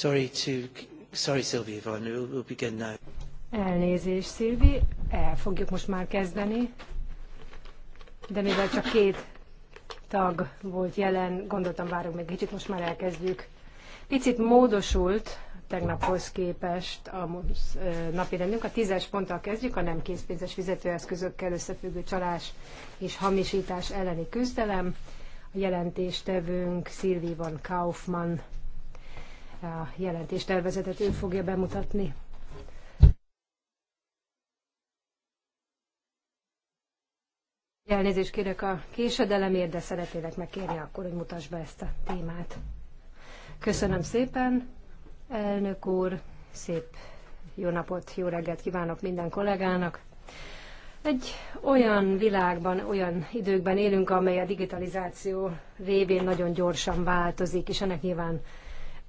Sorry to, sorry Sylvie, Yvonne, we'll, we'll begin now. Szilvi, el fogjuk most már kezdeni, de mivel csak két tag volt jelen, gondoltam várunk még kicsit, most már elkezdjük. Picit módosult tegnaphoz képest a napi rendünk. A tízes ponttal kezdjük, a nem készpénzes fizetőeszközökkel összefüggő csalás és hamisítás elleni küzdelem. A jelentéstevőnk Szilvi van Kaufmann a jelentéstervezetet ő fogja bemutatni. Elnézést kérek a késedelemért, de szeretnélek megkérni akkor, hogy mutass be ezt a témát. Köszönöm szépen, elnök úr, szép jó napot, jó reggelt kívánok minden kollégának. Egy olyan világban, olyan időkben élünk, amely a digitalizáció révén nagyon gyorsan változik, és ennek nyilván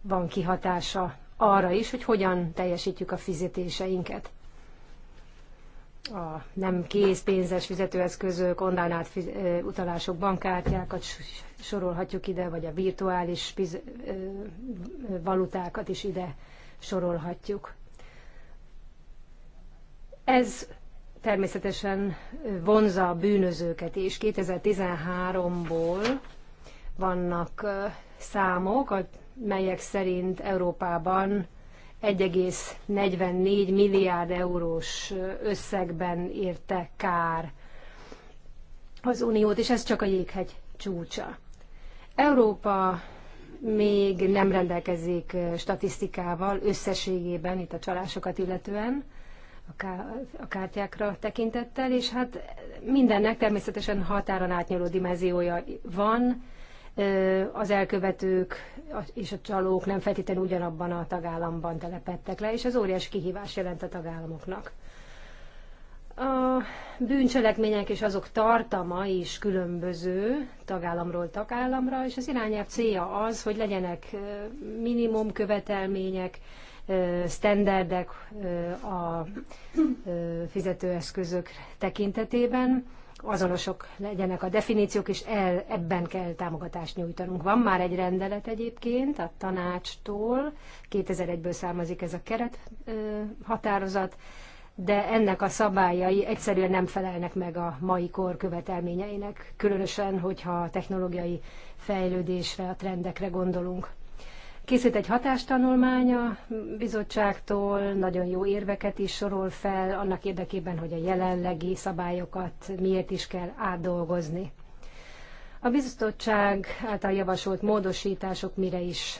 van kihatása arra is, hogy hogyan teljesítjük a fizetéseinket. A nem készpénzes fizetőeszközök, online utalások, bankkártyákat sorolhatjuk ide, vagy a virtuális valutákat is ide sorolhatjuk. Ez természetesen vonza a bűnözőket is. 2013-ból vannak számok, a melyek szerint Európában 1,44 milliárd eurós összegben érte kár az Uniót, és ez csak a jéghegy csúcsa. Európa még nem rendelkezik statisztikával összességében itt a csalásokat illetően, a kártyákra tekintettel, és hát mindennek természetesen határon átnyúló dimenziója van, az elkövetők és a csalók nem feltétlenül ugyanabban a tagállamban telepettek le, és ez óriási kihívás jelent a tagállamoknak. A bűncselekmények és azok tartama is különböző tagállamról tagállamra, és az irányelv célja az, hogy legyenek minimum követelmények, standardek a fizetőeszközök tekintetében, azonosok legyenek a definíciók, és el, ebben kell támogatást nyújtanunk. Van már egy rendelet egyébként a tanácstól, 2001-ből származik ez a keret ö, határozat, de ennek a szabályai egyszerűen nem felelnek meg a mai kor követelményeinek, különösen, hogyha a technológiai fejlődésre, a trendekre gondolunk. Készít egy hatástanulmány a bizottságtól, nagyon jó érveket is sorol fel, annak érdekében, hogy a jelenlegi szabályokat miért is kell átdolgozni. A bizottság által javasolt módosítások mire is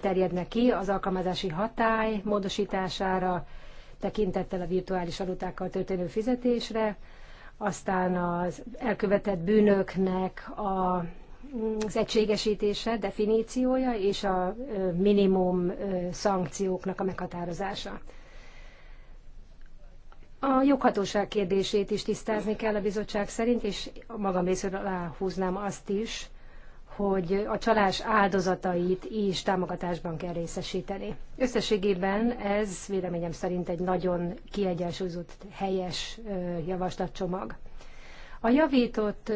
terjednek ki az alkalmazási hatály módosítására, tekintettel a virtuális valutákkal történő fizetésre, aztán az elkövetett bűnöknek a az egységesítése, definíciója és a minimum szankcióknak a meghatározása. A joghatóság kérdését is tisztázni kell a bizottság szerint, és magam részéről aláhúznám azt is, hogy a csalás áldozatait is támogatásban kell részesíteni. Összességében ez véleményem szerint egy nagyon kiegyensúlyozott, helyes javaslatcsomag. A javított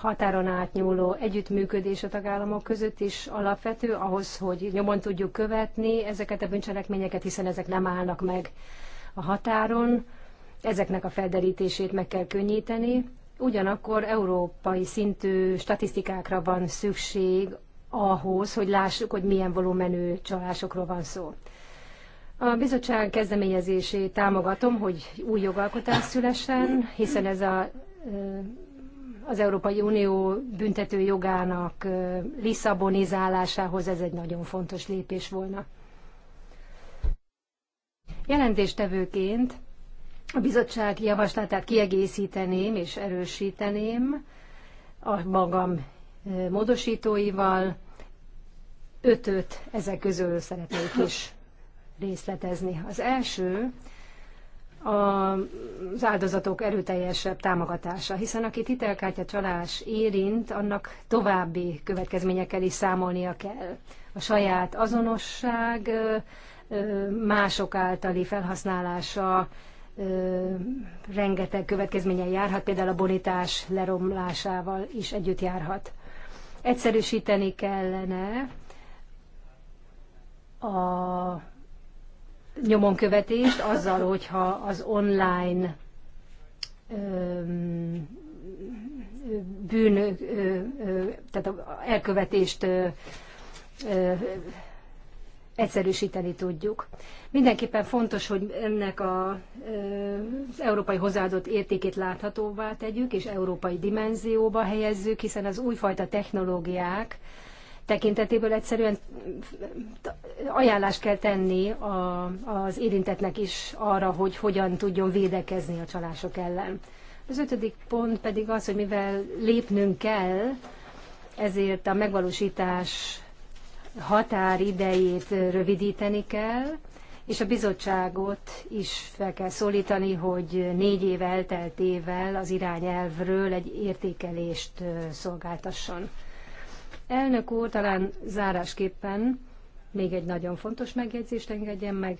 határon átnyúló együttműködés a tagállamok között is alapvető ahhoz, hogy nyomon tudjuk követni ezeket a bűncselekményeket, hiszen ezek nem állnak meg a határon. Ezeknek a felderítését meg kell könnyíteni. Ugyanakkor európai szintű statisztikákra van szükség ahhoz, hogy lássuk, hogy milyen volumenű csalásokról van szó. A bizottság kezdeményezését támogatom, hogy új jogalkotás szülessen, hiszen ez a az Európai Unió büntető jogának liszabonizálásához ez egy nagyon fontos lépés volna. Jelentéstevőként a bizottság javaslatát kiegészíteném és erősíteném a magam módosítóival. Ötöt ezek közül szeretnék is részletezni. Az első az áldozatok erőteljesebb támogatása, hiszen aki hitelkártya csalás érint, annak további következményekkel is számolnia kell. A saját azonosság, mások általi felhasználása rengeteg következményen járhat, például a bonitás leromlásával is együtt járhat. Egyszerűsíteni kellene a nyomon követést, azzal, hogyha az online bűn, tehát elkövetést egyszerűsíteni tudjuk. Mindenképpen fontos, hogy ennek a, az európai hozzáadott értékét láthatóvá tegyük, és európai dimenzióba helyezzük, hiszen az újfajta technológiák, tekintetéből egyszerűen mm, ajánlást kell tenni a, az érintetnek is arra, hogy hogyan tudjon védekezni a csalások ellen. Az ötödik pont pedig az, hogy mivel lépnünk kell, ezért a megvalósítás határidejét rövidíteni kell, és a bizottságot is fel kell szólítani, hogy négy év elteltével az irányelvről egy értékelést szolgáltasson. Elnök úr, talán zárásképpen még egy nagyon fontos megjegyzést engedjen meg.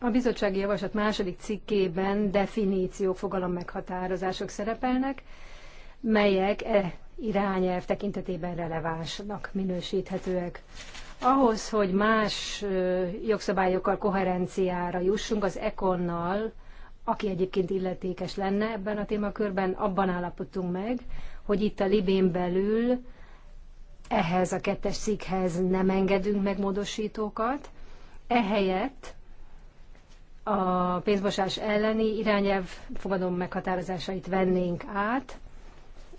A bizottsági javaslat második cikkében definíciók, fogalom meghatározások szerepelnek, melyek e irányelv tekintetében relevánsnak minősíthetőek. Ahhoz, hogy más jogszabályokkal koherenciára jussunk, az Econnal, aki egyébként illetékes lenne ebben a témakörben, abban állapodtunk meg, hogy itt a Libén belül ehhez a kettes cikkhez nem engedünk meg módosítókat. Ehelyett a pénzmosás elleni irányelv fogadom meghatározásait vennénk át,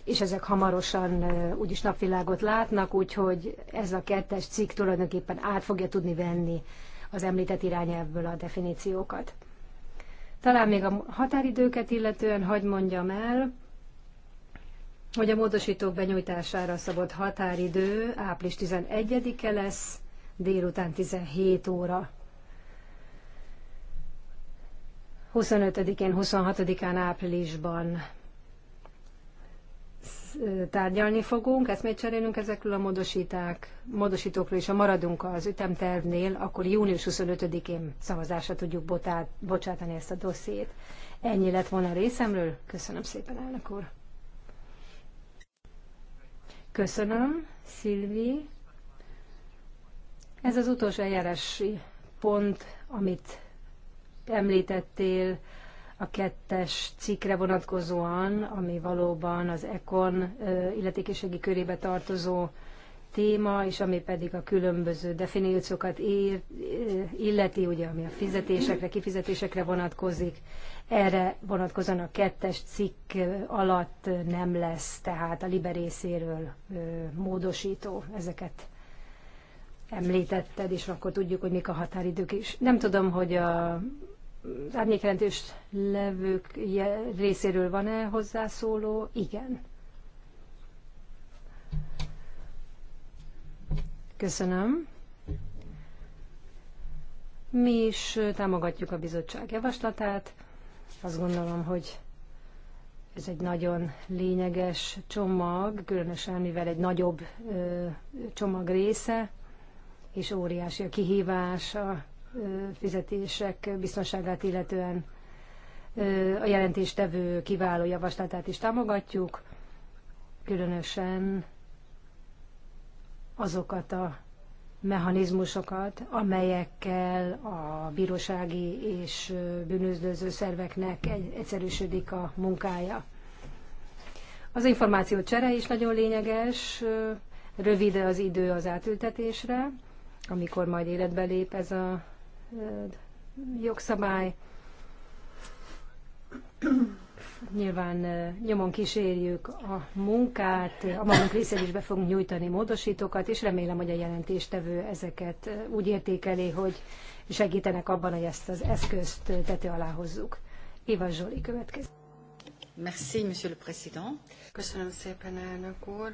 és ezek hamarosan úgyis napvilágot látnak, úgyhogy ez a kettes cikk tulajdonképpen át fogja tudni venni az említett irányelvből a definíciókat. Talán még a határidőket illetően hagy mondjam el, hogy a módosítók benyújtására szabott határidő április 11-e lesz, délután 17 óra. 25-én, 26-án áprilisban tárgyalni fogunk, még cserélünk ezekről a módosíták, módosítókról, és ha maradunk az ütemtervnél, akkor június 25-én szavazásra tudjuk botát, bocsátani ezt a dossziét. Ennyi lett volna a részemről. Köszönöm szépen, elnök úr! Köszönöm, Szilvi. Ez az utolsó eljárási pont, amit említettél a kettes cikkre vonatkozóan, ami valóban az ECON illetékeségi körébe tartozó téma, és ami pedig a különböző definíciókat ér illeti, ugye, ami a fizetésekre, kifizetésekre vonatkozik. Erre vonatkozóan a kettes cikk alatt nem lesz tehát a Libe részéről módosító. Ezeket említetted, és akkor tudjuk, hogy mik a határidők is. Nem tudom, hogy a, az árnyékjelentős levők részéről van-e hozzászóló? Igen. Köszönöm. Mi is támogatjuk a bizottság javaslatát. Azt gondolom, hogy ez egy nagyon lényeges csomag, különösen mivel egy nagyobb ö, csomag része, és óriási a kihívás a ö, fizetések biztonságát illetően. Ö, a jelentéstevő kiváló javaslatát is támogatjuk, különösen azokat a mechanizmusokat, amelyekkel a bírósági és bűnözdöző szerveknek egyszerűsödik a munkája. Az információ csere is nagyon lényeges, rövid az idő az átültetésre, amikor majd életbe lép ez a jogszabály nyilván nyomon kísérjük a munkát, a magunk részéről is be fogunk nyújtani módosítókat, és remélem, hogy a jelentéstevő ezeket úgy értékeli, hogy segítenek abban, hogy ezt az eszközt tető alá hozzuk. Éva Zsoli következik. Merci, Monsieur le Président. Köszönöm szépen, elnök úr.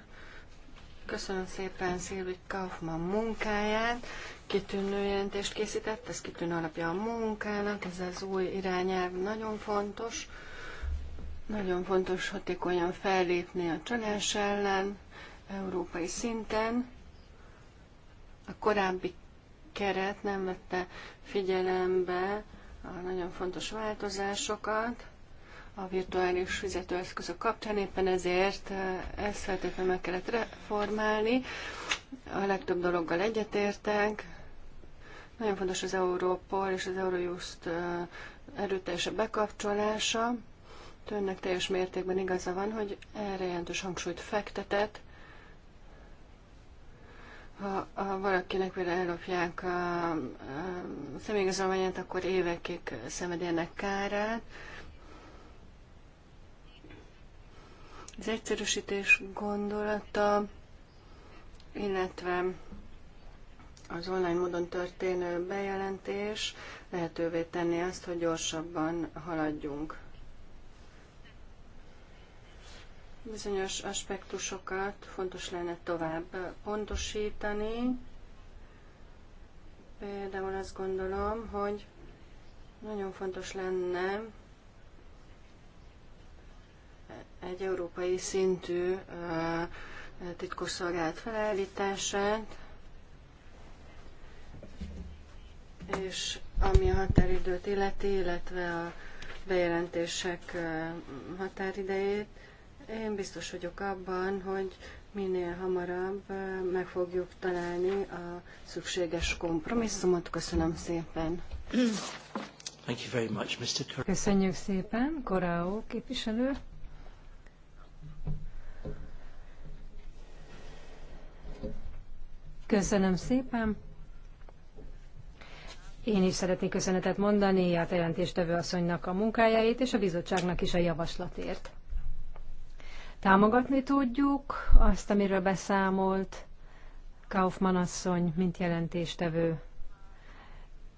Köszönöm szépen Szilvi Kaufmann munkáját, kitűnő jelentést készített, ez kitűnő alapja a munkának, ez az új irányelv nagyon fontos. Nagyon fontos hatékonyan fellépni a csalás ellen, európai szinten. A korábbi keret nem vette figyelembe a nagyon fontos változásokat a virtuális fizetőeszközök kapcsán, éppen ezért eh, ezt feltétlenül meg kellett reformálni. A legtöbb dologgal egyetértek. Nagyon fontos az Európol és az Eurojust eh, erőteljesebb bekapcsolása. Önnek teljes mértékben igaza van, hogy erre jelentős hangsúlyt fektetett. Ha, ha valakinek például ellopják a, a személyigazolványát, akkor évekig szenvedélnek kárát. Az egyszerűsítés gondolata, illetve az online módon történő bejelentés lehetővé tenni azt, hogy gyorsabban haladjunk. Bizonyos aspektusokat fontos lenne tovább pontosítani. Például azt gondolom, hogy nagyon fontos lenne egy európai szintű titkosszolgált felállítását, és ami a határidőt illeti, illetve a bejelentések határidejét, én biztos vagyok abban, hogy minél hamarabb meg fogjuk találni a szükséges kompromisszumot. Köszönöm szépen. Thank you very much, Mr. Cor- Köszönjük szépen, Korao képviselő. Köszönöm szépen. Én is szeretnék köszönetet mondani a jelentéstevő asszonynak a munkájáért és a bizottságnak is a javaslatért. Támogatni tudjuk azt, amiről beszámolt Kaufmann asszony, mint jelentéstevő.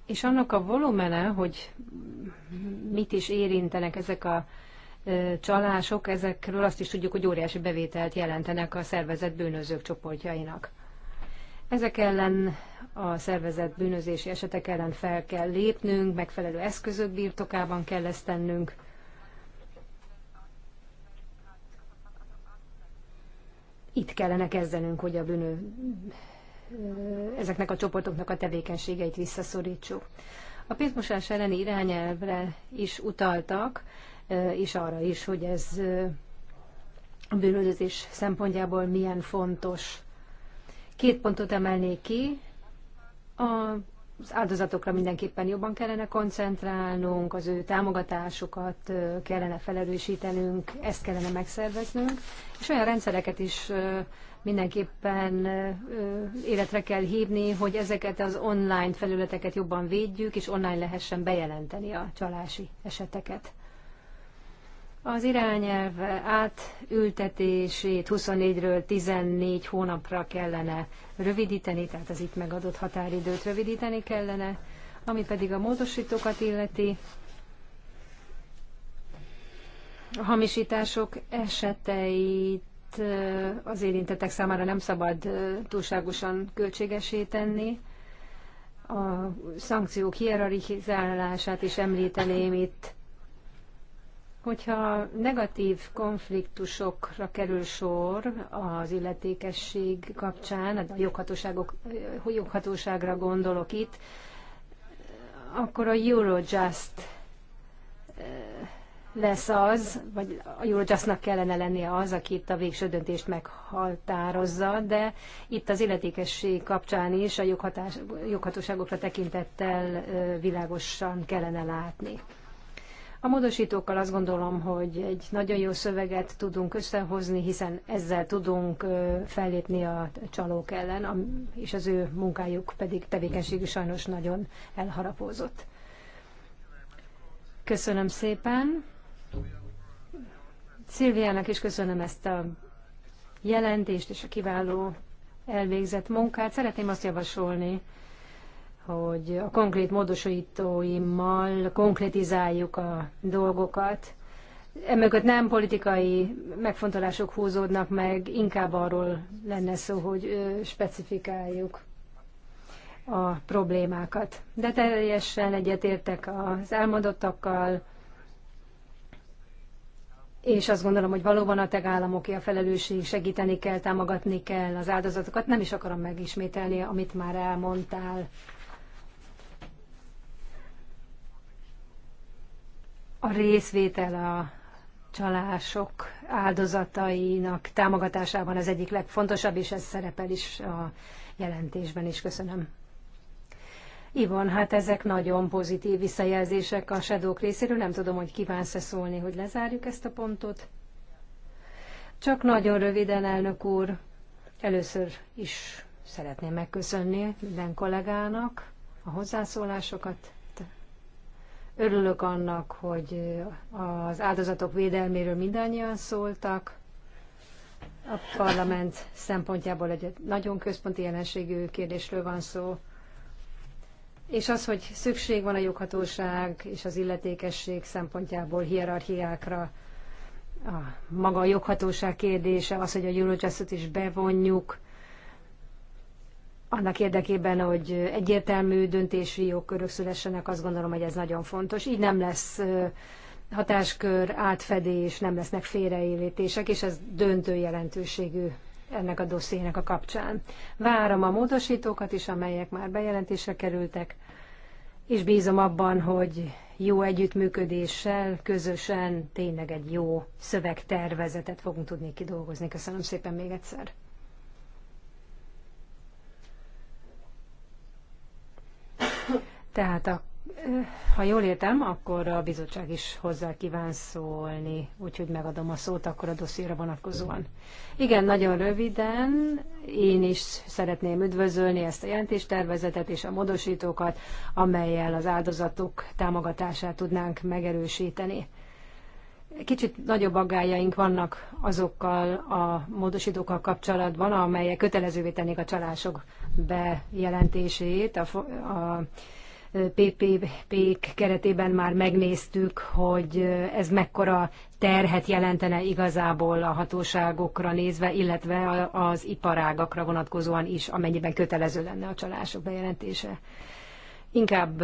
És annak a volumene, hogy mit is érintenek ezek a csalások, ezekről azt is tudjuk, hogy óriási bevételt jelentenek a szervezet bűnözők csoportjainak. Ezek ellen a szervezet bűnözési esetek ellen fel kell lépnünk, megfelelő eszközök birtokában kell ezt tennünk, itt kellene kezdenünk, hogy a bűnő ezeknek a csoportoknak a tevékenységeit visszaszorítsuk. A pénzmosás elleni irányelvre is utaltak, és arra is, hogy ez a bűnözés szempontjából milyen fontos. Két pontot emelnék ki. A az áldozatokra mindenképpen jobban kellene koncentrálnunk, az ő támogatásukat kellene felerősítenünk, ezt kellene megszerveznünk, és olyan rendszereket is mindenképpen életre kell hívni, hogy ezeket az online felületeket jobban védjük, és online lehessen bejelenteni a csalási eseteket. Az irányelv átültetését 24-ről 14 hónapra kellene rövidíteni, tehát az itt megadott határidőt rövidíteni kellene, ami pedig a módosítókat illeti. A hamisítások eseteit eh, az érintettek számára nem szabad eh, túlságosan költségesé tenni. A szankciók hierarchizálását is említeném itt Hogyha negatív konfliktusokra kerül sor az illetékesség kapcsán, a joghatóságok, eh, joghatóságra gondolok itt, akkor a Eurojust eh, lesz az, vagy a Eurojustnak kellene lennie az, aki itt a végső döntést meghaltározza, de itt az illetékesség kapcsán is a joghatás, joghatóságokra tekintettel eh, világosan kellene látni. A módosítókkal azt gondolom, hogy egy nagyon jó szöveget tudunk összehozni, hiszen ezzel tudunk fellépni a csalók ellen, és az ő munkájuk pedig tevékenységű sajnos nagyon elharapózott. Köszönöm szépen. Szilviának is köszönöm ezt a jelentést és a kiváló elvégzett munkát. Szeretném azt javasolni, hogy a konkrét módosítóimmal konkrétizáljuk a dolgokat. Emögött nem politikai megfontolások húzódnak meg, inkább arról lenne szó, hogy specifikáljuk a problémákat. De teljesen egyetértek az elmondottakkal, és azt gondolom, hogy valóban a tagállamoké a felelősség, segíteni kell, támogatni kell az áldozatokat. Nem is akarom megismételni, amit már elmondtál a részvétel a csalások áldozatainak támogatásában az egyik legfontosabb, és ez szerepel is a jelentésben is. Köszönöm. Ivon, hát ezek nagyon pozitív visszajelzések a sedók részéről. Nem tudom, hogy kívánsz-e szólni, hogy lezárjuk ezt a pontot. Csak nagyon röviden, elnök úr, először is szeretném megköszönni minden kollégának a hozzászólásokat, Örülök annak, hogy az áldozatok védelméről mindannyian szóltak. A parlament szempontjából egy nagyon központi jelenségű kérdésről van szó. És az, hogy szükség van a joghatóság és az illetékesség szempontjából hierarchiákra, a maga a joghatóság kérdése, az, hogy a Eurojustot is bevonjuk, annak érdekében, hogy egyértelmű döntési jogkörök szülessenek, azt gondolom, hogy ez nagyon fontos. Így nem lesz hatáskör, átfedés, nem lesznek félreélítések, és ez döntő jelentőségű ennek a dossziének a kapcsán. Várom a módosítókat is, amelyek már bejelentésre kerültek, és bízom abban, hogy jó együttműködéssel, közösen tényleg egy jó szövegtervezetet fogunk tudni kidolgozni. Köszönöm szépen még egyszer. Tehát a, eh, ha jól értem, akkor a bizottság is hozzá kíván szólni, úgyhogy megadom a szót akkor a dosszíra vonatkozóan. Igen, nagyon röviden, én is szeretném üdvözölni ezt a jelentéstervezetet és a módosítókat, amelyel az áldozatok támogatását tudnánk megerősíteni. Kicsit nagyobb aggájaink vannak azokkal a módosítókkal kapcsolatban, amelyek kötelezővé tennék a csalások bejelentését a, a PPP-k keretében már megnéztük, hogy ez mekkora terhet jelentene igazából a hatóságokra nézve, illetve az iparágakra vonatkozóan is, amennyiben kötelező lenne a csalások bejelentése. Inkább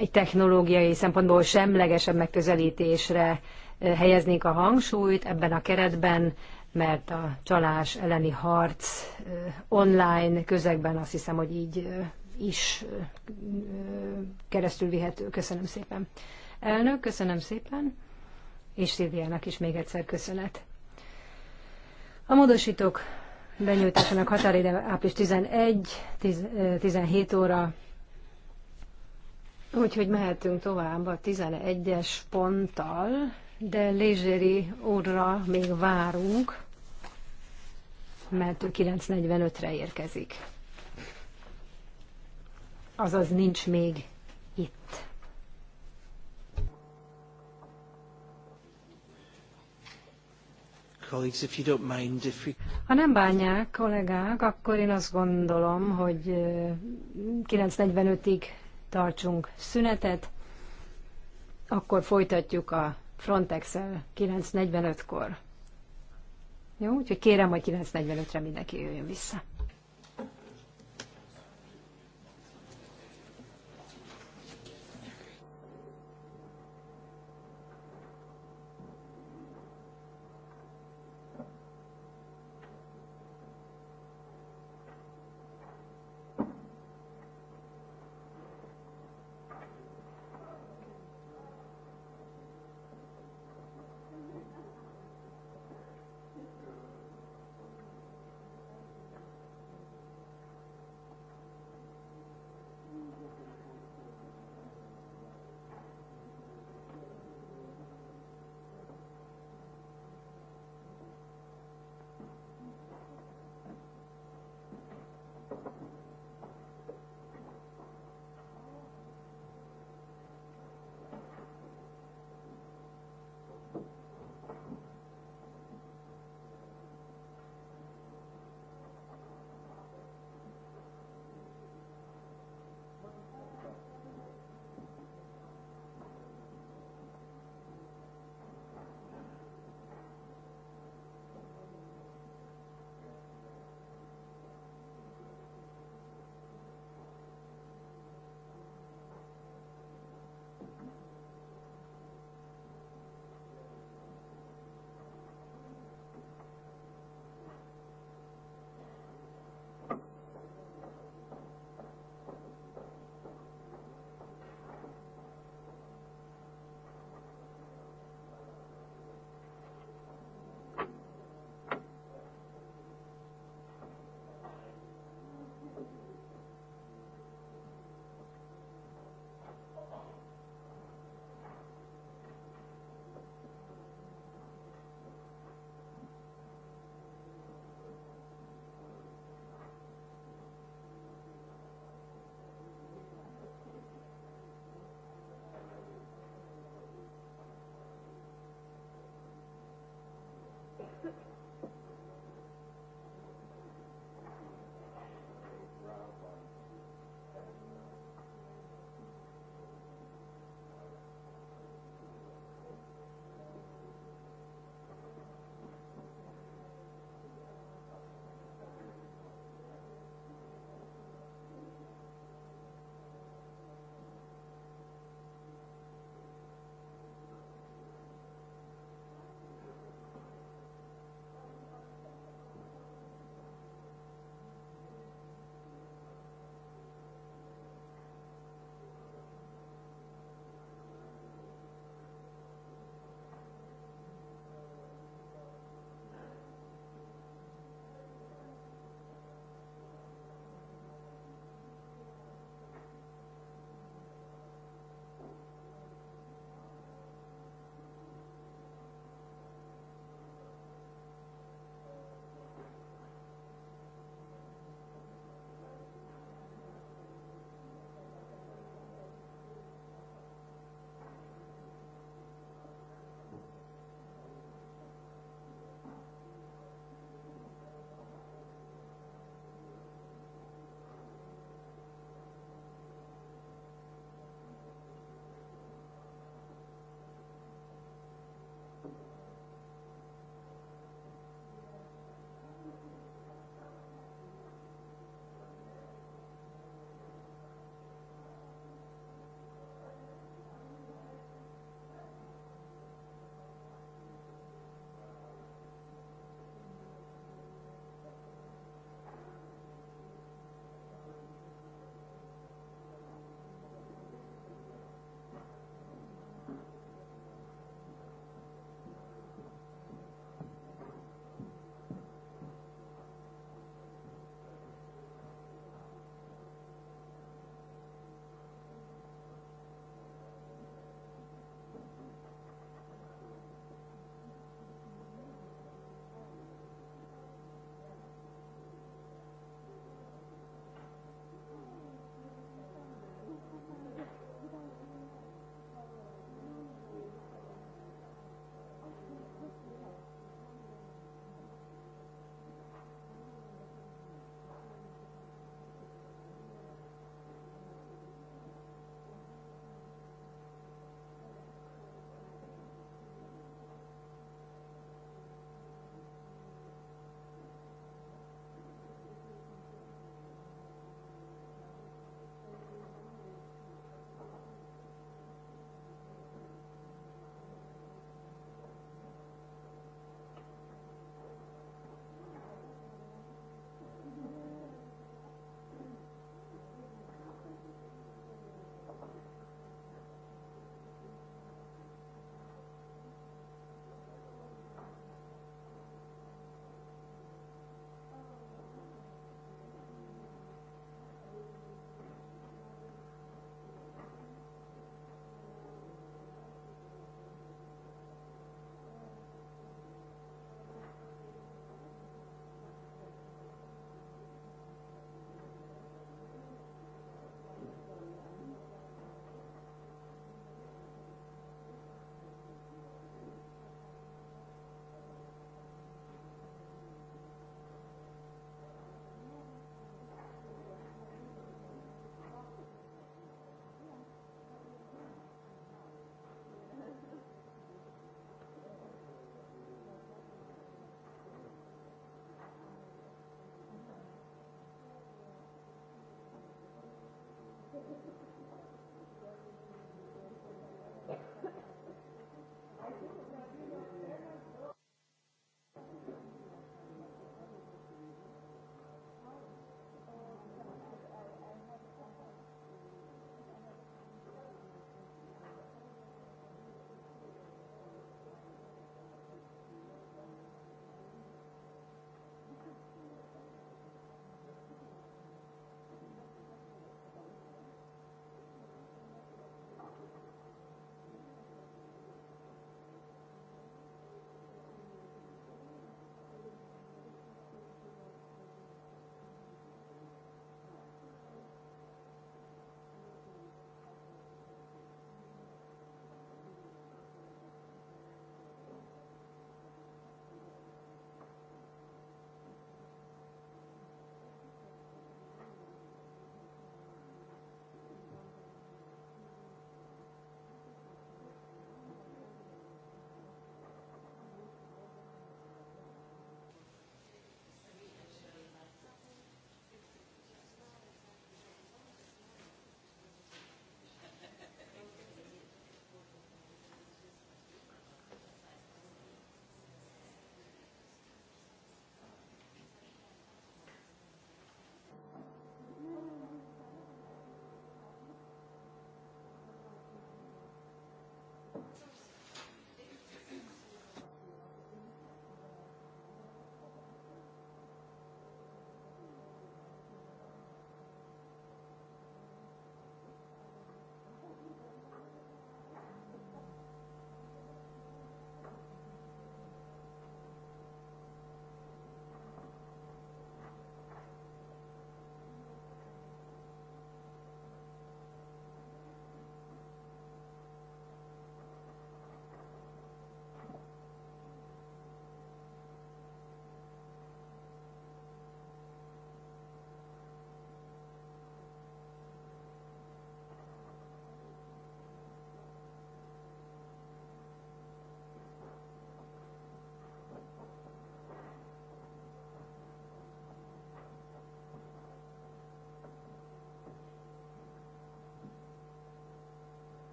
egy technológiai szempontból semlegesebb megközelítésre helyeznék a hangsúlyt ebben a keretben, mert a csalás elleni harc online közegben azt hiszem, hogy így is keresztül vihető. Köszönöm szépen. Elnök, köszönöm szépen, és Szilviának is még egyszer köszönet. A módosítók benyújtásának határide április 11, 10, 17 óra, úgyhogy mehetünk tovább a 11-es ponttal, de Lézséri úrra még várunk, mert ő 9.45-re érkezik azaz nincs még itt. Ha nem bánják, kollégák, akkor én azt gondolom, hogy 9.45-ig tartsunk szünetet, akkor folytatjuk a Frontex-el 9.45-kor. Jó, úgyhogy kérem, hogy 9.45-re mindenki jöjjön vissza.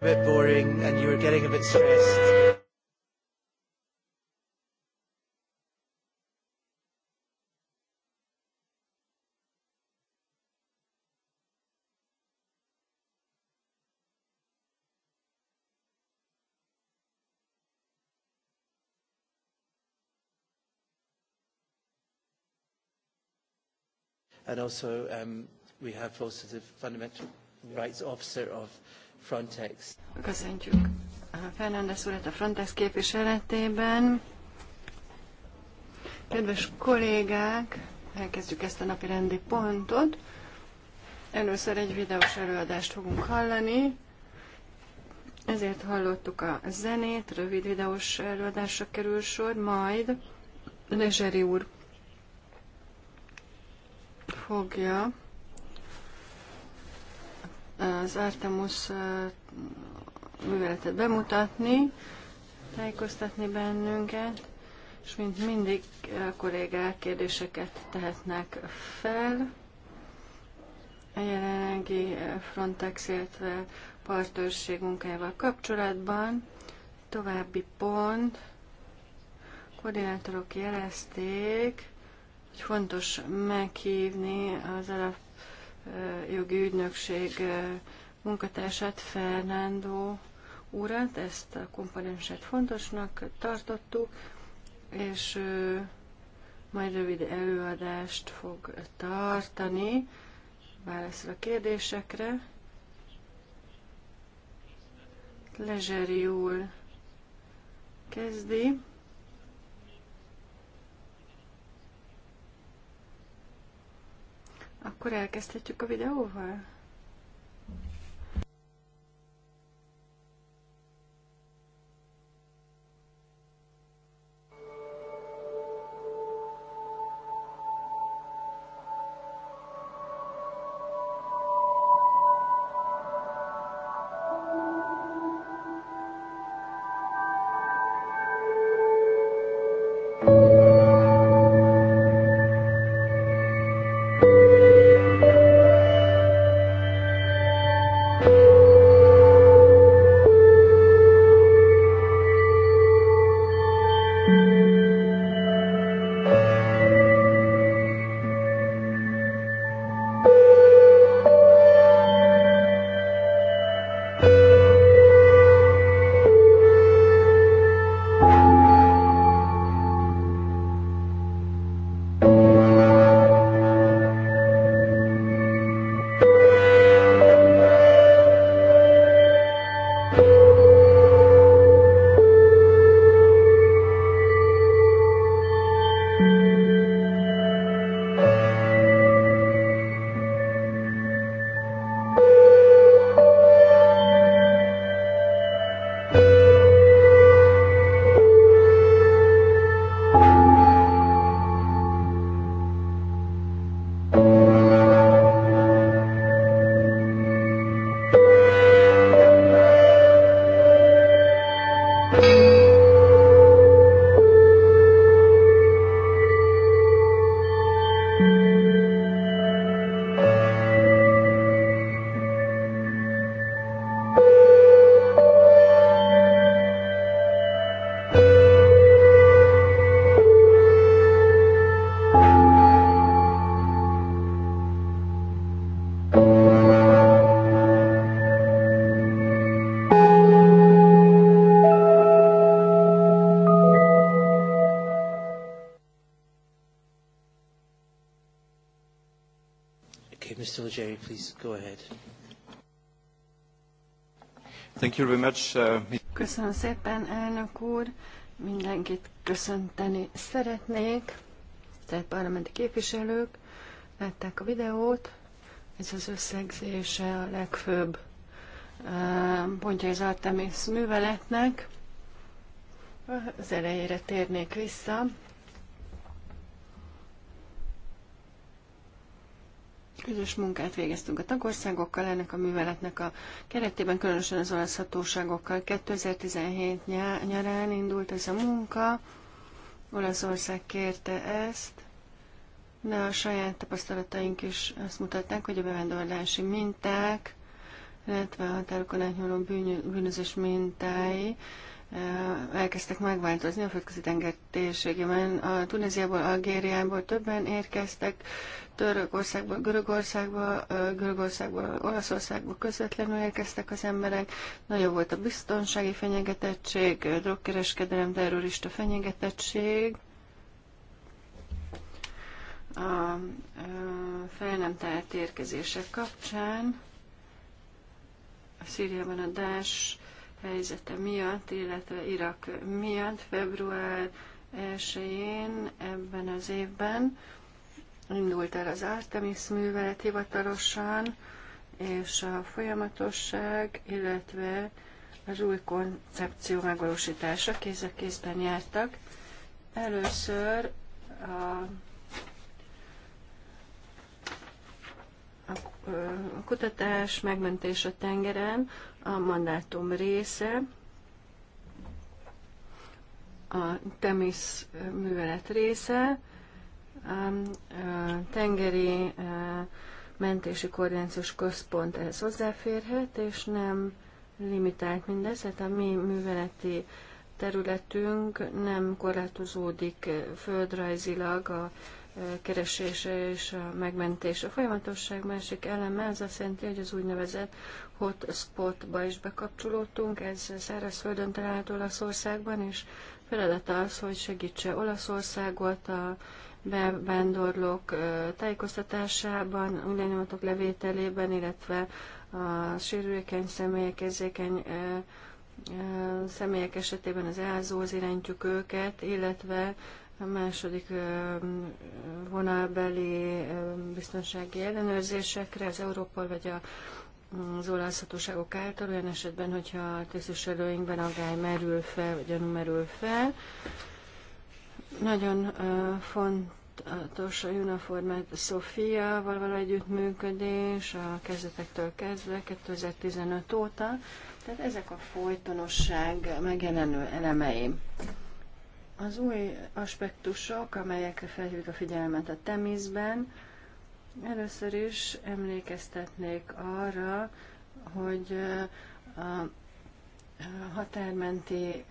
a bit boring and you were getting a bit stressed. And also, um, we have also the fundamental rights officer of Frontex. Köszöntjük Fernández urat a Frontex képviseletében. Kedves kollégák, elkezdjük ezt a napi rendi pontot. Először egy videós előadást fogunk hallani, ezért hallottuk a zenét, rövid videós előadásra kerül sor, majd Lezseri úr fogja az Artemus műveletet bemutatni, tájékoztatni bennünket, és mint mindig a kollégák kérdéseket tehetnek fel. A jelenlegi Frontex, illetve partőrség munkájával kapcsolatban további pont, koordinátorok jelezték, hogy fontos meghívni az alap jogi ügynökség munkatársát, Fernándó urat, ezt a komponenset fontosnak tartottuk, és majd rövid előadást fog tartani válaszol a kérdésekre. Lezseri úr kezdi. Akkor elkezdhetjük a videóval? please go ahead. Thank you very much. Uh, Köszönöm szépen, elnök úr. Mindenkit köszönteni szeretnék. Tehát parlamenti képviselők látták a videót. Ez az összegzése a legfőbb uh, pontja az Artemis műveletnek. Az elejére térnék vissza. Közös munkát végeztünk a tagországokkal, ennek a műveletnek a keretében, különösen az olasz hatóságokkal. 2017 nyarán indult ez a munka, Olaszország kérte ezt, de a saját tapasztalataink is azt mutatták, hogy a bevándorlási minták, illetve a határokon átnyúló bűnözés mintái, elkezdtek megváltozni a földközi tenger térségében. A Tunéziából, Algériából többen érkeztek, Törökországból, görögországból, Görögországból, Olaszországból közvetlenül érkeztek az emberek. Nagyobb volt a biztonsági fenyegetettség, drogkereskedelem, terrorista fenyegetettség. A fel nem tárt érkezések kapcsán a Szíriában a Dás helyzete miatt, illetve Irak miatt február 1-én ebben az évben indult el az Artemis művelet hivatalosan, és a folyamatosság, illetve az új koncepció megvalósítása kéz a kézben jártak. Először a a kutatás megmentés a tengeren, a mandátum része, a Temis művelet része, a tengeri mentési koordinációs központ ehhez hozzáférhet, és nem limitált mindez, tehát a mi műveleti területünk nem korlátozódik földrajzilag a keresése és a megmentés. A folyamatosság másik eleme az azt jelenti, hogy az úgynevezett Spotba is bekapcsolódtunk. Ez szárazföldön található Olaszországban, és feladata az, hogy segítse Olaszországot a bevándorlók tájékoztatásában, úgynevezett levételében, illetve a sérülékeny személyek, érzékeny személyek esetében az elzóhoz irányítjuk őket, illetve a második vonalbeli biztonsági ellenőrzésekre az Európol vagy a az olasz hatóságok által olyan esetben, hogyha a tisztviselőinkben aggály merül fel, vagy gyanú merül fel. Nagyon uh, fontos a Uniformat Sofia-val való együttműködés a kezdetektől kezdve, 2015 óta. Tehát ezek a folytonosság megjelenő elemei. Az új aspektusok, amelyekre felhívjuk a figyelmet a temizben, először is emlékeztetnék arra, hogy a határmenti,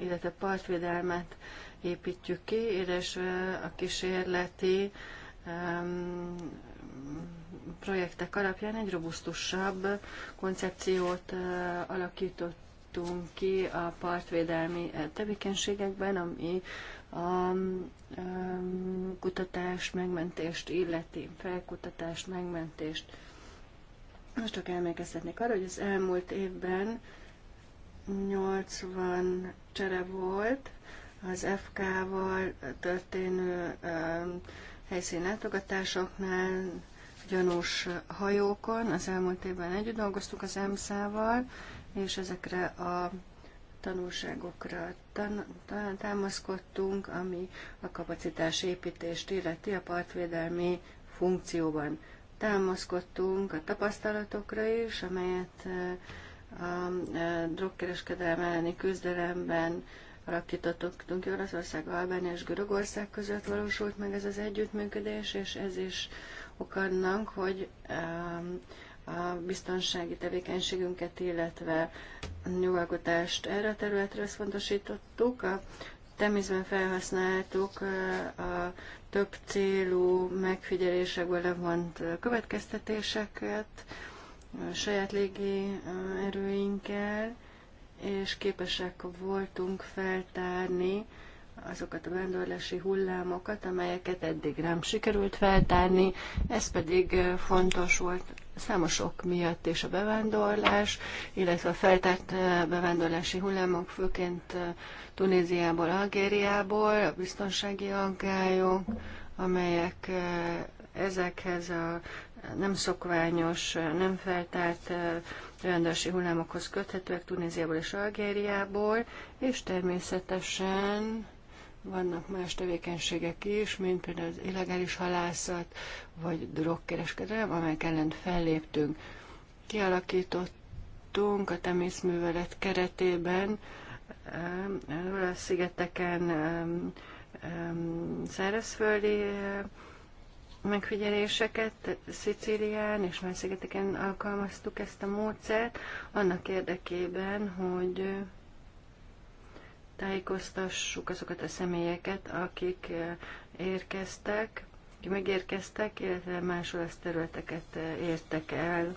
illetve partvédelmet építjük ki, és a kísérleti projektek alapján egy robusztusabb koncepciót alakított alakítunk ki a partvédelmi eh, tevékenységekben, ami a kutatás megmentést illeti, felkutatás megmentést. Most csak emlékeztetnék arra, hogy az elmúlt évben 80 csere volt az FK-val történő helyszínlátogatásoknál, gyanús hajókon. Az elmúlt évben együtt dolgoztuk az EMSZ-val, és ezekre a tanulságokra tan- támaszkodtunk, ami a kapacitás építést illeti a partvédelmi funkcióban. Támaszkodtunk a tapasztalatokra is, amelyet a drogkereskedelem elleni küzdelemben alakítottunk Oroszország, Albánia és Görögország között valósult meg ez az együttműködés, és ez is ok annak, hogy a biztonsági tevékenységünket, illetve a nyugalkotást erre a területre összpontosítottuk. A temizben felhasználtuk a több célú megfigyelésekből levont következtetéseket a saját légi erőinkkel, és képesek voltunk feltárni azokat a vándorlási hullámokat, amelyeket eddig nem sikerült feltárni. Ez pedig fontos volt számos ok miatt és a bevándorlás, illetve a feltett eh, bevándorlási hullámok, főként eh, Tunéziából, Algériából, a biztonsági aggályok, amelyek eh, ezekhez a nem szokványos, nem feltárt rendőrsi hullámokhoz köthetőek Tunéziából és Algériából, és természetesen vannak más tevékenységek is, mint például az illegális halászat, vagy drogkereskedelem, amelyek ellen felléptünk. Kialakítottunk a temészművelet keretében a szigeteken szárazföldi megfigyeléseket Szicílián és más szigeteken alkalmaztuk ezt a módszert annak érdekében, hogy tájékoztassuk azokat a személyeket, akik eh, érkeztek, akik megérkeztek, illetve más olasz területeket eh, értek el.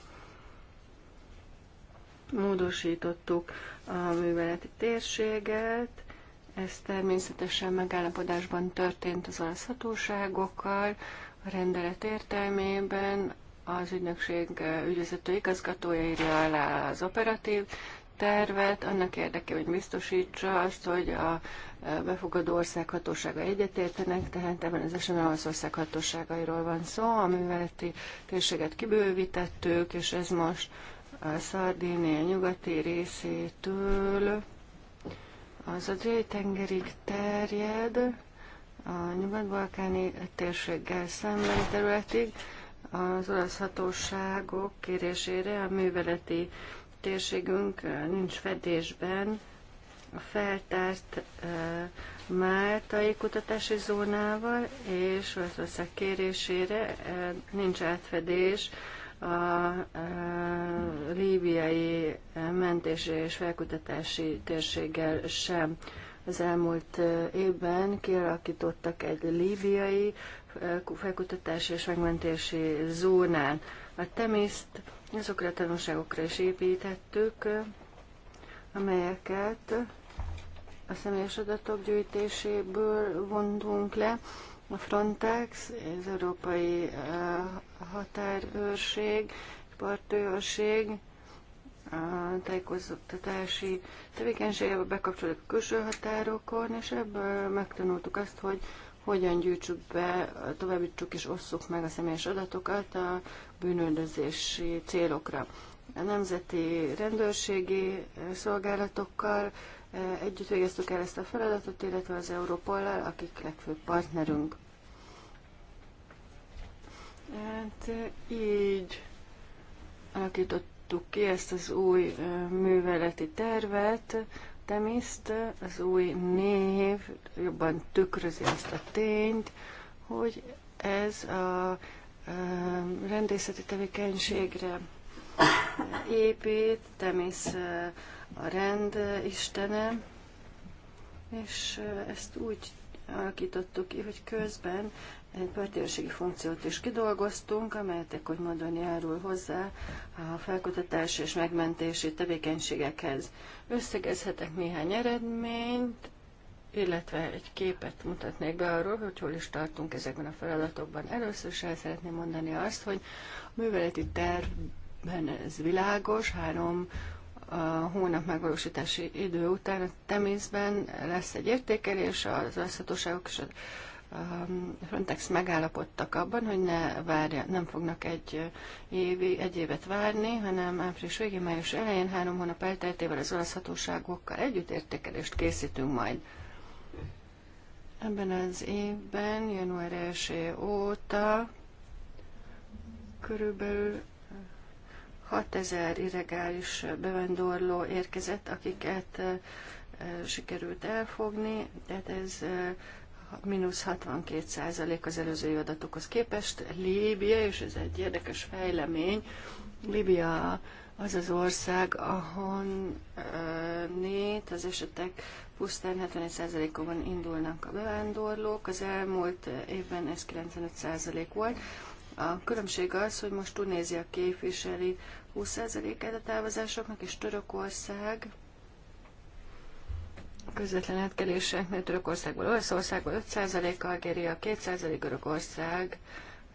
Módosítottuk a műveleti térséget, ez természetesen megállapodásban történt az olasz hatóságokkal, a rendelet értelmében az ügynökség eh, ügyvezető igazgatója írja alá az operatív tervet annak érdekében, hogy biztosítsa azt, hogy a e, befogadó ország hatósága egyetértenek, tehát ebben az esetben az ország hatóságairól van szó, a műveleti térséget kibővítettük, és ez most a Szardinia nyugati részétől az a tengerig terjed, a nyugat-balkáni térséggel szembeni területig, az olasz hatóságok kérésére a műveleti térségünk eh, nincs fedésben a feltárt eh, máltai kutatási zónával, és Olaszország kérésére eh, nincs átfedés a líbiai mentés és felkutatási térséggel sem. Az elmúlt évben kialakítottak egy líbiai felkutatási és megmentési zónán. A temiszt azokra a tanulságokra is építettük, amelyeket a személyes adatok gyűjtéséből vontunk le. A Frontex, az Európai eh, Határőrség, Partőrség, a tájékoztatási tevékenységebe bekapcsolódik a külső határokon, és ebből megtanultuk azt, hogy hogyan gyűjtsük be, továbbítsuk és osszuk meg a személyes adatokat a bűnöldözési célokra. A nemzeti rendőrségi eh, szolgálatokkal eh, együtt végeztük el ezt a feladatot, illetve az Európollal, akik legfőbb partnerünk. Hát eh, így alakítottuk ki ezt az új műveleti tervet, Temiszt, az új név jobban tükrözi azt a tényt, hogy ez a rendészeti tevékenységre épít, Temész a rend istene, és ezt úgy alakítottuk ki, hogy közben egy partnerségi funkciót is kidolgoztunk, amelyet hogy módon járul hozzá a felkutatási és megmentési tevékenységekhez. Összegezhetek néhány eredményt, illetve egy képet mutatnék be arról, hogy hol is tartunk ezekben a feladatokban. Először is el szeretném mondani azt, hogy a műveleti tervben ez világos, három a hónap megvalósítási idő után a temészben lesz egy értékelés, az összhatóságok és a Frontex megállapodtak abban, hogy ne várja, nem fognak egy, évi, egy évet várni, hanem április végén, május elején, három hónap elteltével az olasz hatóságokkal együtt értékelést készítünk majd. Ebben az évben, január 1 óta körülbelül 6000 irregális bevándorló érkezett, akiket sikerült elfogni, tehát ez mínusz 62 százalék az előző adatokhoz képest. Líbia, és ez egy érdekes fejlemény, Líbia az az ország, nét az esetek pusztán 71%-ban indulnak a bevándorlók. Az elmúlt évben ez 95% volt. A különbség az, hogy most Tunézia képviseli 20%-át a távozásoknak, és Törökország közvetlen átkeléseknél Törökországból Olaszországból 5%, Algéria 2%, Görögország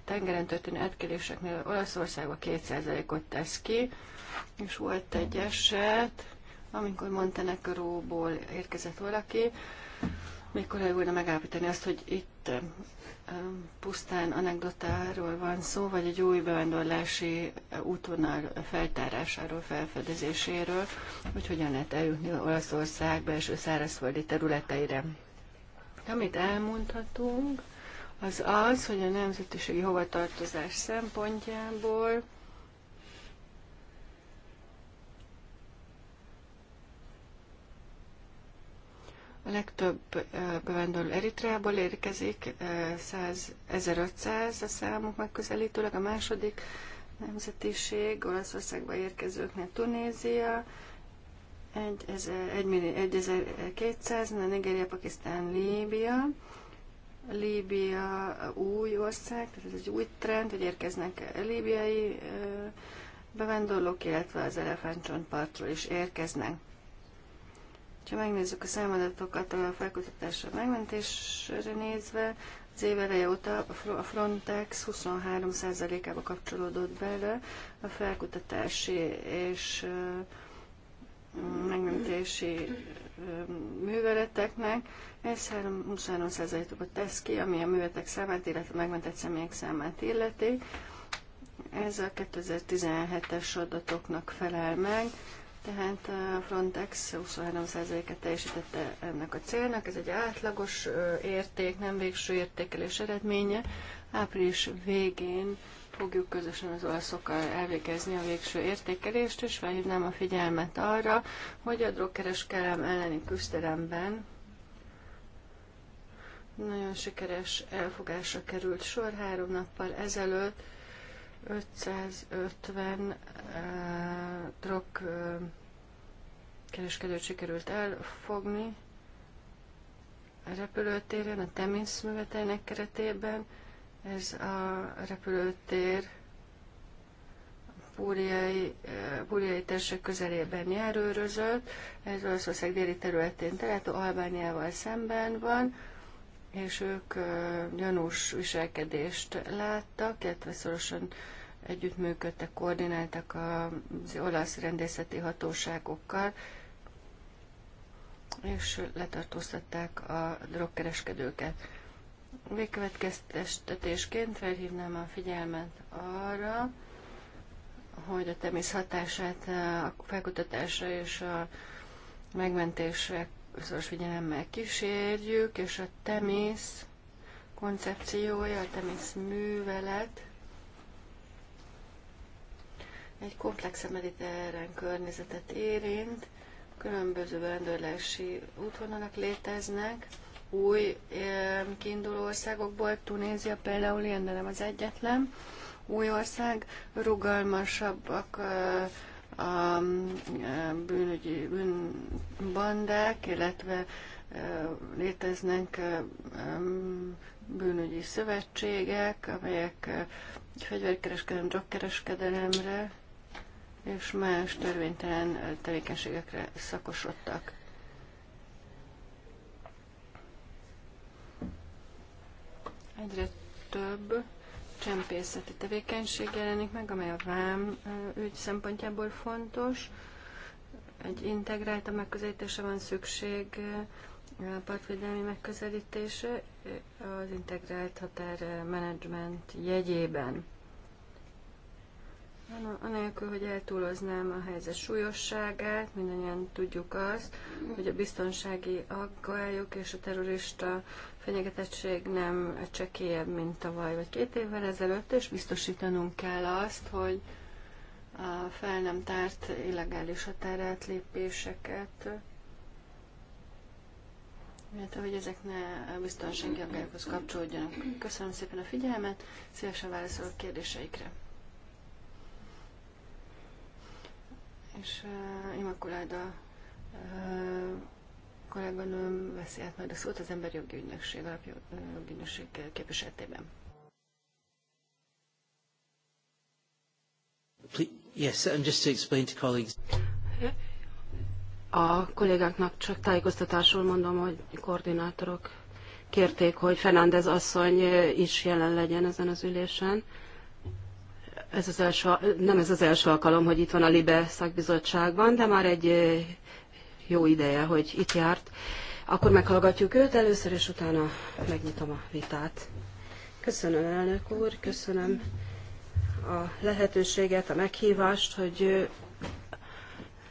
tengeren történő átkeléseknél Olaszországban 2%-ot tesz ki és volt egy eset, amikor Montenegróból érkezett valaki, mikor volna megállapítani azt, hogy itt pusztán anekdotáról van szó, vagy egy új bevándorlási útvonal feltárásáról, felfedezéséről, hogy hogyan lehet eljutni Olaszország belső szárazföldi területeire. Amit elmondhatunk, az az, hogy a nemzetiségi hovatartozás szempontjából A legtöbb bevándorló Eritreából érkezik, 100, 1500 a számok megközelítőleg, a második nemzetiség, Olaszországba érkezőknek Tunézia, 1200, Nigeria, Pakisztán, Líbia. Líbia új ország, tehát ez egy új trend, hogy érkeznek líbiai bevándorlók, illetve az elefántcsontpartról is érkeznek. Ha megnézzük a számadatokat a felkutatásra megmentésre nézve, az év eleje óta a Frontex 23%-ába kapcsolódott bele a felkutatási és megmentési műveleteknek. Ez 23%-ot tesz ki, ami a műveletek számát, illetve megmentett személyek számát illeti. Ez a 2017-es adatoknak felel meg. Tehát a Frontex 23%-et teljesítette ennek a célnak, ez egy átlagos érték, nem végső értékelés eredménye. Április végén fogjuk közösen az olaszokkal elvégezni a végső értékelést, és felhívnám a figyelmet arra, hogy a drogkereskelem elleni küzdelemben nagyon sikeres elfogásra került sor három nappal ezelőtt, 550 uh, eh, drog uh, kereskedőt sikerült elfogni a repülőtéren, a Temins műveteinek keretében. Ez a repülőtér púriai, púriai eh, térség közelében járőrözött, ez Olaszország déli területén található, Albániával szemben van és ők gyanús viselkedést láttak, illetve szorosan együttműködtek, koordináltak az olasz rendészeti hatóságokkal, és letartóztatták a drogkereskedőket. Végkövetkeztetésként felhívnám a figyelmet arra, hogy a temész hatását a felkutatásra és a megmentések szoros figyelemmel kísérjük, és a temész koncepciója, a temész művelet egy komplex mediterrán környezetet érint, különböző rendőrlési útvonalak léteznek, új kiinduló országokból, Tunézia például ilyen, de nem az egyetlen, új ország, rugalmasabbak a um, bűnügyi bűnbandák, illetve léteznek um, bűnügyi szövetségek, amelyek fegyverkereskedelem, drogkereskedelemre és más törvénytelen tevékenységekre szakosodtak. Egyre több csempészeti tevékenység jelenik meg, amely a vám ügy szempontjából fontos. Egy integrált megközelítése van szükség, a partvédelmi megközelítése az integrált határmenedzsment jegyében. Anélkül, hogy eltúloznám a helyzet súlyosságát, mindannyian tudjuk azt, hogy a biztonsági aggályok és a terrorista fenyegetettség nem csekélyebb, mint tavaly vagy két évvel ezelőtt, és biztosítanunk kell azt, hogy a fel nem tárt illegális lépéseket, illetve hogy ezek ne biztonsági aggályokhoz kapcsolódjanak. Köszönöm szépen a figyelmet, szívesen válaszolok kérdéseikre. És uh, Imakuláda uh, kolléganőm veszi át majd a szót az Emberi Jogi Ügynökség, Alapjogi képviseletében. Yes, and just to explain to colleagues. A kollégáknak csak tájékoztatásul mondom, hogy koordinátorok kérték, hogy Fernández asszony is jelen legyen ezen az ülésen. Ez az első, nem ez az első alkalom, hogy itt van a LIBE szakbizottságban, de már egy jó ideje, hogy itt járt. Akkor meghallgatjuk őt először, és utána megnyitom a vitát. Köszönöm, elnök úr, köszönöm a lehetőséget, a meghívást, hogy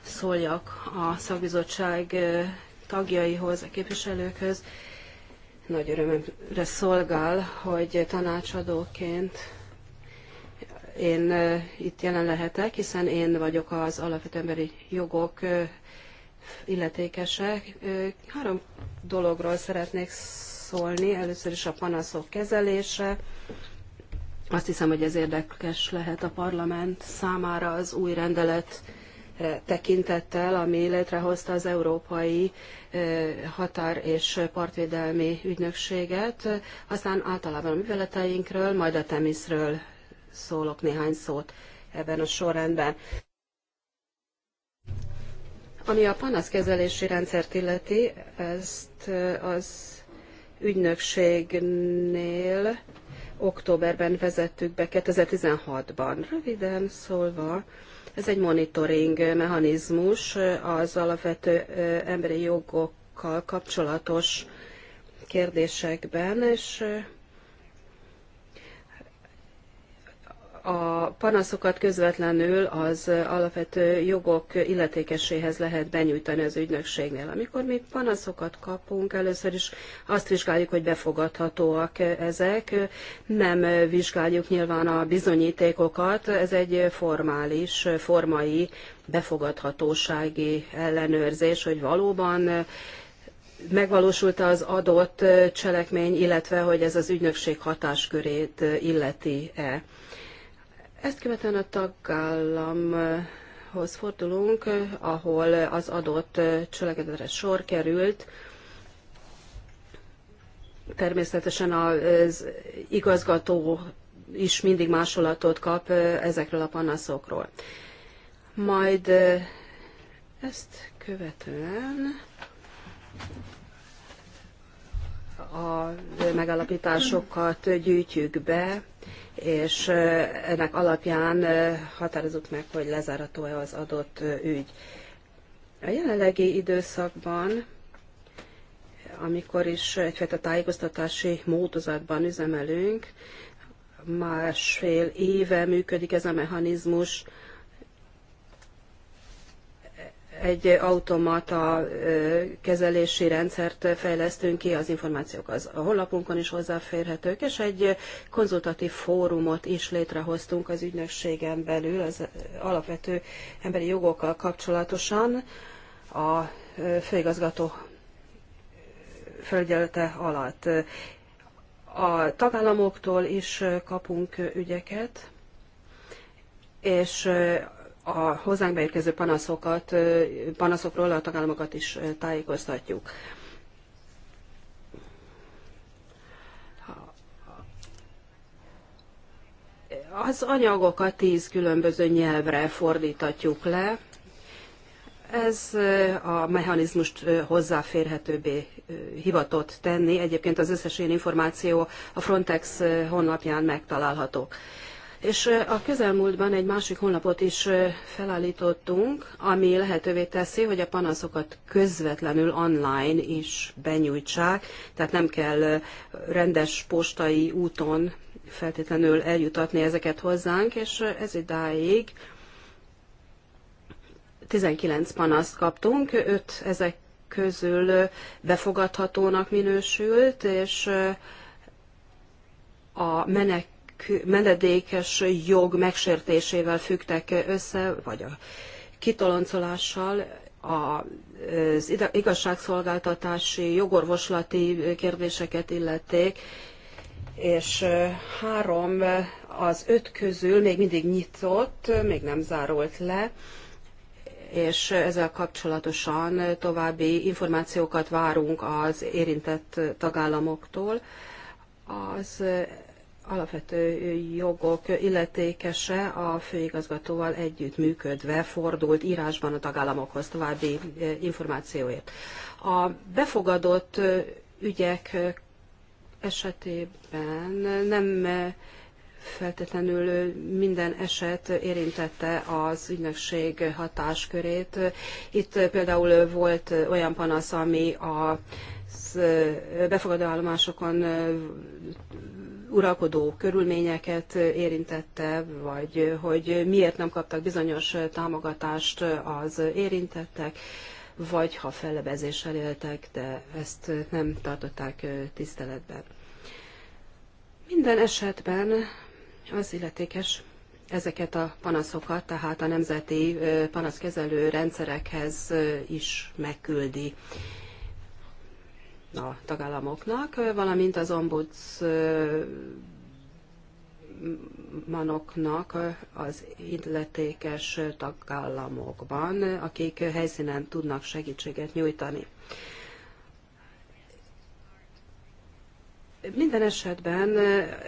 szóljak a szakbizottság tagjaihoz, a képviselőkhöz. Nagy örömre szolgál, hogy tanácsadóként én itt jelen lehetek, hiszen én vagyok az alapvető emberi jogok illetékesek. Három dologról szeretnék szólni. Először is a panaszok kezelése. Azt hiszem, hogy ez érdekes lehet a parlament számára az új rendelet tekintettel, ami létrehozta az Európai Határ és Partvédelmi Ügynökséget. Aztán általában a műveleteinkről, majd a Temiszről szólok néhány szót ebben a sorrendben. Ami a panaszkezelési rendszert illeti, ezt az ügynökségnél októberben vezettük be 2016-ban. Röviden szólva, ez egy monitoring mechanizmus az alapvető emberi jogokkal kapcsolatos kérdésekben, és a panaszokat közvetlenül az alapvető jogok illetékeséhez lehet benyújtani az ügynökségnél. Amikor mi panaszokat kapunk, először is azt vizsgáljuk, hogy befogadhatóak ezek, nem vizsgáljuk nyilván a bizonyítékokat, ez egy formális, formai befogadhatósági ellenőrzés, hogy valóban megvalósult az adott cselekmény, illetve hogy ez az ügynökség hatáskörét illeti-e. Ezt követően a tagállamhoz fordulunk, ahol az adott cselekedetre sor került. Természetesen az igazgató is mindig másolatot kap ezekről a panaszokról. Majd ezt követően a megállapításokat gyűjtjük be, és ennek alapján határozott meg, hogy lezárató-e az adott ügy. A jelenlegi időszakban, amikor is egyfajta tájékoztatási módozatban üzemelünk, másfél éve működik ez a mechanizmus, egy automata kezelési rendszert fejlesztünk ki, az információk az a honlapunkon is hozzáférhetők, és egy konzultatív fórumot is létrehoztunk az ügynökségen belül az alapvető emberi jogokkal kapcsolatosan a főigazgató felügyelete alatt. A tagállamoktól is kapunk ügyeket, és a hozzánk beérkező panaszokat, panaszokról a tagállamokat is tájékoztatjuk. Az anyagokat tíz különböző nyelvre fordítatjuk le. Ez a mechanizmust hozzáférhetőbbé hivatott tenni. Egyébként az összes ilyen információ a Frontex honlapján megtalálható. És a közelmúltban egy másik honlapot is felállítottunk, ami lehetővé teszi, hogy a panaszokat közvetlenül online is benyújtsák, tehát nem kell rendes postai úton feltétlenül eljutatni ezeket hozzánk, és ez idáig 19 panaszt kaptunk, 5 ezek közül befogadhatónak minősült, és a menek menedékes jog megsértésével fügtek össze, vagy a kitoloncolással, az igazságszolgáltatási, jogorvoslati kérdéseket illették, és három az öt közül még mindig nyitott, még nem zárult le, és ezzel kapcsolatosan további információkat várunk az érintett tagállamoktól. Az alapvető jogok illetékese a főigazgatóval együttműködve fordult írásban a tagállamokhoz további információért. A befogadott ügyek esetében nem feltétlenül minden eset érintette az ügynökség hatáskörét. Itt például volt olyan panasz, ami a befogadó állomásokon uralkodó körülményeket érintette, vagy hogy miért nem kaptak bizonyos támogatást az érintettek, vagy ha fellebezéssel éltek, de ezt nem tartották tiszteletben. Minden esetben az illetékes ezeket a panaszokat, tehát a nemzeti panaszkezelő rendszerekhez is megküldi a tagállamoknak, valamint az ombudsmanoknak az illetékes tagállamokban, akik helyszínen tudnak segítséget nyújtani. Minden esetben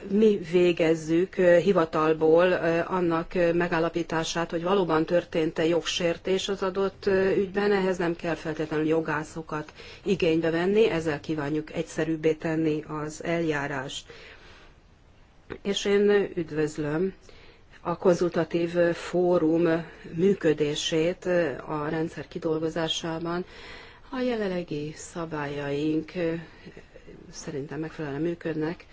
mi végezzük hivatalból annak megállapítását, hogy valóban történt-e jogsértés az adott ügyben, ehhez nem kell feltétlenül jogászokat igénybe venni, ezzel kívánjuk egyszerűbbé tenni az eljárást. És én üdvözlöm a konzultatív fórum működését a rendszer kidolgozásában. A jelenlegi szabályaink szerintem megfelelően működnek,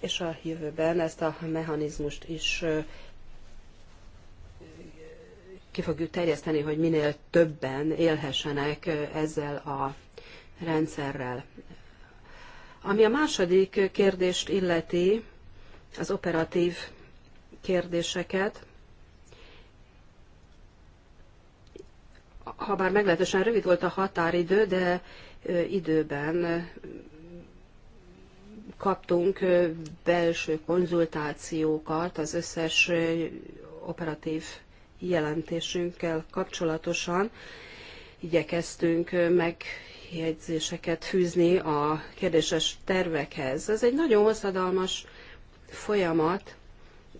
és a jövőben ezt a mechanizmust is ki fogjuk terjeszteni, hogy minél többen élhessenek ezzel a rendszerrel. Ami a második kérdést illeti, az operatív kérdéseket, ha bár meglehetősen rövid volt a határidő, de időben kaptunk belső konzultációkat az összes operatív jelentésünkkel kapcsolatosan. Igyekeztünk megjegyzéseket fűzni a kérdéses tervekhez. Ez egy nagyon hosszadalmas folyamat.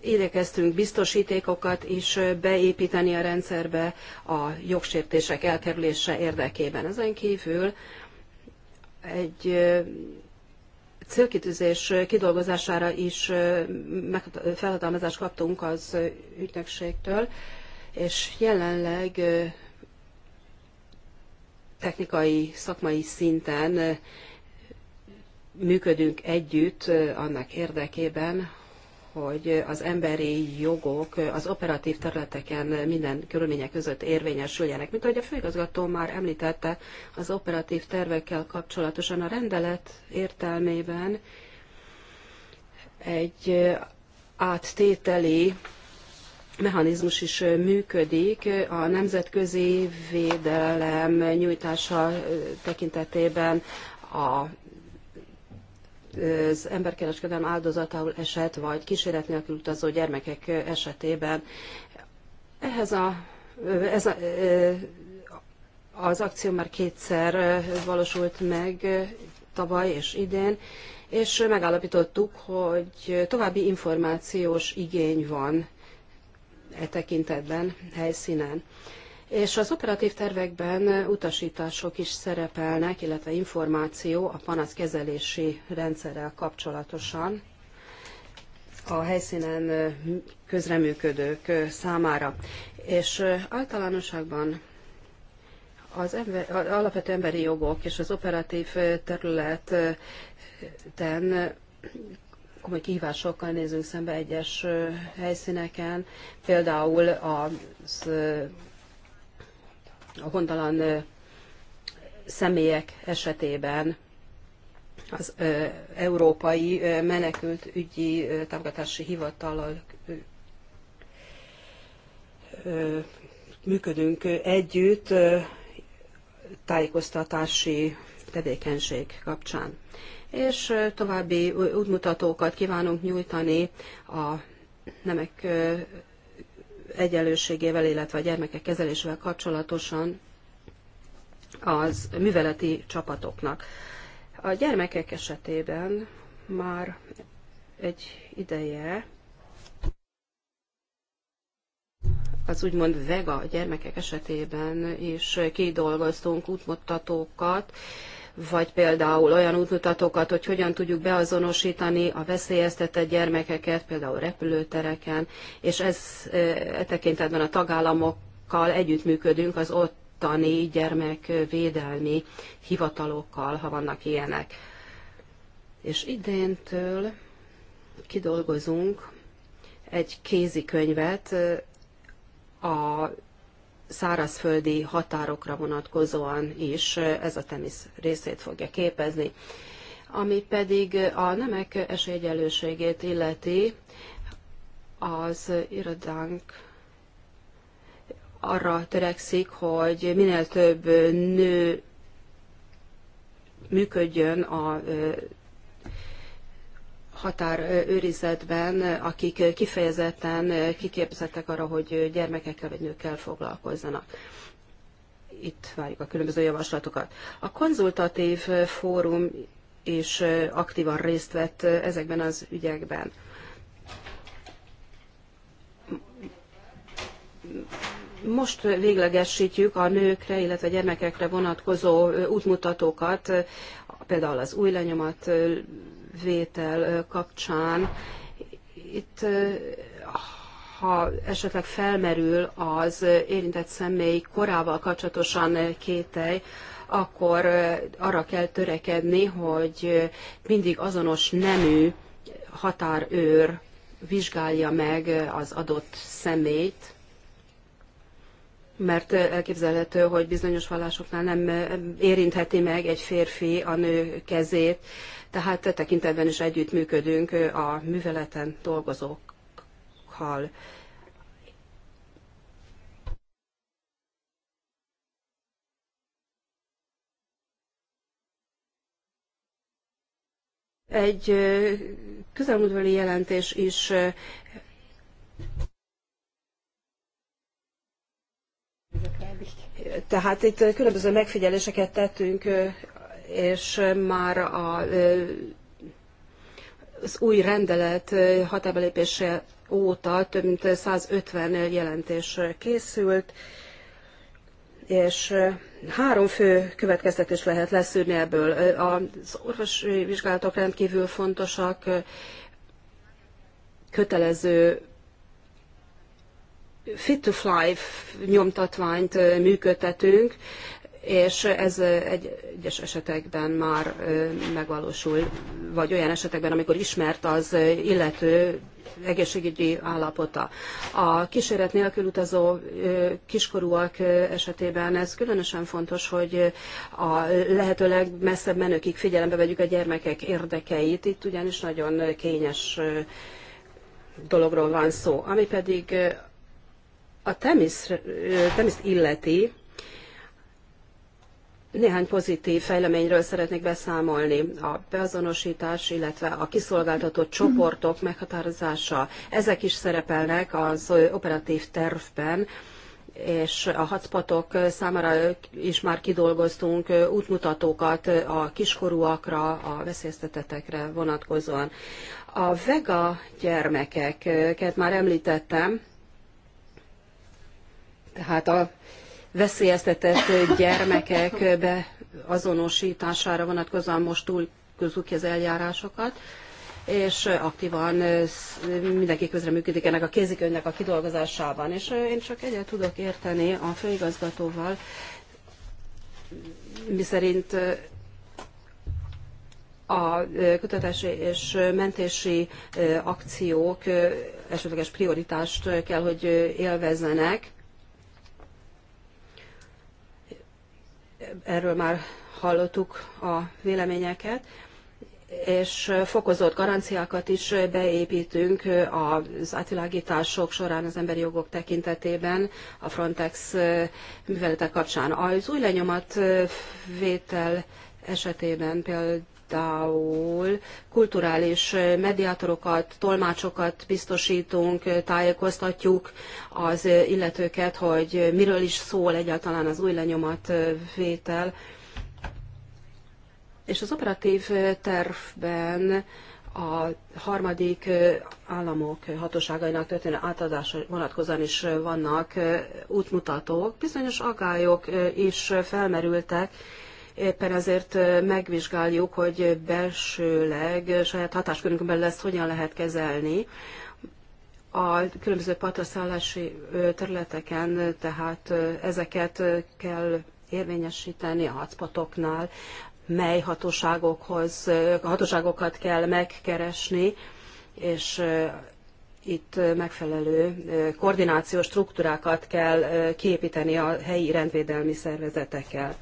Igyekeztünk biztosítékokat is beépíteni a rendszerbe a jogsértések elkerülése érdekében. Ezen kívül egy célkitűzés kidolgozására is felhatalmazást kaptunk az ügynökségtől, és jelenleg technikai, szakmai szinten működünk együtt annak érdekében, hogy az emberi jogok az operatív területeken minden körülmények között érvényesüljenek. Mint ahogy a főigazgató már említette, az operatív tervekkel kapcsolatosan a rendelet értelmében egy áttételi mechanizmus is működik a nemzetközi védelem nyújtása tekintetében a az emberkereskedelem áldozatául esett, vagy kíséret nélkül utazó gyermekek esetében. Ehhez a, ez a, az akció már kétszer valósult meg tavaly és idén, és megállapítottuk, hogy további információs igény van e tekintetben helyszínen és az operatív tervekben utasítások is szerepelnek, illetve információ a panaszkezelési rendszerrel kapcsolatosan a helyszínen közreműködők számára. És általánosságban az, ember, az alapvető emberi jogok és az operatív területen komoly kihívásokkal nézünk szembe egyes helyszíneken, például az a gondtalan személyek esetében az Európai Menekült Ügyi Támogatási Hivatallal működünk együtt tájékoztatási tevékenység kapcsán. És további útmutatókat kívánunk nyújtani a nemek egyenlőségével, illetve a gyermekek kezelésével kapcsolatosan az műveleti csapatoknak. A gyermekek esetében már egy ideje az úgymond vega gyermekek esetében is kidolgoztunk útmutatókat, vagy például olyan útmutatókat, hogy hogyan tudjuk beazonosítani a veszélyeztetett gyermekeket, például repülőtereken, és ez e, e tekintetben a tagállamokkal együttműködünk az ottani gyermekvédelmi hivatalokkal, ha vannak ilyenek. És idéntől kidolgozunk egy kézikönyvet e, a szárazföldi határokra vonatkozóan is ez a temisz részét fogja képezni. Ami pedig a nemek esélyegyelőségét illeti, az irodánk arra törekszik, hogy minél több nő működjön a határőrizetben, akik kifejezetten kiképzettek arra, hogy gyermekekkel vagy nőkkel foglalkozzanak. Itt várjuk a különböző javaslatokat. A konzultatív fórum is aktívan részt vett ezekben az ügyekben. Most véglegesítjük a nőkre, illetve gyermekekre vonatkozó útmutatókat, például az új lenyomat vétel kapcsán. Itt, ha esetleg felmerül az érintett személy korával kapcsolatosan kételj, akkor arra kell törekedni, hogy mindig azonos nemű határőr vizsgálja meg az adott személyt, mert elképzelhető, hogy bizonyos vallásoknál nem érintheti meg egy férfi a nő kezét, tehát e tekintetben is együttműködünk a műveleten dolgozókkal. Egy közelmúltbeli jelentés is tehát itt különböző megfigyeléseket tettünk és már a, az új rendelet hatábelépése óta több mint 150 jelentés készült, és három fő következtetés lehet leszűrni ebből. Az orvosi vizsgálatok rendkívül fontosak, kötelező fit to fly nyomtatványt működtetünk, és ez egy, egyes esetekben már megvalósul, vagy olyan esetekben, amikor ismert az illető egészségügyi állapota. A kíséret nélkül utazó kiskorúak esetében ez különösen fontos, hogy a lehető legmesszebb menőkig figyelembe vegyük a gyermekek érdekeit. Itt ugyanis nagyon kényes dologról van szó. Ami pedig a temiszt illeti, néhány pozitív fejleményről szeretnék beszámolni. A beazonosítás, illetve a kiszolgáltatott csoportok meghatározása, ezek is szerepelnek az operatív tervben, és a hatpatok számára is már kidolgoztunk útmutatókat a kiskorúakra, a veszélyeztetetekre vonatkozóan. A vega gyermekeket már említettem, tehát a veszélyeztetett gyermekek beazonosítására vonatkozóan most túl ki az eljárásokat, és aktívan eh, mindenki közreműködik ennek a kézikönyvnek a kidolgozásában. És eh, én csak egyet tudok érteni a főigazgatóval, miszerint eh, a kutatási és mentési akciók esetleges prioritást kell, hogy élvezzenek, erről már hallottuk a véleményeket, és fokozott garanciákat is beépítünk az átvilágítások során az emberi jogok tekintetében a Frontex műveletek kapcsán. Az új vétel esetében például például kulturális mediátorokat, tolmácsokat biztosítunk, tájékoztatjuk az illetőket, hogy miről is szól egyáltalán az új lenyomatvétel. És az operatív tervben a harmadik államok hatóságainak történő átadása vonatkozóan is vannak útmutatók. Bizonyos agályok is felmerültek, éppen ezért megvizsgáljuk, hogy belsőleg saját hatáskörünkben lesz, hogyan lehet kezelni a különböző patraszállási területeken, tehát ezeket kell érvényesíteni a hatpatoknál, mely hatóságokhoz, hatóságokat kell megkeresni, és itt megfelelő koordinációs struktúrákat kell képíteni a helyi rendvédelmi szervezetekkel.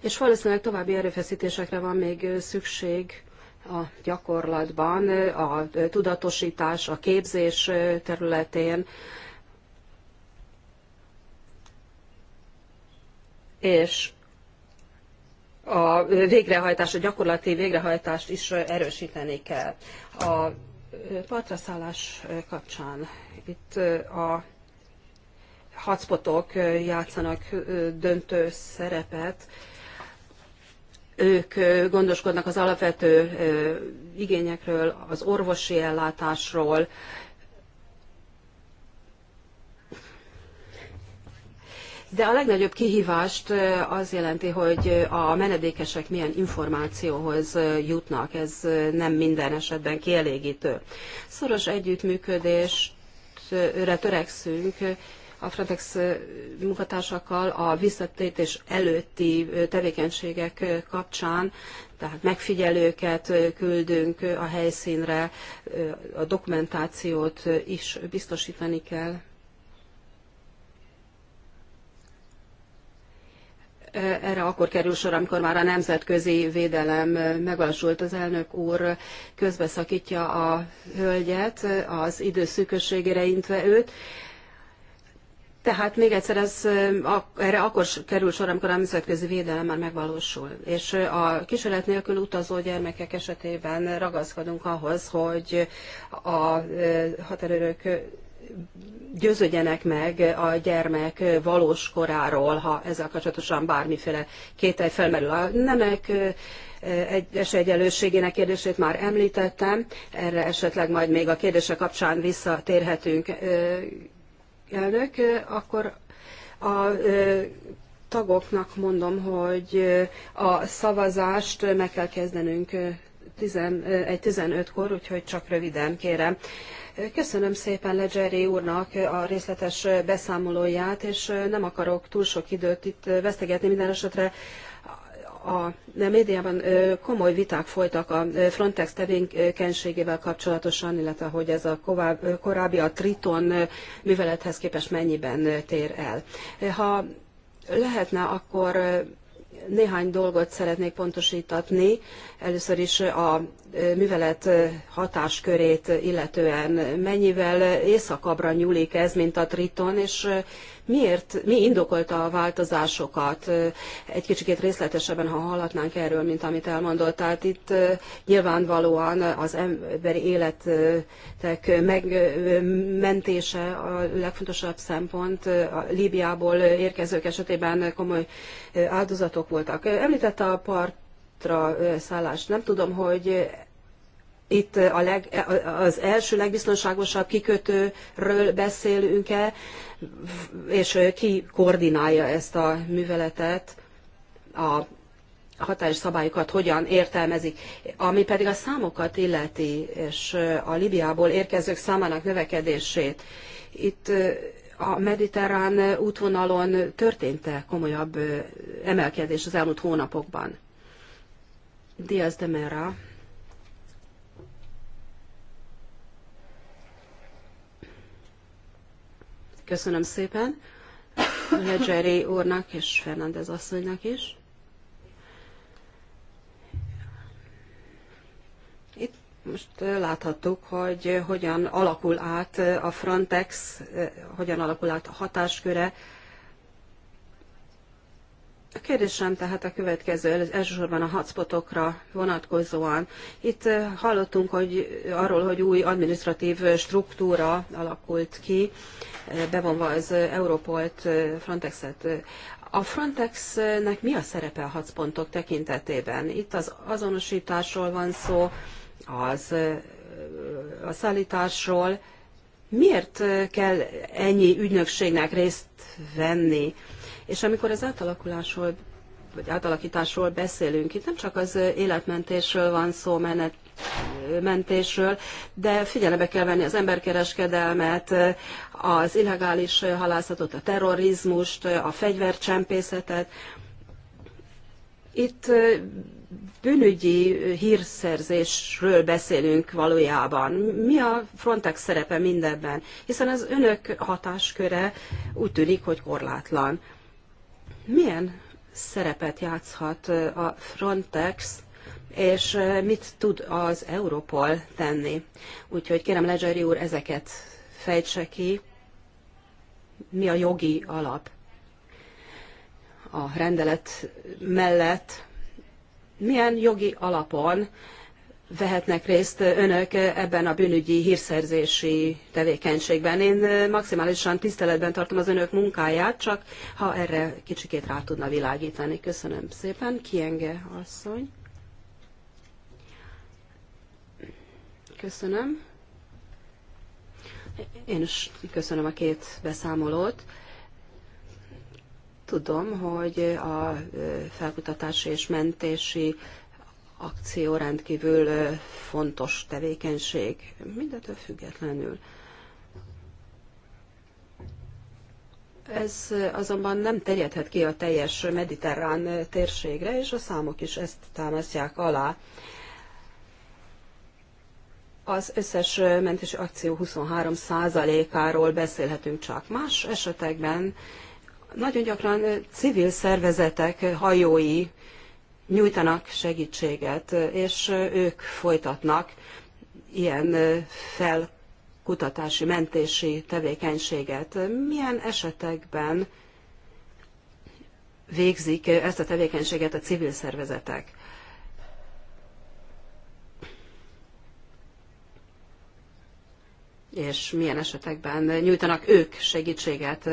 és valószínűleg további erőfeszítésekre van még szükség a gyakorlatban, a tudatosítás, a képzés területén, és a végrehajtás, a gyakorlati végrehajtást is erősíteni kell. A partraszállás kapcsán itt a hotspotok játszanak döntő szerepet, ők gondoskodnak az alapvető igényekről, az orvosi ellátásról, De a legnagyobb kihívást az jelenti, hogy a menedékesek milyen információhoz jutnak. Ez nem minden esetben kielégítő. Szoros együttműködésre törekszünk, a Frontex munkatársakkal a visszatétés előtti tevékenységek kapcsán, tehát megfigyelőket küldünk a helyszínre, a dokumentációt is biztosítani kell. erre akkor kerül sor, amikor már a nemzetközi védelem megvalósult. Az elnök úr közbeszakítja a hölgyet, az idő szűkösségére intve őt. Tehát még egyszer ez, erre akkor kerül sor, amikor a nemzetközi védelem már megvalósul. És a kísérlet nélkül utazó gyermekek esetében ragaszkodunk ahhoz, hogy a határőrök győződjenek meg a gyermek valós koráról, ha ezzel kapcsolatosan bármiféle kétel felmerül. A nemek egyes egyenlőségének kérdését már említettem, erre esetleg majd még a kérdése kapcsán visszatérhetünk elnök, akkor a tagoknak mondom, hogy a szavazást meg kell kezdenünk egy 15-kor, úgyhogy csak röviden kérem. Köszönöm szépen Legeri úrnak a részletes beszámolóját, és nem akarok túl sok időt itt vesztegetni, minden esetre a médiában komoly viták folytak a Frontex tevékenységével kapcsolatosan, illetve hogy ez a korábbi a Triton művelethez képest mennyiben tér el. Ha lehetne, akkor néhány dolgot szeretnék pontosítatni. Először is a művelet hatáskörét illetően mennyivel északabbra nyúlik ez, mint a Triton, és miért, mi indokolta a változásokat. Egy kicsikét részletesebben, ha hallatnánk erről, mint amit elmondott. Tehát itt nyilvánvalóan az emberi életek megmentése a legfontosabb szempont. A Líbiából érkezők esetében komoly áldozatok voltak. Említette a part szállást. Nem tudom, hogy itt a leg, az első legbiztonságosabb kikötőről beszélünk-e, és ki koordinálja ezt a műveletet, a hatályos szabályokat hogyan értelmezik. Ami pedig a számokat illeti, és a Libiából érkezők számának növekedését, itt a mediterrán útvonalon történt-e komolyabb emelkedés az elmúlt hónapokban? Diaz de Mera. Köszönöm szépen Legeri úrnak és Fernández asszonynak is. Itt most láthattuk, hogy hogyan alakul át a Frontex, hogyan alakul át a hatásköre, a kérdésem tehát a következő, elsősorban a hotspotokra vonatkozóan. Itt hallottunk hogy arról, hogy új administratív struktúra alakult ki, bevonva az Europolt, Frontexet. A Frontexnek mi a szerepe a hotspotok tekintetében? Itt az azonosításról van szó, az, a szállításról, miért kell ennyi ügynökségnek részt venni? És amikor az átalakulásról vagy átalakításról beszélünk, itt nem csak az életmentésről van szó, menet, mentésről, de figyelembe kell venni az emberkereskedelmet, az illegális halászatot, a terrorizmust, a fegyvercsempészetet. Itt bűnügyi hírszerzésről beszélünk valójában. Mi a Frontex szerepe mindebben? Hiszen az önök hatásköre úgy tűnik, hogy korlátlan. Milyen szerepet játszhat uh, a Frontex, és uh, mit tud az Europol tenni? Úgyhogy kérem Legeri úr, ezeket fejtse ki. Mi a jogi alap? a rendelet mellett milyen jogi alapon vehetnek részt önök ebben a bűnügyi hírszerzési tevékenységben. Én maximálisan tiszteletben tartom az önök munkáját, csak ha erre kicsikét rá tudna világítani. Köszönöm szépen. Kienge asszony. Köszönöm. Én is köszönöm a két beszámolót. Tudom, hogy a felkutatási és mentési akció rendkívül fontos tevékenység, mindentől függetlenül. Ez azonban nem terjedhet ki a teljes mediterrán térségre, és a számok is ezt támasztják alá. Az összes mentési akció 23%-áról beszélhetünk csak. Más esetekben nagyon gyakran civil szervezetek hajói nyújtanak segítséget, és ők folytatnak ilyen felkutatási, mentési tevékenységet. Milyen esetekben végzik ezt a tevékenységet a civil szervezetek? És milyen esetekben nyújtanak ők segítséget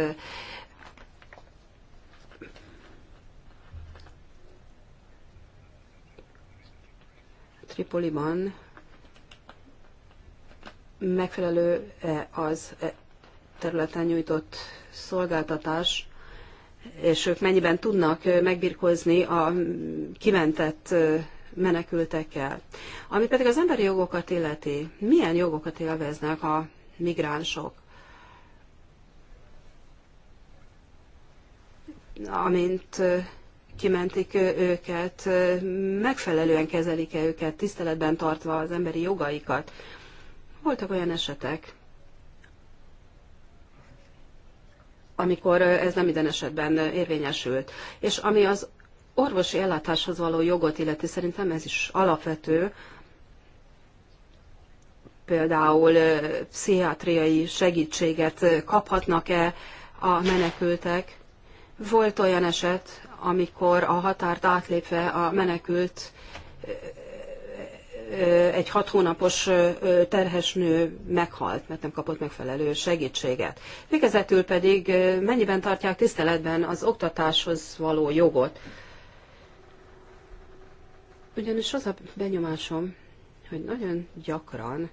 Tripoliban megfelelő -e az eh, területen nyújtott szolgáltatás, és ők mennyiben tudnak eh, megbirkózni a mm, kimentett menekültekkel. Ami pedig az emberi jogokat illeti, milyen jogokat élveznek a migránsok? Amint kimentik őket, megfelelően kezelik-e őket, tiszteletben tartva az emberi jogaikat. Voltak olyan esetek, amikor ez nem minden esetben érvényesült. És ami az orvosi ellátáshoz való jogot illeti, szerintem ez is alapvető, például pszichiátriai segítséget kaphatnak-e a menekültek. Volt olyan eset, amikor a határt átlépve a menekült egy hat hónapos terhes nő meghalt, mert nem kapott megfelelő segítséget. Végezetül pedig mennyiben tartják tiszteletben az oktatáshoz való jogot? Ugyanis az a benyomásom, hogy nagyon gyakran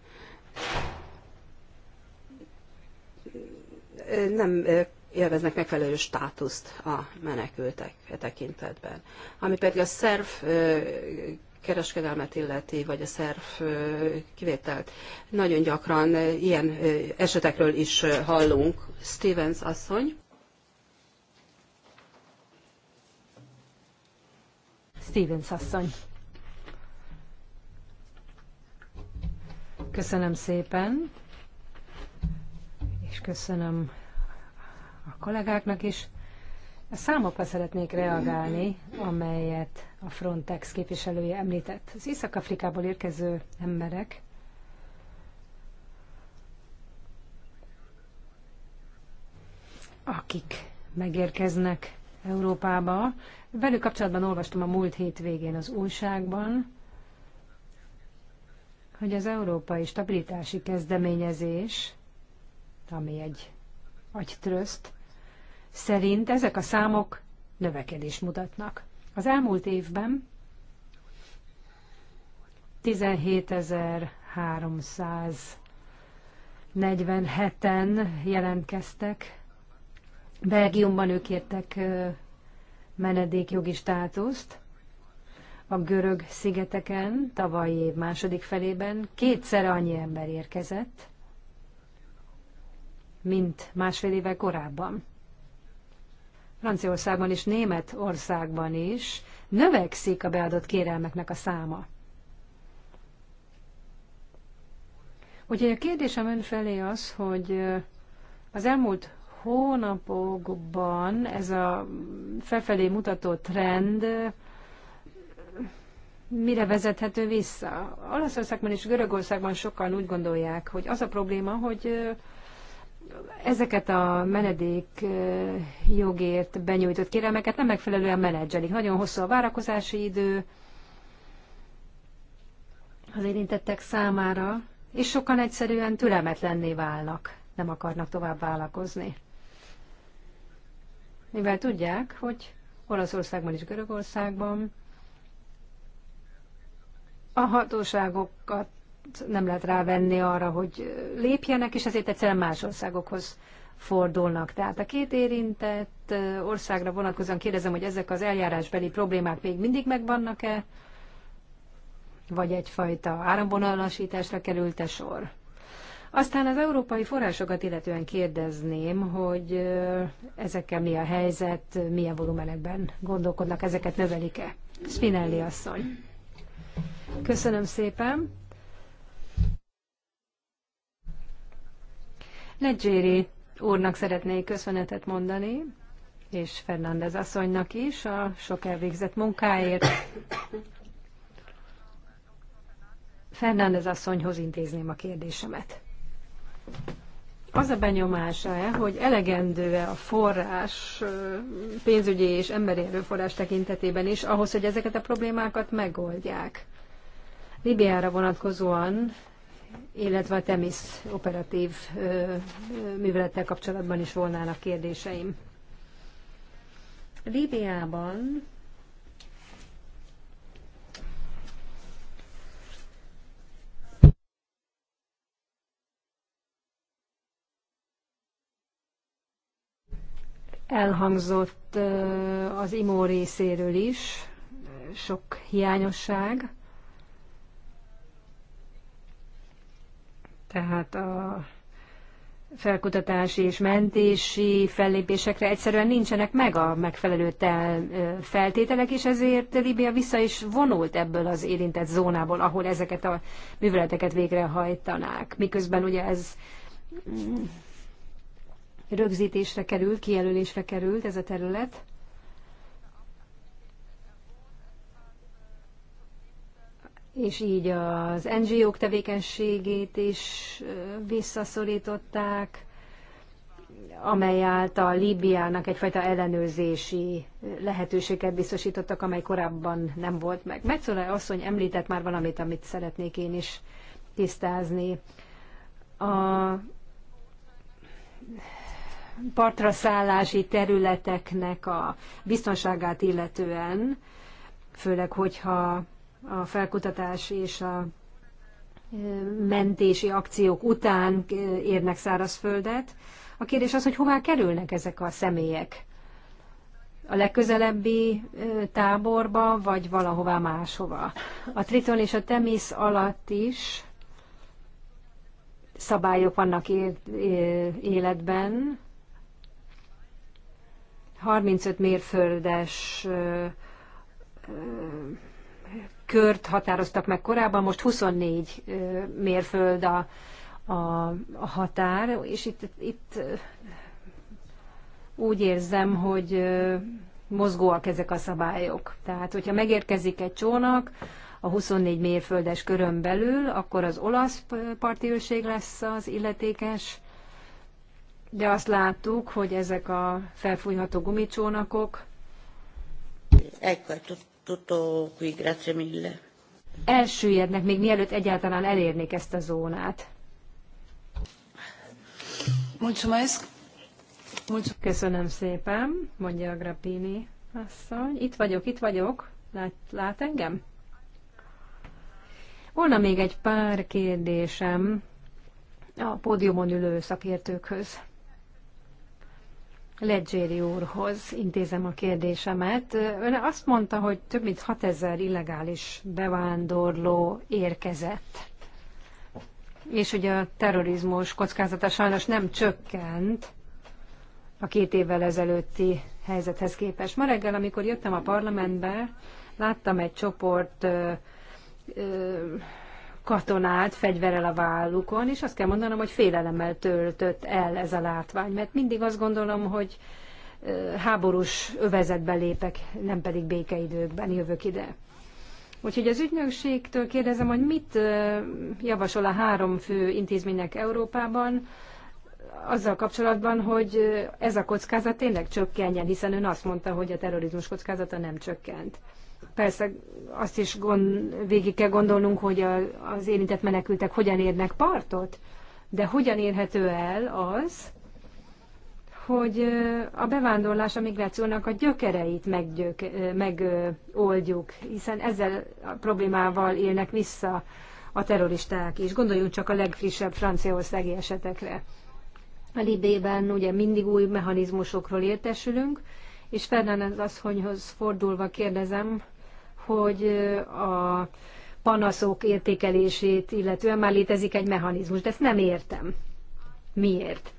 nem élveznek megfelelő státuszt a menekültek tekintetben. Ami pedig a szerv kereskedelmet illeti, vagy a szerv kivételt. Nagyon gyakran ilyen esetekről is hallunk. Stevens asszony. Stevens asszony. Köszönöm szépen, és köszönöm kollégáknak is. A számokra szeretnék reagálni, amelyet a Frontex képviselője említett. Az Észak-Afrikából érkező emberek akik megérkeznek Európába. Velük kapcsolatban olvastam a múlt hétvégén az újságban, hogy az Európai Stabilitási Kezdeményezés, ami egy agytröszt, szerint ezek a számok növekedést mutatnak. Az elmúlt évben 17.347-en jelentkeztek. Belgiumban ők értek menedékjogi státuszt. A görög szigeteken tavalyi év második felében kétszer annyi ember érkezett, mint másfél éve korábban. Franciaországban és Németországban is növekszik a beadott kérelmeknek a száma. Úgyhogy a kérdésem ön felé az, hogy az elmúlt hónapokban ez a felfelé mutató trend mire vezethető vissza? Olaszországban és Görögországban sokan úgy gondolják, hogy az a probléma, hogy ezeket a menedék jogért benyújtott kérelmeket nem megfelelően menedzselik. Nagyon hosszú a várakozási idő az érintettek számára, és sokan egyszerűen türelmetlenné válnak, nem akarnak tovább vállalkozni. Mivel tudják, hogy Olaszországban és Görögországban a hatóságokat nem lehet rávenni arra, hogy lépjenek, és ezért egyszerűen más országokhoz fordulnak. Tehát a két érintett országra vonatkozóan kérdezem, hogy ezek az eljárásbeli problémák még mindig megvannak-e, vagy egyfajta áramvonalasításra került-e sor? Aztán az európai forrásokat illetően kérdezném, hogy ezekkel mi a helyzet, milyen volumenekben gondolkodnak, ezeket növelik-e? Spinelli asszony. Köszönöm szépen. Legyéri úrnak szeretnék köszönetet mondani, és Fernández asszonynak is a sok elvégzett munkáért. Fernández asszonyhoz intézném a kérdésemet. Az a benyomása -e, hogy elegendő-e a forrás, pénzügyi és emberi erőforrás tekintetében is ahhoz, hogy ezeket a problémákat megoldják? Libiára vonatkozóan illetve a TEMIS operatív művelettel kapcsolatban is volnának kérdéseim. Líbiában elhangzott az imó részéről is sok hiányosság. tehát a felkutatási és mentési fellépésekre egyszerűen nincsenek meg a megfelelő tel feltételek, és ezért Libia vissza is vonult ebből az érintett zónából, ahol ezeket a műveleteket végrehajtanák. Miközben ugye ez mm, rögzítésre került, kijelölésre került ez a terület. és így az NGO-k tevékenységét is visszaszorították, amely által Líbiának egyfajta ellenőrzési lehetőséget biztosítottak, amely korábban nem volt meg. Metzola asszony említett már valamit, amit szeretnék én is tisztázni. A partra szállási területeknek a biztonságát illetően, főleg, hogyha a felkutatás és a mentési akciók után érnek szárazföldet. A kérdés az, hogy hová kerülnek ezek a személyek? A legközelebbi táborba, vagy valahová máshova? A Triton és a Temis alatt is szabályok vannak életben. 35 mérföldes kört határoztak meg korábban, most 24 mérföld a, a, a határ, és itt, itt úgy érzem, hogy mozgóak ezek a szabályok. Tehát, hogyha megérkezik egy csónak a 24 mérföldes körön belül, akkor az olasz parti lesz az illetékes, de azt láttuk, hogy ezek a felfújható gumicsónakok tutto qui, grazie mille. Elsüllyednek még mielőtt egyáltalán elérnék ezt a zónát. Mulțumesc. Mulțumesc. Köszönöm szépen, mondja a Grappini asszony. Itt vagyok, itt vagyok. Lát, lát engem? Volna még egy pár kérdésem a pódiumon ülő szakértőkhöz. Leggeri úrhoz intézem a kérdésemet. Ön azt mondta, hogy több mint 6000 illegális bevándorló érkezett. És ugye a terrorizmus kockázata sajnos nem csökkent a két évvel ezelőtti helyzethez képest. Ma reggel, amikor jöttem a parlamentbe, láttam egy csoport ö, ö, katonát fegyverel a vállukon, és azt kell mondanom, hogy félelemmel töltött el ez a látvány, mert mindig azt gondolom, hogy háborús övezetbe lépek, nem pedig békeidőkben jövök ide. Úgyhogy az ügynökségtől kérdezem, hogy mit javasol a három fő intézménynek Európában azzal kapcsolatban, hogy ez a kockázat tényleg csökkenjen, hiszen ön azt mondta, hogy a terrorizmus kockázata nem csökkent persze azt is gond, végig kell gondolnunk, hogy a, az érintett menekültek hogyan érnek partot, de hogyan érhető el az, hogy a bevándorlás, a migrációnak a gyökereit meggyök, megoldjuk, hiszen ezzel a problémával élnek vissza a terroristák is. Gondoljunk csak a legfrissebb franciaországi esetekre. A Libében ugye mindig új mechanizmusokról értesülünk, és Fernández asszonyhoz fordulva kérdezem, hogy a panaszok értékelését illetően már létezik egy mechanizmus, de ezt nem értem. Miért?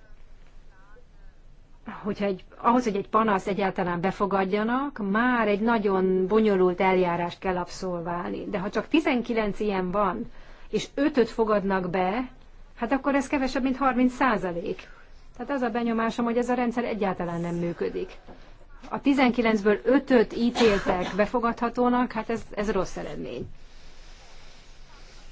Hogy egy, ahhoz, hogy egy panasz egyáltalán befogadjanak, már egy nagyon bonyolult eljárást kell abszolválni. De ha csak 19 ilyen van, és 5-öt fogadnak be, hát akkor ez kevesebb, mint 30 százalék. Tehát az a benyomásom, hogy ez a rendszer egyáltalán nem működik a 19-ből 5-öt ítéltek befogadhatónak, hát ez, ez rossz eredmény.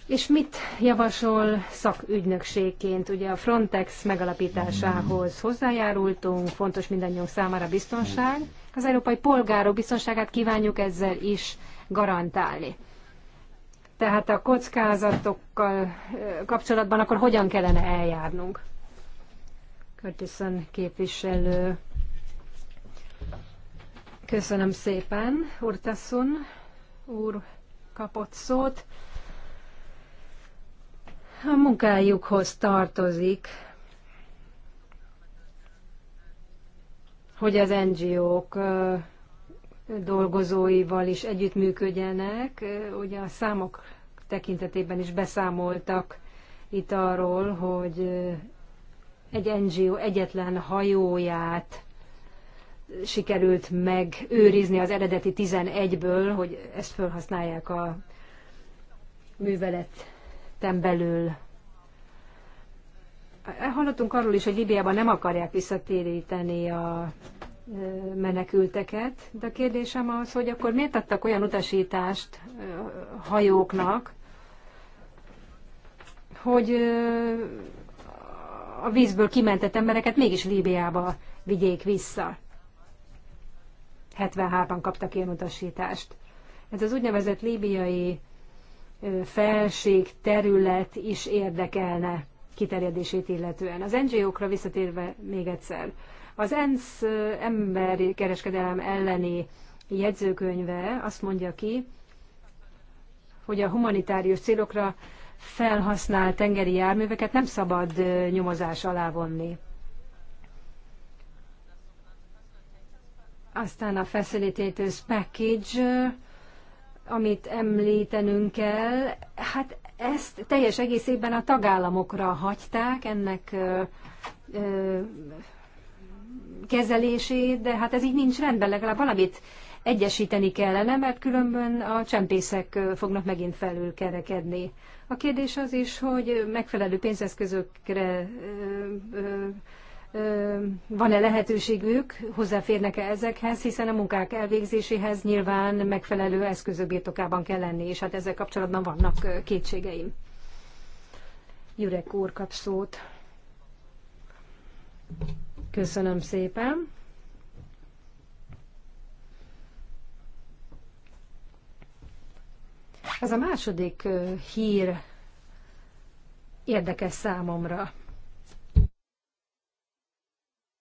És mit javasol szakügynökségként? Ugye a Frontex megalapításához hozzájárultunk, fontos mindannyiunk számára biztonság. Az európai polgárok biztonságát kívánjuk ezzel is garantálni. Tehát a kockázatokkal kapcsolatban akkor hogyan kellene eljárnunk? Curtison képviselő Köszönöm szépen, Urtasun úr kapott szót. A munkájukhoz tartozik, hogy az NGO-k dolgozóival is együttműködjenek. Ugye a számok tekintetében is beszámoltak itt arról, hogy egy NGO egyetlen hajóját sikerült megőrizni az eredeti 11-ből, hogy ezt felhasználják a műveleten belül. Hallottunk arról is, hogy Libiában nem akarják visszatéríteni a menekülteket, de a kérdésem az, hogy akkor miért adtak olyan utasítást hajóknak, hogy a vízből kimentett embereket mégis Líbiába vigyék vissza. 73-an kaptak ilyen utasítást. Ez az úgynevezett líbiai felség terület is érdekelne kiterjedését illetően. Az NGO-kra visszatérve még egyszer. Az ENSZ emberi kereskedelem elleni jegyzőkönyve azt mondja ki, hogy a humanitárius célokra felhasznált tengeri járműveket nem szabad nyomozás alá vonni. Aztán a Facilitators Package, amit említenünk kell, hát ezt teljes egészében a tagállamokra hagyták, ennek ö, ö, kezelését, de hát ez így nincs rendben, legalább valamit egyesíteni kellene, mert különben a csempészek fognak megint felül kerekedni. A kérdés az is, hogy megfelelő pénzeszközökre ö, ö, van-e lehetőségük, hozzáférnek-e ezekhez, hiszen a munkák elvégzéséhez nyilván megfelelő eszközök birtokában kell lenni, és hát ezzel kapcsolatban vannak kétségeim. Jurek úr kap szót. Köszönöm szépen. Ez a második hír érdekes számomra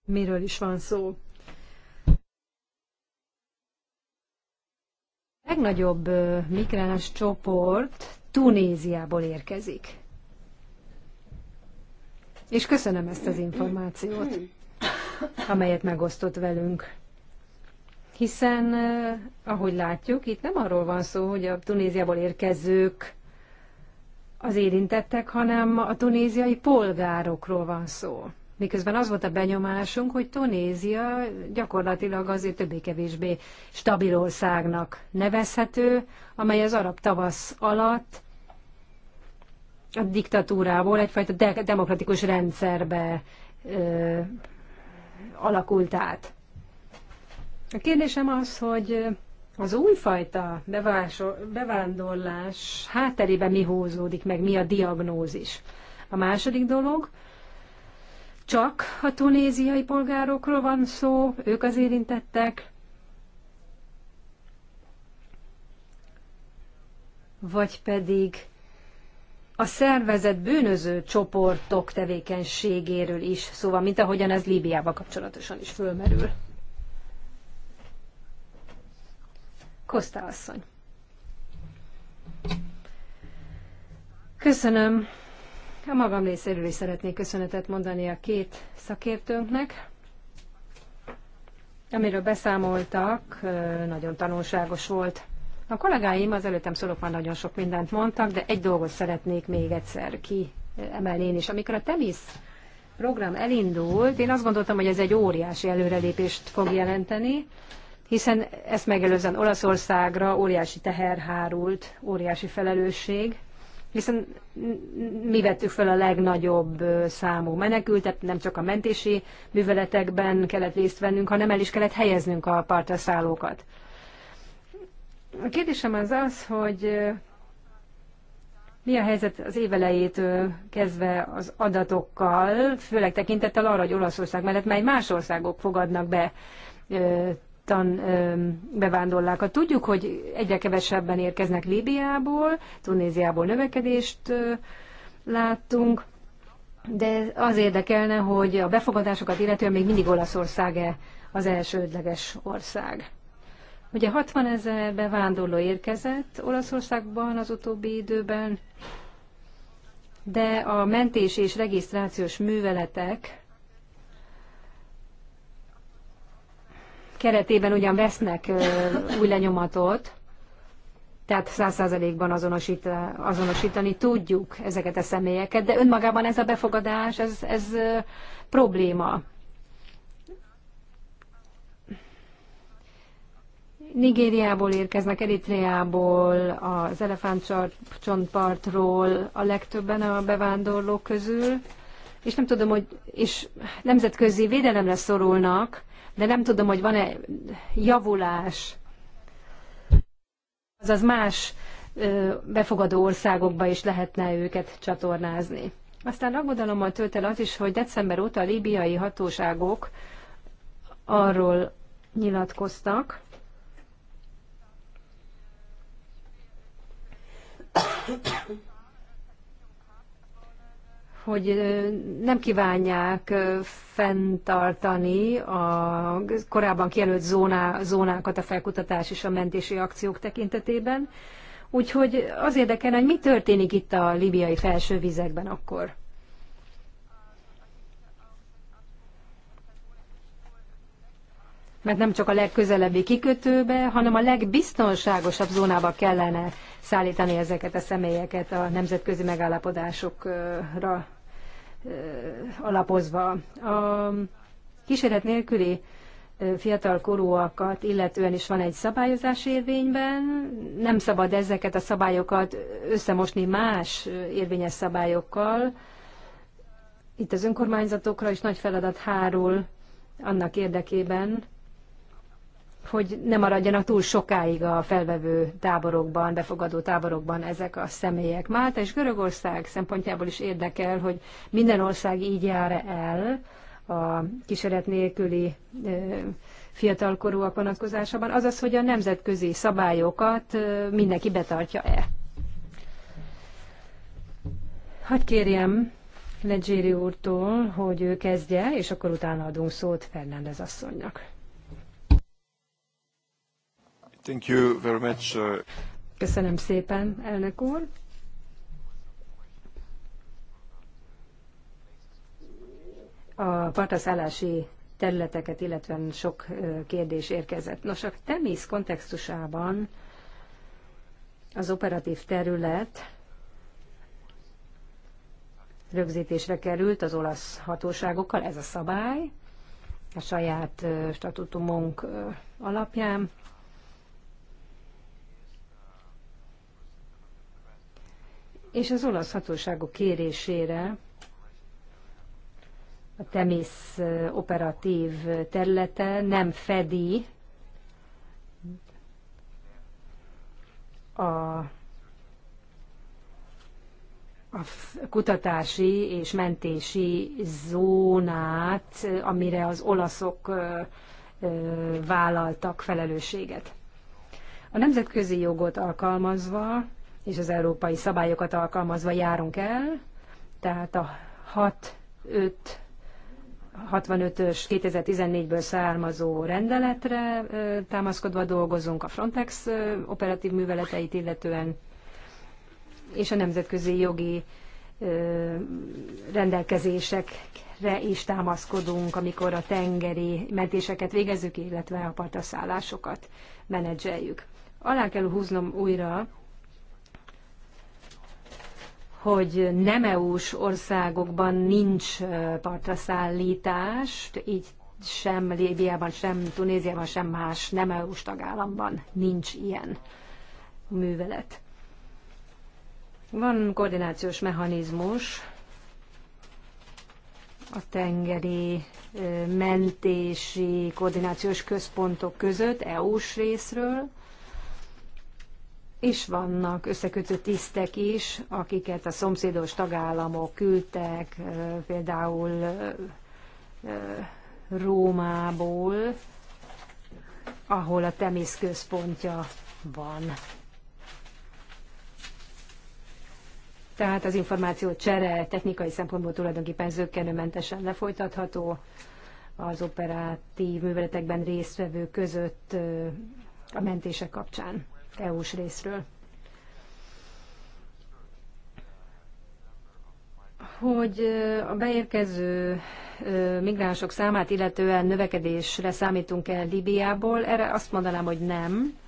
miről is van szó. A legnagyobb migráns csoport Tunéziából érkezik. És köszönöm ezt az információt, amelyet megosztott velünk. Hiszen, ahogy látjuk, itt nem arról van szó, hogy a Tunéziából érkezők az érintettek, hanem a tunéziai polgárokról van szó. Miközben az volt a benyomásunk, hogy Tunézia gyakorlatilag azért többé-kevésbé stabil országnak nevezhető, amely az arab tavasz alatt a diktatúrából egyfajta de- demokratikus rendszerbe ö, alakult át. A kérdésem az, hogy az újfajta bevándorlás hátterében mi húzódik meg, mi a diagnózis. A második dolog, csak a tunéziai polgárokról van szó, ők az érintettek, vagy pedig a szervezet bűnöző csoportok tevékenységéről is szóval, mint ahogyan ez Líbiával kapcsolatosan is fölmerül. Kosztá asszony. Köszönöm. A magam részéről is szeretnék köszönetet mondani a két szakértőnknek, amiről beszámoltak, nagyon tanulságos volt. A kollégáim az előttem szólók már nagyon sok mindent mondtak, de egy dolgot szeretnék még egyszer kiemelni én is. Amikor a Temis program elindult, én azt gondoltam, hogy ez egy óriási előrelépést fog jelenteni, hiszen ezt megelőzően Olaszországra óriási teher hárult, óriási felelősség, hiszen mi vettük fel a legnagyobb számú menekültet, nem csak a mentési műveletekben kellett részt vennünk, hanem el is kellett helyeznünk a partra szállókat. A kérdésem az az, hogy mi a helyzet az évelejét kezdve az adatokkal, főleg tekintettel arra, hogy Olaszország mellett mely más országok fogadnak be tan bevándorlákat. Tudjuk, hogy egyre kevesebben érkeznek Líbiából, Tunéziából növekedést láttunk, de az érdekelne, hogy a befogadásokat illetően még mindig Olaszország-e az elsődleges ország. Ugye 60 ezer bevándorló érkezett Olaszországban az utóbbi időben, de a mentés és regisztrációs műveletek keretében ugyan vesznek új lenyomatot, tehát száz százalékban azonosít, azonosítani tudjuk ezeket a személyeket, de önmagában ez a befogadás, ez, ez probléma. Nigériából érkeznek, Eritreából, az elefántcsontpartról a legtöbben a bevándorlók közül, és nem tudom, hogy és nemzetközi védelemre szorulnak, de nem tudom, hogy van-e javulás, azaz más befogadó országokba is lehetne őket csatornázni. Aztán aggodalommal tölt el az is, hogy december óta a líbiai hatóságok arról nyilatkoztak, hogy nem kívánják fenntartani a korábban kijelölt zóná, zónákat a felkutatás és a mentési akciók tekintetében. Úgyhogy az érdekel, hogy mi történik itt a libiai felső vizekben akkor. Mert nem csak a legközelebbi kikötőbe, hanem a legbiztonságosabb zónába kellene szállítani ezeket a személyeket a nemzetközi megállapodásokra alapozva. A kísérlet nélküli fiatal korúakat illetően is van egy szabályozás érvényben. Nem szabad ezeket a szabályokat összemosni más érvényes szabályokkal. Itt az önkormányzatokra is nagy feladat hárul annak érdekében, hogy ne maradjanak túl sokáig a felvevő táborokban, befogadó táborokban ezek a személyek. Málta és Görögország szempontjából is érdekel, hogy minden ország így jár el a kísérlet nélküli fiatalkorúak vonatkozásában, azaz, hogy a nemzetközi szabályokat mindenki betartja-e. Hadd kérjem Legyéri úrtól, hogy ő kezdje, és akkor utána adunk szót Fernández asszonynak. Thank you very much. Uh, Köszönöm szépen, elnök úr. A partaszállási területeket, illetve sok kérdés érkezett. Nos, a temész kontextusában az operatív terület rögzítésre került az olasz hatóságokkal, ez a szabály, a saját statutumunk alapján, és az olasz hatóságok kérésére a Temis operatív területe nem fedi a, a kutatási és mentési zónát, amire az olaszok vállaltak felelősséget. A nemzetközi jogot alkalmazva és az európai szabályokat alkalmazva járunk el, tehát a 6-5 65-ös 2014-ből származó rendeletre támaszkodva dolgozunk a Frontex operatív műveleteit illetően, és a nemzetközi jogi rendelkezésekre is támaszkodunk, amikor a tengeri mentéseket végezzük, illetve a partaszállásokat menedzseljük. Alá kell húznom újra, hogy nem EU-s országokban nincs partra szállítás, így sem Líbiában, sem Tunéziában, sem más nem EU-s tagállamban nincs ilyen művelet. Van koordinációs mechanizmus a tengeri mentési koordinációs központok között EU-s részről, és vannak összekötő tisztek is, akiket a szomszédos tagállamok küldtek, például Rómából, ahol a Temész központja van. Tehát az információ csere technikai szempontból tulajdonképpen zöggenőmentesen lefolytatható, az operatív műveletekben résztvevő között a mentések kapcsán. EU-s részről. Hogy a beérkező migránsok számát illetően növekedésre számítunk el Libiából, erre azt mondanám, hogy nem.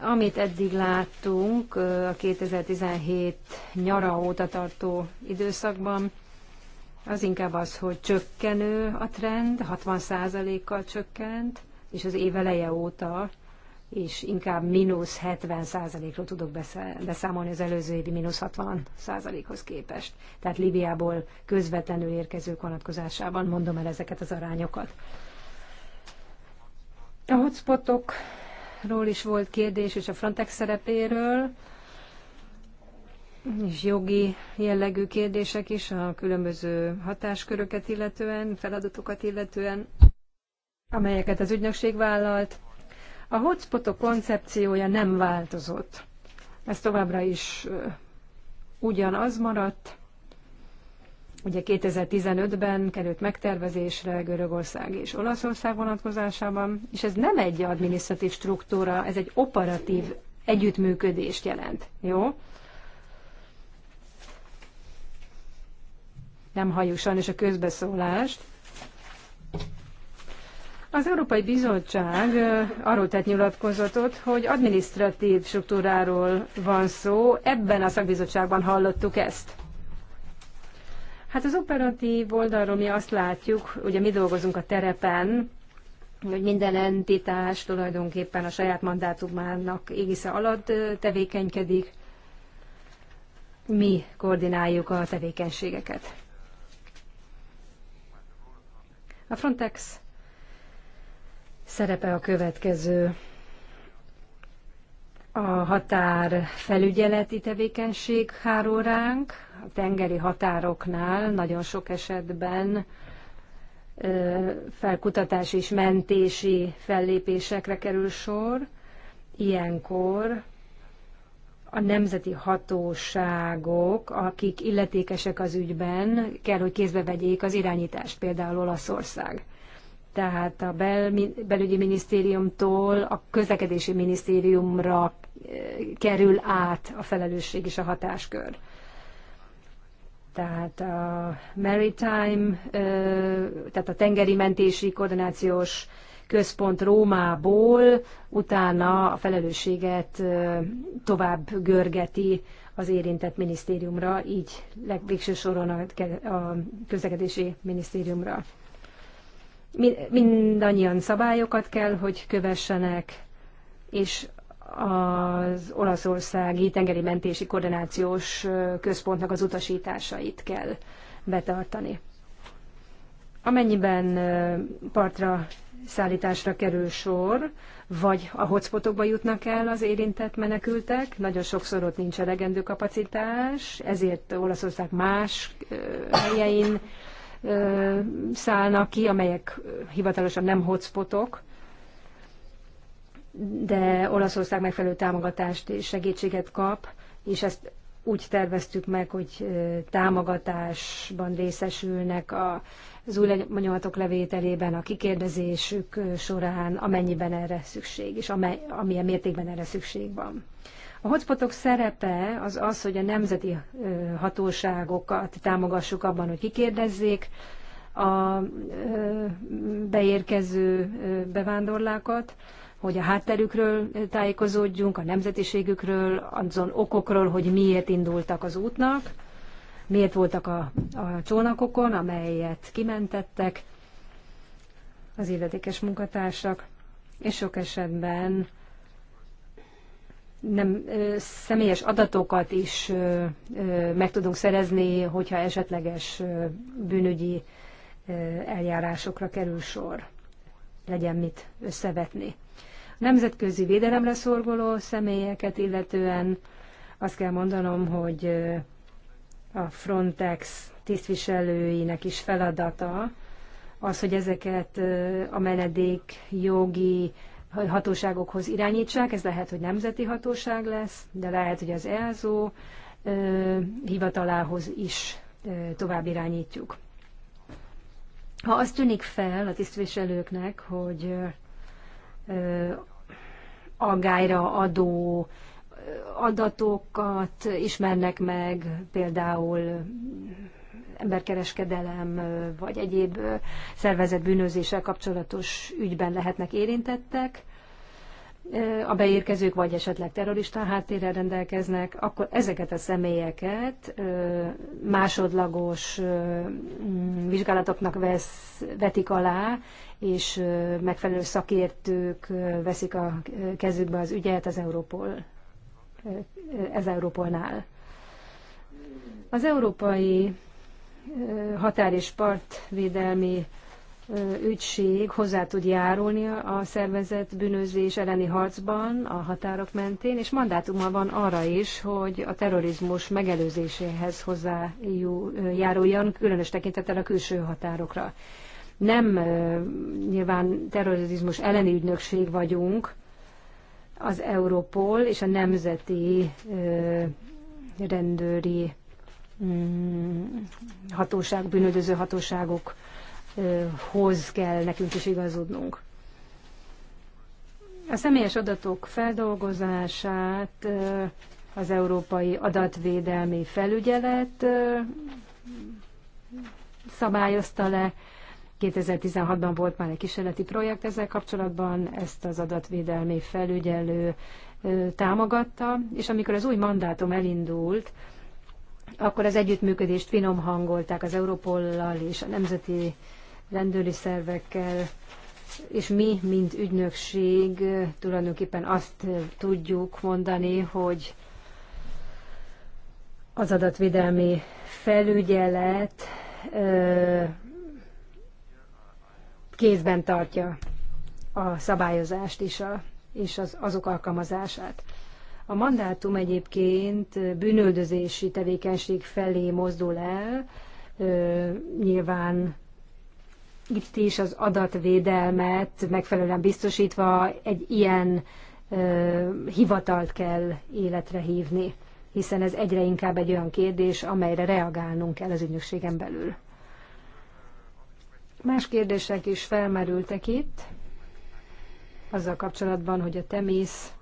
Amit eddig láttunk a 2017 nyara óta tartó időszakban, az inkább az, hogy csökkenő a trend, 60%-kal csökkent, és az éveleje óta és inkább mínusz 70 százalékról tudok beszámolni az előző évi mínusz 60 százalékhoz képest. Tehát Libiából közvetlenül érkezők vonatkozásában mondom el ezeket az arányokat. A hotspotokról is volt kérdés, és a Frontex szerepéről, és jogi jellegű kérdések is a különböző hatásköröket illetően, feladatokat illetően, amelyeket az ügynökség vállalt a hotspotok koncepciója nem változott. Ez továbbra is ugyanaz maradt. Ugye 2015-ben került megtervezésre Görögország és Olaszország vonatkozásában, és ez nem egy administratív struktúra, ez egy operatív együttműködést jelent. Jó? Nem halljuk sajnos a közbeszólást. Az Európai Bizottság arról tett nyilatkozatot, hogy adminisztratív struktúráról van szó, ebben a szakbizottságban hallottuk ezt. Hát az operatív oldalról mi azt látjuk, ugye mi dolgozunk a terepen, hogy minden entitás tulajdonképpen a saját mandátumának égisze alatt tevékenykedik, mi koordináljuk a tevékenységeket. A Frontex szerepe a következő. A határ felügyeleti tevékenység hárul ránk, a tengeri határoknál nagyon sok esetben felkutatás és mentési fellépésekre kerül sor. Ilyenkor a nemzeti hatóságok, akik illetékesek az ügyben, kell, hogy kézbe vegyék az irányítást, például Olaszország tehát a bel, belügyi minisztériumtól a közlekedési minisztériumra eh, kerül át a felelősség és a hatáskör. Tehát a maritime, eh, tehát a tengeri mentési koordinációs központ Rómából utána a felelősséget eh, tovább görgeti az érintett minisztériumra, így legvégső soron a közlekedési minisztériumra mindannyian szabályokat kell, hogy kövessenek, és az olaszországi tengeri mentési koordinációs központnak az utasításait kell betartani. Amennyiben partra szállításra kerül sor, vagy a hotspotokba jutnak el az érintett menekültek, nagyon sokszor ott nincs elegendő kapacitás, ezért Olaszország más helyein szállnak ki, amelyek hivatalosan nem hotspotok, de Olaszország megfelelő támogatást és segítséget kap, és ezt úgy terveztük meg, hogy támogatásban részesülnek a, az új lenyomatok levételében, a kikérdezésük során, amennyiben erre szükség, és amely, amilyen mértékben erre szükség van. A hotspotok szerepe az az, hogy a nemzeti hatóságokat támogassuk abban, hogy kikérdezzék a beérkező bevándorlákat, hogy a hátterükről tájékozódjunk, a nemzetiségükről, azon okokról, hogy miért indultak az útnak, miért voltak a, a csónakokon, amelyet kimentettek az illetékes munkatársak, és sok esetben nem személyes adatokat is meg tudunk szerezni, hogyha esetleges bűnügyi eljárásokra kerül sor. Legyen mit összevetni. A nemzetközi védelemre szorgoló személyeket illetően azt kell mondanom, hogy a Frontex tisztviselőinek is feladata az, hogy ezeket a menedék jogi hatóságokhoz irányítsák, ez lehet, hogy nemzeti hatóság lesz, de lehet, hogy az ELZO hivatalához is tovább irányítjuk. Ha azt tűnik fel a tisztviselőknek, hogy aggályra adó adatokat ismernek meg, például emberkereskedelem vagy egyéb szervezett bűnözéssel kapcsolatos ügyben lehetnek érintettek, a beérkezők vagy esetleg terrorista háttérrel rendelkeznek, akkor ezeket a személyeket másodlagos vizsgálatoknak vesz, vetik alá, és megfelelő szakértők veszik a kezükbe az ügyet az Európol, ez Európolnál. Az európai határ- és partvédelmi ügység hozzá tud járulni a szervezet bűnözés elleni harcban a határok mentén, és mandátuma van arra is, hogy a terrorizmus megelőzéséhez hozzájáruljon, különös tekintettel a külső határokra. Nem nyilván terrorizmus elleni ügynökség vagyunk, az Európol és a nemzeti rendőri Mm, hatóság, bűnöldöző hatóságokhoz kell nekünk is igazodnunk. A személyes adatok feldolgozását az Európai Adatvédelmi Felügyelet szabályozta le. 2016-ban volt már egy kísérleti projekt ezzel kapcsolatban, ezt az adatvédelmi felügyelő támogatta, és amikor az új mandátum elindult, akkor az együttműködést finom hangolták az Európollal és a nemzeti rendőri szervekkel, és mi, mint ügynökség tulajdonképpen azt tudjuk mondani, hogy az adatvédelmi felügyelet kézben tartja a szabályozást is a, és az, azok alkalmazását. A mandátum egyébként bűnöldözési tevékenység felé mozdul el, nyilván itt is az adatvédelmet megfelelően biztosítva egy ilyen hivatalt kell életre hívni, hiszen ez egyre inkább egy olyan kérdés, amelyre reagálnunk kell az ügynökségen belül. Más kérdések is felmerültek itt, azzal kapcsolatban, hogy a temész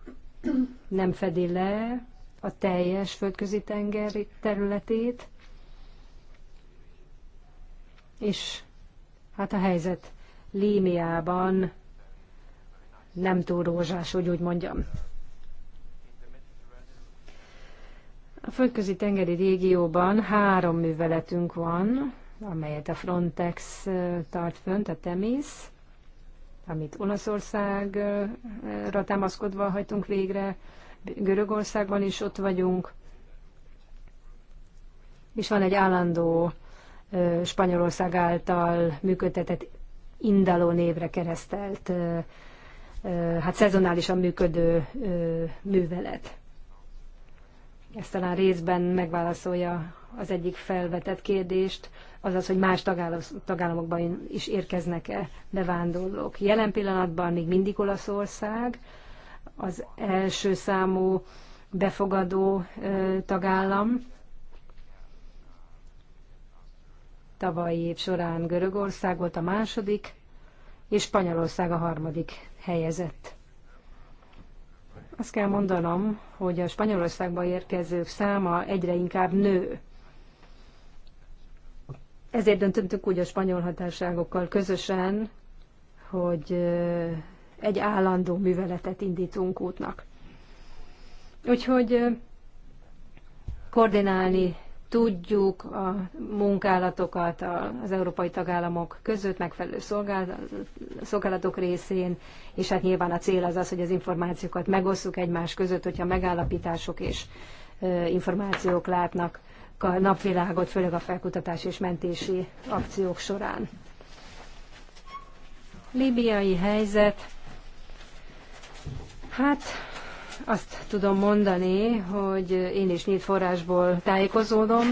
nem fedi le a teljes földközi tenger területét, és hát a helyzet Límiában nem túl rózsás, hogy úgy mondjam. A földközi tengeri régióban három műveletünk van, amelyet a Frontex tart fönt, a Temis, amit Olaszországra támaszkodva hajtunk végre, Görögországban is ott vagyunk, és van egy állandó Spanyolország által működtetett Indaló névre keresztelt, hát szezonálisan működő művelet. Ezt talán részben megválaszolja az egyik felvetett kérdést, azaz, hogy más tagállamokban is érkeznek-e bevándorlók. Jelen pillanatban még mindig Olaszország az első számú befogadó tagállam. Tavalyi év során Görögország volt a második, és Spanyolország a harmadik helyezett. Azt kell mondanom, hogy a Spanyolországba érkezők száma egyre inkább nő ezért döntöttünk úgy a spanyol határságokkal közösen, hogy egy állandó műveletet indítunk útnak. Úgyhogy koordinálni tudjuk a munkálatokat az európai tagállamok között, megfelelő szolgálatok részén, és hát nyilván a cél az az, hogy az információkat megosszuk egymás között, hogyha megállapítások és információk látnak napvilágot, főleg a felkutatás és mentési akciók során. Líbiai helyzet. Hát azt tudom mondani, hogy én is nyílt forrásból tájékozódom.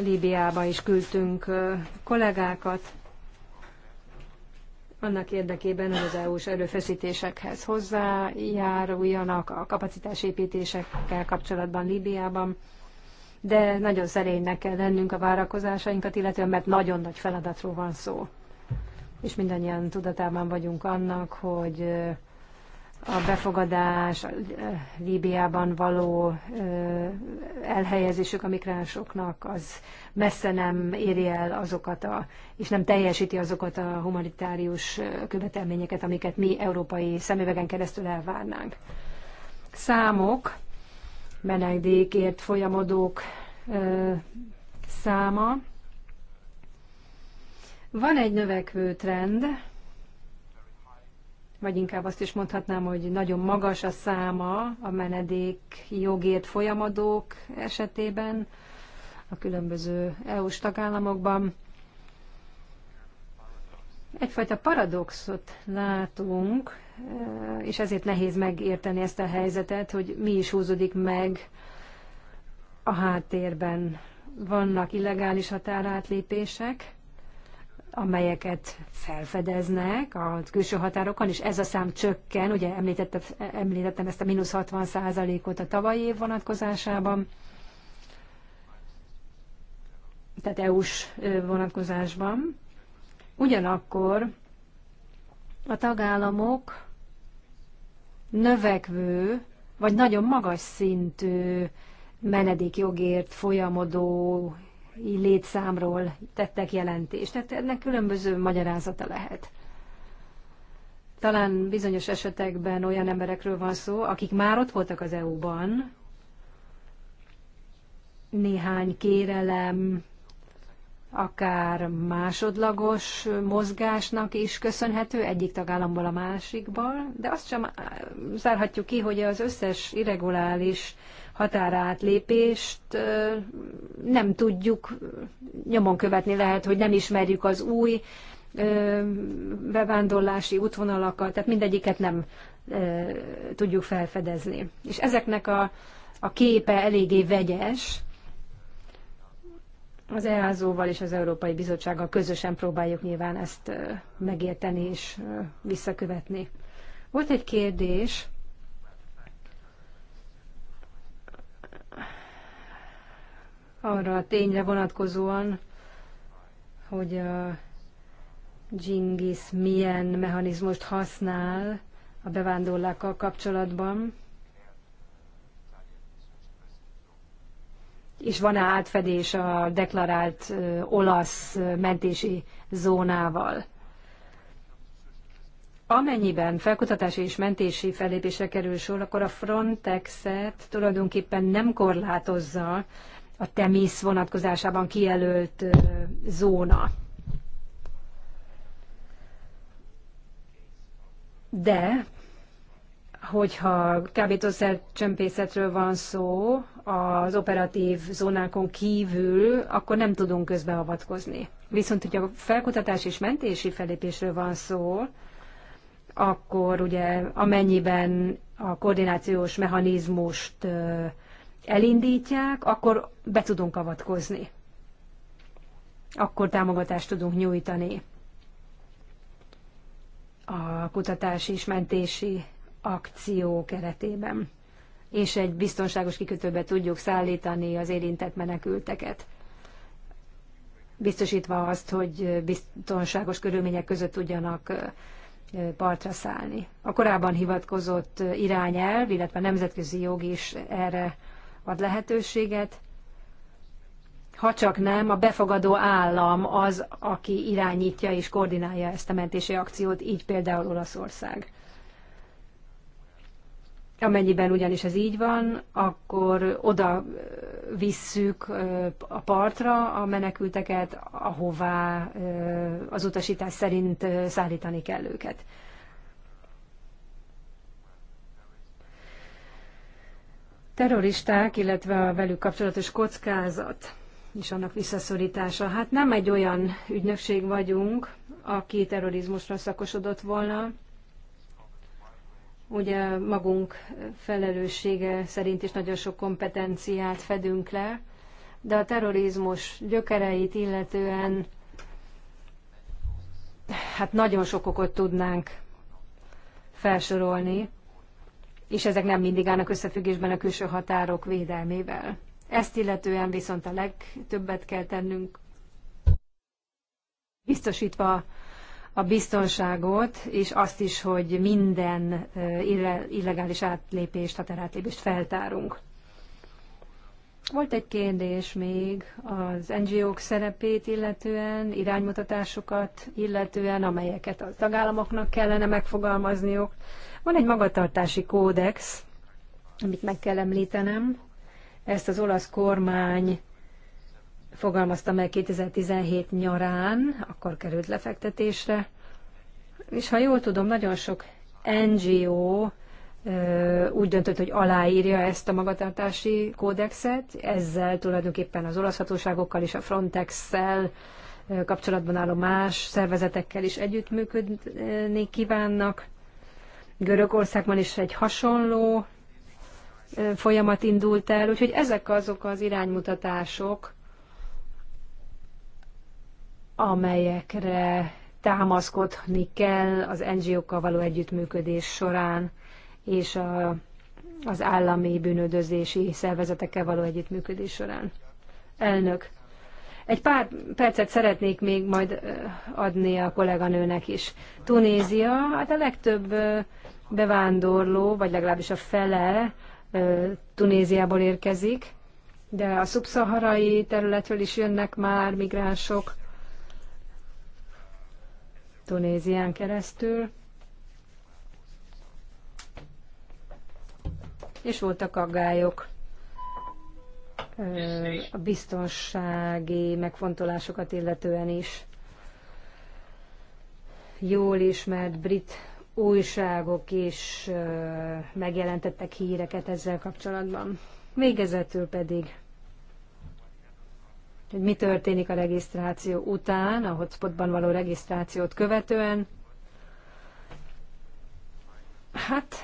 Líbiába is küldtünk kollégákat, annak érdekében, hogy az EU-s erőfeszítésekhez hozzájáruljanak a kapacitásépítésekkel kapcsolatban Líbiában, de nagyon szerénynek kell lennünk a várakozásainkat, illetően mert nagyon nagy feladatról van szó. És mindannyian tudatában vagyunk annak, hogy a befogadás, a Líbiában való elhelyezésük a migránsoknak, az messze nem éri el azokat a, és nem teljesíti azokat a humanitárius követelményeket, amiket mi európai szemüvegen keresztül elvárnánk. Számok, menedékért folyamodók száma. Van egy növekvő trend, vagy inkább azt is mondhatnám, hogy nagyon magas a száma a menedék jogért folyamadók esetében a különböző EU-s tagállamokban. Egyfajta paradoxot látunk, eh, és ezért nehéz megérteni ezt a helyzetet, hogy mi is húzódik meg a háttérben. Vannak illegális határátlépések, amelyeket felfedeznek a külső határokon, és ez a szám csökken, ugye említettem, említettem ezt a mínusz 60 százalékot a tavalyi év vonatkozásában, tehát EU-s vonatkozásban. Ugyanakkor a tagállamok növekvő, vagy nagyon magas szintű menedékjogért folyamodó létszámról tettek jelentést. Tehát ennek különböző magyarázata lehet. Talán bizonyos esetekben olyan emberekről van szó, akik már ott voltak az EU-ban, néhány kérelem, akár másodlagos mozgásnak is köszönhető egyik tagállamból a másikba, de azt sem zárhatjuk ki, hogy az összes irregulális határátlépést nem tudjuk nyomon követni, lehet, hogy nem ismerjük az új bevándorlási útvonalakat, tehát mindegyiket nem tudjuk felfedezni. És ezeknek a, a képe eléggé vegyes, az EASO-val és az Európai Bizottsággal közösen próbáljuk nyilván ezt megérteni és visszakövetni. Volt egy kérdés arra a tényre vonatkozóan, hogy a Gingis milyen mechanizmust használ a bevándorlákkal kapcsolatban, és van-e átfedés a deklarált olasz mentési zónával. Amennyiben felkutatási és mentési fellépése kerül sor, akkor a Frontex-et tulajdonképpen nem korlátozza a TEMISZ vonatkozásában kijelölt zóna. De, hogyha kábítószer csömpészetről van szó az operatív zónákon kívül, akkor nem tudunk közbeavatkozni. Viszont, hogyha felkutatás és mentési felépésről van szó, akkor ugye amennyiben a koordinációs mechanizmust elindítják, akkor be tudunk avatkozni. Akkor támogatást tudunk nyújtani a kutatási és mentési akció keretében. És egy biztonságos kikötőbe tudjuk szállítani az érintett menekülteket biztosítva azt, hogy biztonságos körülmények között tudjanak partra szállni. A korábban hivatkozott irányelv, illetve nemzetközi jog is erre ad lehetőséget, ha csak nem a befogadó állam az, aki irányítja és koordinálja ezt a mentési akciót, így például Olaszország. Amennyiben ugyanis ez így van, akkor oda visszük a partra a menekülteket, ahová az utasítás szerint szállítani kell őket. terroristák, illetve a velük kapcsolatos kockázat és annak visszaszorítása. Hát nem egy olyan ügynökség vagyunk, aki terrorizmusra szakosodott volna. Ugye magunk felelőssége szerint is nagyon sok kompetenciát fedünk le, de a terrorizmus gyökereit illetően hát nagyon sok okot tudnánk felsorolni és ezek nem mindig állnak összefüggésben a külső határok védelmével. Ezt illetően viszont a legtöbbet kell tennünk, biztosítva a biztonságot, és azt is, hogy minden eh, illegális átlépést, határátlépést feltárunk. Volt egy kérdés még az NGO-k szerepét illetően, iránymutatásokat illetően, amelyeket a tagállamoknak kellene megfogalmazniuk. Van egy magatartási kódex, amit meg kell említenem. Ezt az olasz kormány fogalmazta meg 2017 nyarán, akkor került lefektetésre. És ha jól tudom, nagyon sok NGO úgy döntött, hogy aláírja ezt a magatartási kódexet, ezzel tulajdonképpen az olasz hatóságokkal és a Frontex-szel kapcsolatban álló más szervezetekkel is együttműködni kívánnak. Görögországban is egy hasonló folyamat indult el, úgyhogy ezek azok az iránymutatások, amelyekre támaszkodni kell az NGO-kkal való együttműködés során és a, az állami bűnöldözési szervezetekkel való együttműködés során. Elnök, egy pár percet szeretnék még majd adni a kolléganőnek is. Tunézia, hát a legtöbb bevándorló, vagy legalábbis a fele Tunéziából érkezik, de a szubszaharai területről is jönnek már migránsok Tunézián keresztül. és voltak aggályok a biztonsági megfontolásokat illetően is. Jól ismert brit újságok is megjelentettek híreket ezzel kapcsolatban. Végezetül pedig, hogy mi történik a regisztráció után, a hotspotban való regisztrációt követően. Hát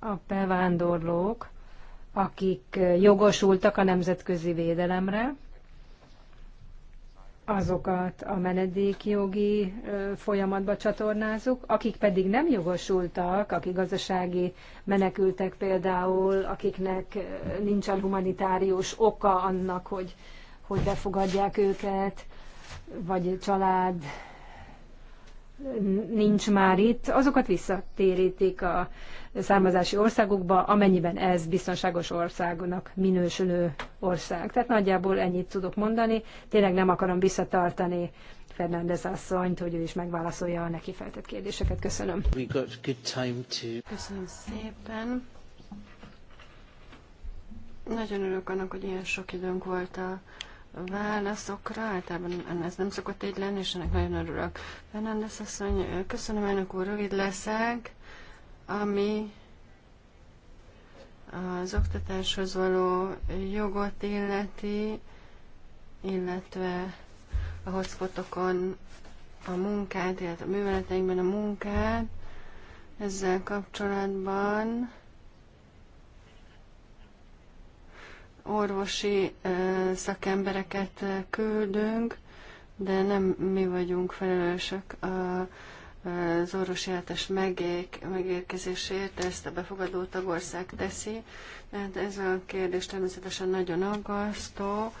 a bevándorlók, akik jogosultak a nemzetközi védelemre, azokat a menedékjogi folyamatba csatornázunk, akik pedig nem jogosultak, akik gazdasági menekültek például, akiknek nincsen humanitárius oka annak, hogy, hogy befogadják őket, vagy család nincs már itt, azokat visszatérítik a származási országokba, amennyiben ez biztonságos országnak minősülő ország. Tehát nagyjából ennyit tudok mondani. Tényleg nem akarom visszatartani Fernández asszonyt, hogy ő is megválaszolja a neki feltett kérdéseket. Köszönöm. To... Köszönöm szépen. Nagyon örülök annak, hogy ilyen sok időnk volt a válaszokra, általában ez nem szokott így lenni, és ennek nagyon örülök. Fernández asszony, köszönöm elnök úr, rövid leszek, ami az oktatáshoz való jogot illeti, illetve a hotspotokon a munkát, illetve a műveleteinkben a munkát, ezzel kapcsolatban orvosi szakembereket küldünk, de nem mi vagyunk felelősök az orvosi ellátás megérkezésért, ezt a befogadó tagország teszi. Tehát ez a kérdés természetesen nagyon aggasztó,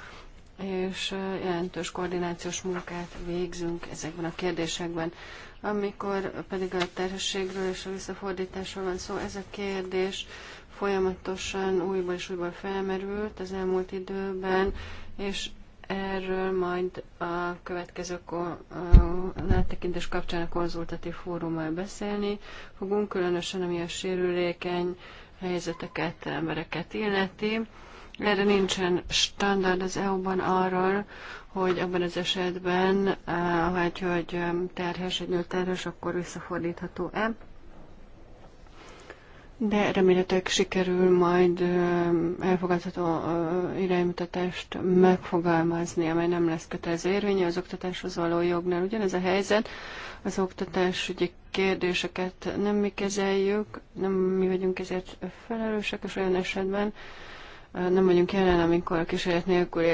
és jelentős koordinációs munkát végzünk ezekben a kérdésekben. Amikor pedig a terhességről és a visszafordításról van szó, ez a kérdés folyamatosan újból és újból felmerült az elmúlt időben, és erről majd a következő áttekintés kapcsán a konzultatív fórummal beszélni fogunk, különösen ami a sérülékeny helyzeteket, embereket illeti. Erre nincsen standard az EU-ban arról, hogy abban az esetben, ha eh, egy hölgy terhes, egy nő terhes, akkor visszafordítható-e de reméletek sikerül majd elfogadható iránymutatást megfogalmazni, amely nem lesz kötelező érvényű az oktatáshoz való jognál. Ugyanez a helyzet, az oktatás ugye kérdéseket nem mi kezeljük, nem mi vagyunk ezért felelősek, és olyan esetben nem vagyunk jelen, amikor a kísérlet nélkül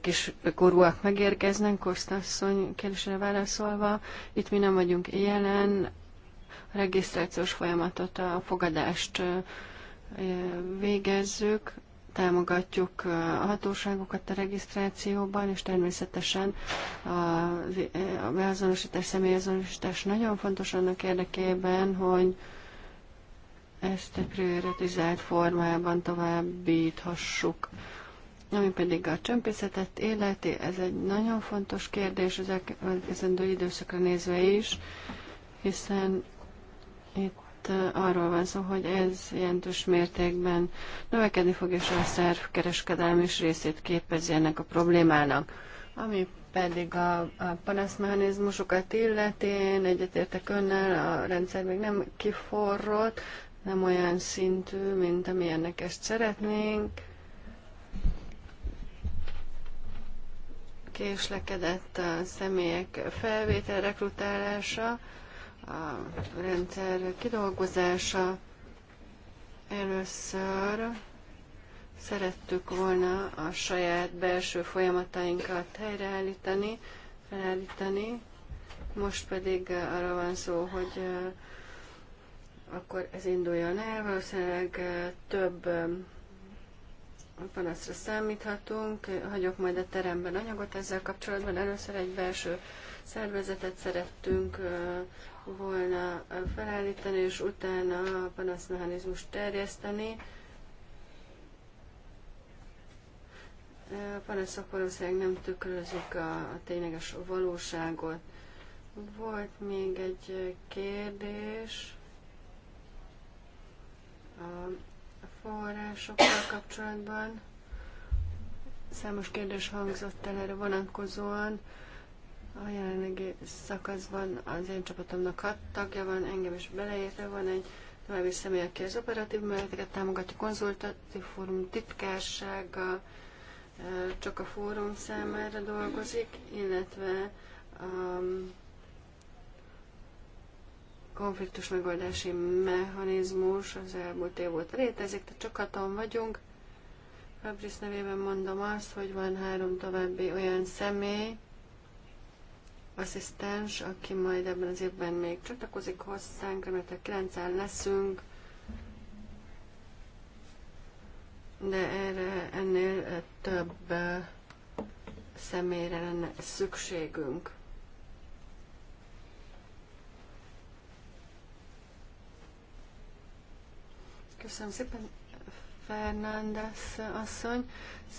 kis korúak megérkeznek, Kosztasszony kérdésre válaszolva. Itt mi nem vagyunk jelen, regisztrációs folyamatot, a fogadást végezzük, támogatjuk a hatóságokat a regisztrációban, és természetesen a, beazonosítás, személyazonosítás nagyon fontos annak érdekében, hogy ezt egy prioritizált formában továbbíthassuk. Ami pedig a csempészetet életi, ez egy nagyon fontos kérdés az elkövetkezendő időszakra nézve is, hiszen itt arról van szó, hogy ez jelentős mértékben növekedni fog, és a szervkereskedelem is részét képezi ennek a problémának. Ami pedig a, a panaszmechanizmusokat illeti, egyetértek önnel, a rendszer még nem kiforrott, nem olyan szintű, mint amilyennek ezt szeretnénk. Késlekedett a személyek felvétel rekrutálása, a rendszer kidolgozása. Először szerettük volna a saját belső folyamatainkat helyreállítani, felállítani, most pedig arra van szó, hogy akkor ez induljon el, valószínűleg több panaszra számíthatunk. Hagyok majd a teremben anyagot ezzel kapcsolatban. Először egy belső szervezetet szerettünk volna felállítani, és utána a panaszmechanizmust terjeszteni. A panaszok valószínűleg nem tükrözik a, a tényleges valóságot. Volt még egy kérdés a forrásokkal kapcsolatban. Számos kérdés hangzott el erre vonatkozóan. A jelenlegi szakaszban az én csapatomnak hat tagja van, engem is beleértve van egy további személy, aki az operatív műveleteket támogatja, konzultatív fórum titkársága, csak a fórum számára dolgozik, illetve a um, konfliktus megoldási mechanizmus az elmúlt év óta létezik, tehát csak haton vagyunk. Fabrice nevében mondom azt, hogy van három további olyan személy, asszisztens, aki majd ebben az évben még csatlakozik hozzánk, remélhetőleg 9 leszünk, de erre ennél eh, több eh, személyre lenne szükségünk. Köszönöm szépen, Fernández asszony.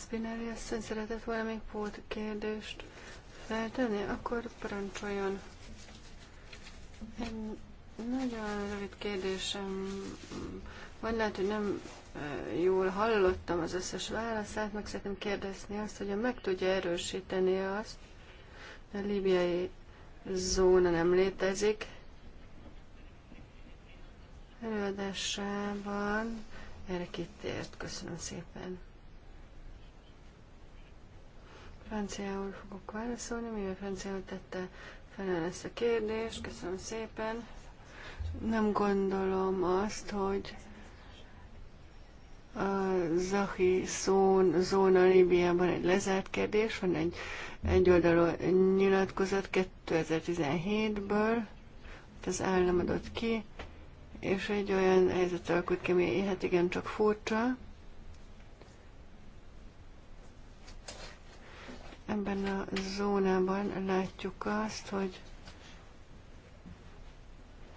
Spinelli asszony szeretett volna még pót kérdést eltenni, akkor parancsoljon. Egy nagyon rövid kérdésem Vagy lehet, hogy nem e, jól hallottam az összes válaszát, meg szeretném kérdezni azt, hogy meg tudja erősíteni azt, a líbiai zóna nem létezik. Előadásában erre kitért. Köszönöm szépen. Franciául fogok válaszolni, mivel franciául tette fel ezt a kérdést. Köszönöm szépen. Nem gondolom azt, hogy a Zahi szón, zóna Líbiában egy lezárt kérdés, van egy egyoldalú nyilatkozat 2017-ből, az állam adott ki, és egy olyan helyzet alakult ki, ami hát igen csak furcsa, Ebben a zónában látjuk azt, hogy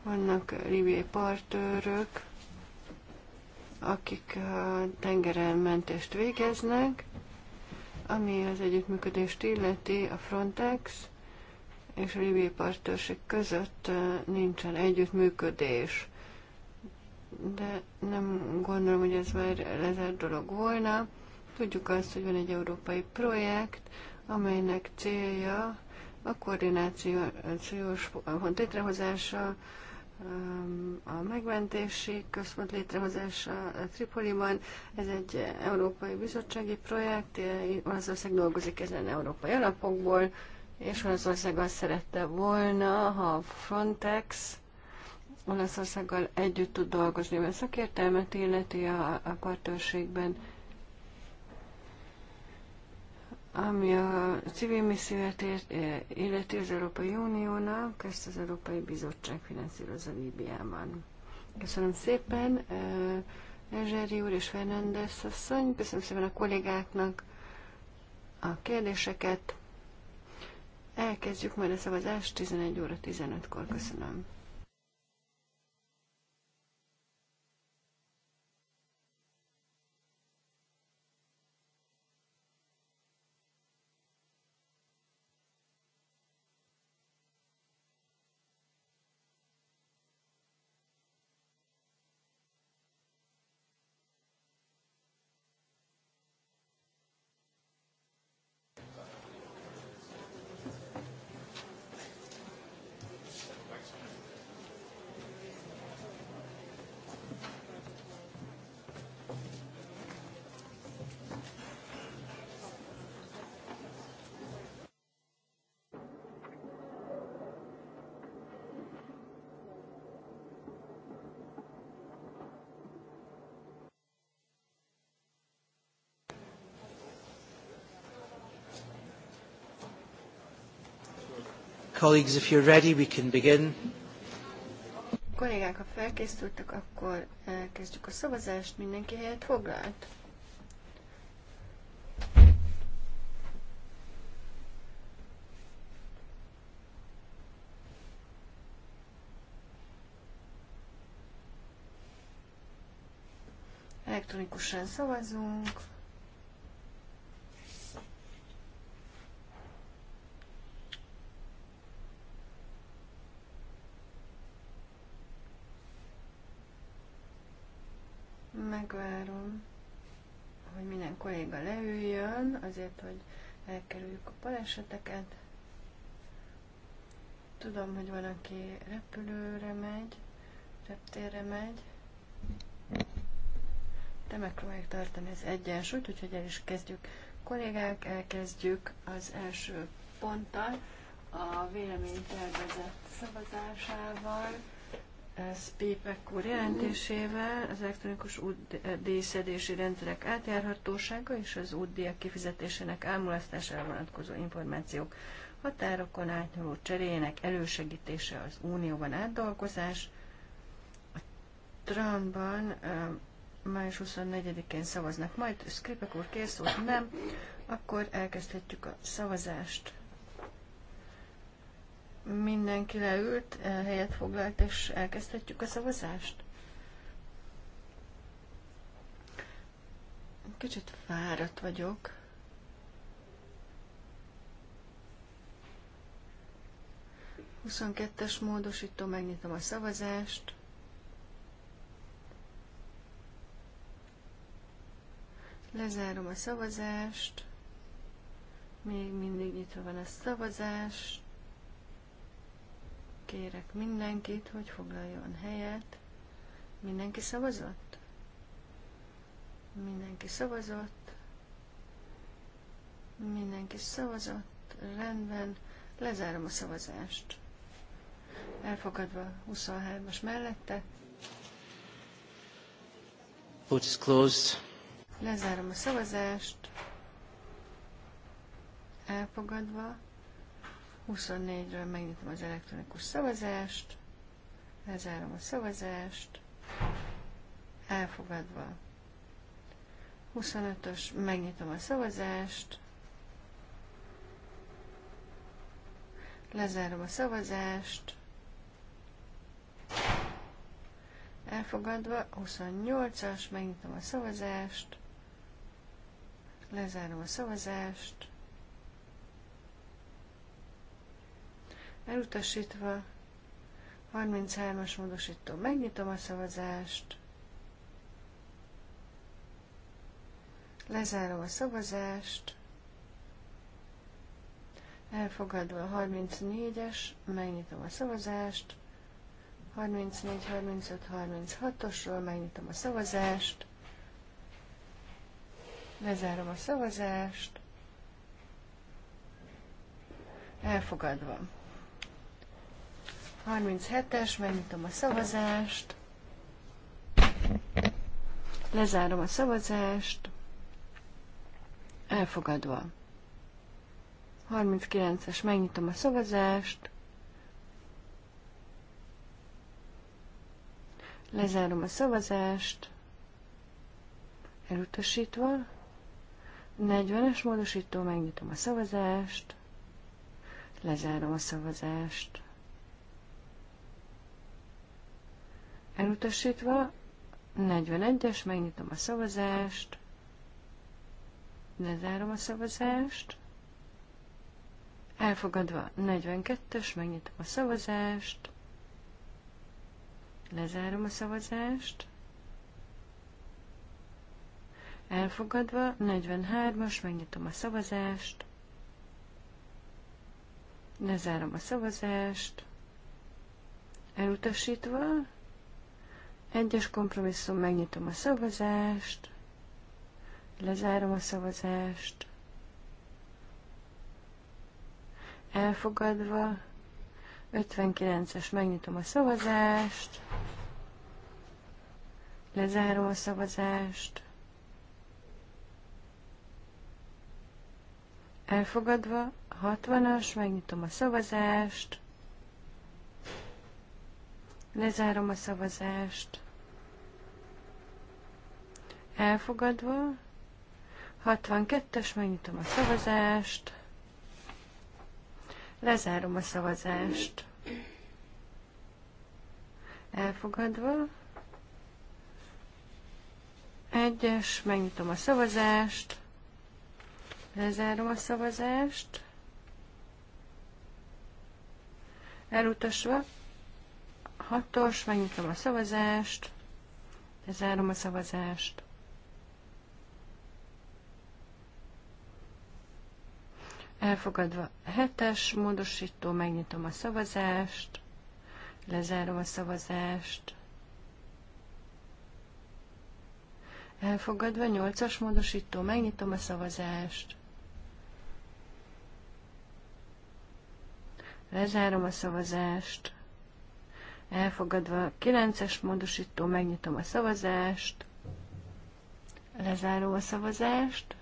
vannak libiai partőrök, akik a tengeren mentést végeznek, ami az együttműködést illeti, a Frontex és a libiai partőrség között nincsen együttműködés. De nem gondolom, hogy ez már lezárt dolog volna. Tudjuk azt, hogy van egy európai projekt, amelynek célja a koordinációs pont létrehozása, um, a megmentési központ létrehozása a Tripoliban. Ez egy európai bizottsági projekt, Olaszország dolgozik ezen európai alapokból, és Olaszország azt szerette volna, ha a Frontex Olaszországgal együtt tud dolgozni, mert szakértelmet illeti a, a partnerségben ami a civil missziót eh, illeti az Európai Uniónak, ezt az Európai Bizottság finanszírozza Líbiában. Köszönöm szépen, Ezseri eh, úr és Fernández asszony, köszönöm szépen a kollégáknak a kérdéseket. Elkezdjük majd a szavazást 11 óra 15-kor. Köszönöm. Colleagues, if you're ready, we can begin. Kollégák, ha felkészültek, akkor eh, kezdjük a szavazást. Mindenki helyet foglalt. elektronikusan szavazunk. megvárom, hogy minden kolléga leüljön, azért, hogy elkerüljük a baleseteket. Tudom, hogy van, aki repülőre megy, reptérre megy, de megpróbáljuk tartani az egyensúlyt, úgyhogy el is kezdjük. Kollégák, elkezdjük az első ponttal, a véleménytervezet szavazásával. Spépek úr jelentésével az elektronikus útdíjszedési rendszerek átjárhatósága és az útdíjak kifizetésének elmulasztására vonatkozó információk határokon átnyúló cseréjének elősegítése az unióban átdolgozás. A Trumpban május 24-én szavaznak majd, Skripek úr készült, nem, akkor elkezdhetjük a szavazást. Mindenki leült, eh, helyet foglalt, és elkezdhetjük a szavazást. Kicsit fáradt vagyok. Huszonkettes módosító, megnyitom a szavazást. Lezárom a szavazást. Még mindig nyitva van a szavazást. Kérek mindenkit, hogy foglaljon helyet. Mindenki szavazott? Mindenki szavazott. Mindenki szavazott. Rendben. Lezárom a szavazást. Elfogadva 23-as mellette. Vote is closed. Lezárom a szavazást. Elfogadva 24-ről megnyitom az elektronikus szavazást, lezárom a szavazást, elfogadva. 25-ös, megnyitom a szavazást, lezárom a szavazást, elfogadva, 28-as, megnyitom a szavazást, lezárom a szavazást, elutasítva. 33-as módosító, megnyitom a szavazást. Lezárom a szavazást. Elfogadva a 34-es, megnyitom a szavazást. 34, 35, 36-osról megnyitom a szavazást. Lezárom a szavazást. Elfogadva. 37-es, megnyitom a szavazást. Lezárom a szavazást. Elfogadva. 39-es, megnyitom a szavazást. Lezárom a szavazást. Elutasítva. 40-es módosító, megnyitom a szavazást. Lezárom a szavazást. Elutasítva, 41-es, megnyitom a szavazást, lezárom a szavazást, elfogadva 42-es, megnyitom a szavazást, lezárom a szavazást, elfogadva 43-as, megnyitom a szavazást, lezárom a szavazást, elutasítva egyes kompromisszum, megnyitom a szavazást, lezárom a szavazást, elfogadva, 59-es, megnyitom a szavazást, lezárom a szavazást, elfogadva, 60-as, megnyitom a szavazást, Lezárom a szavazást. Elfogadva. 62-es, megnyitom a szavazást. Lezárom a szavazást. Elfogadva. Egyes, megnyitom a szavazást. Lezárom a szavazást. Elutasva hatos, megnyitom a szavazást, lezárom a szavazást. Elfogadva hetes módosító, megnyitom a szavazást, lezárom a szavazást. Elfogadva nyolcas módosító, megnyitom a szavazást. Lezárom a szavazást. Elfogadva a 9-es módosító, megnyitom a szavazást, lezárom a szavazást,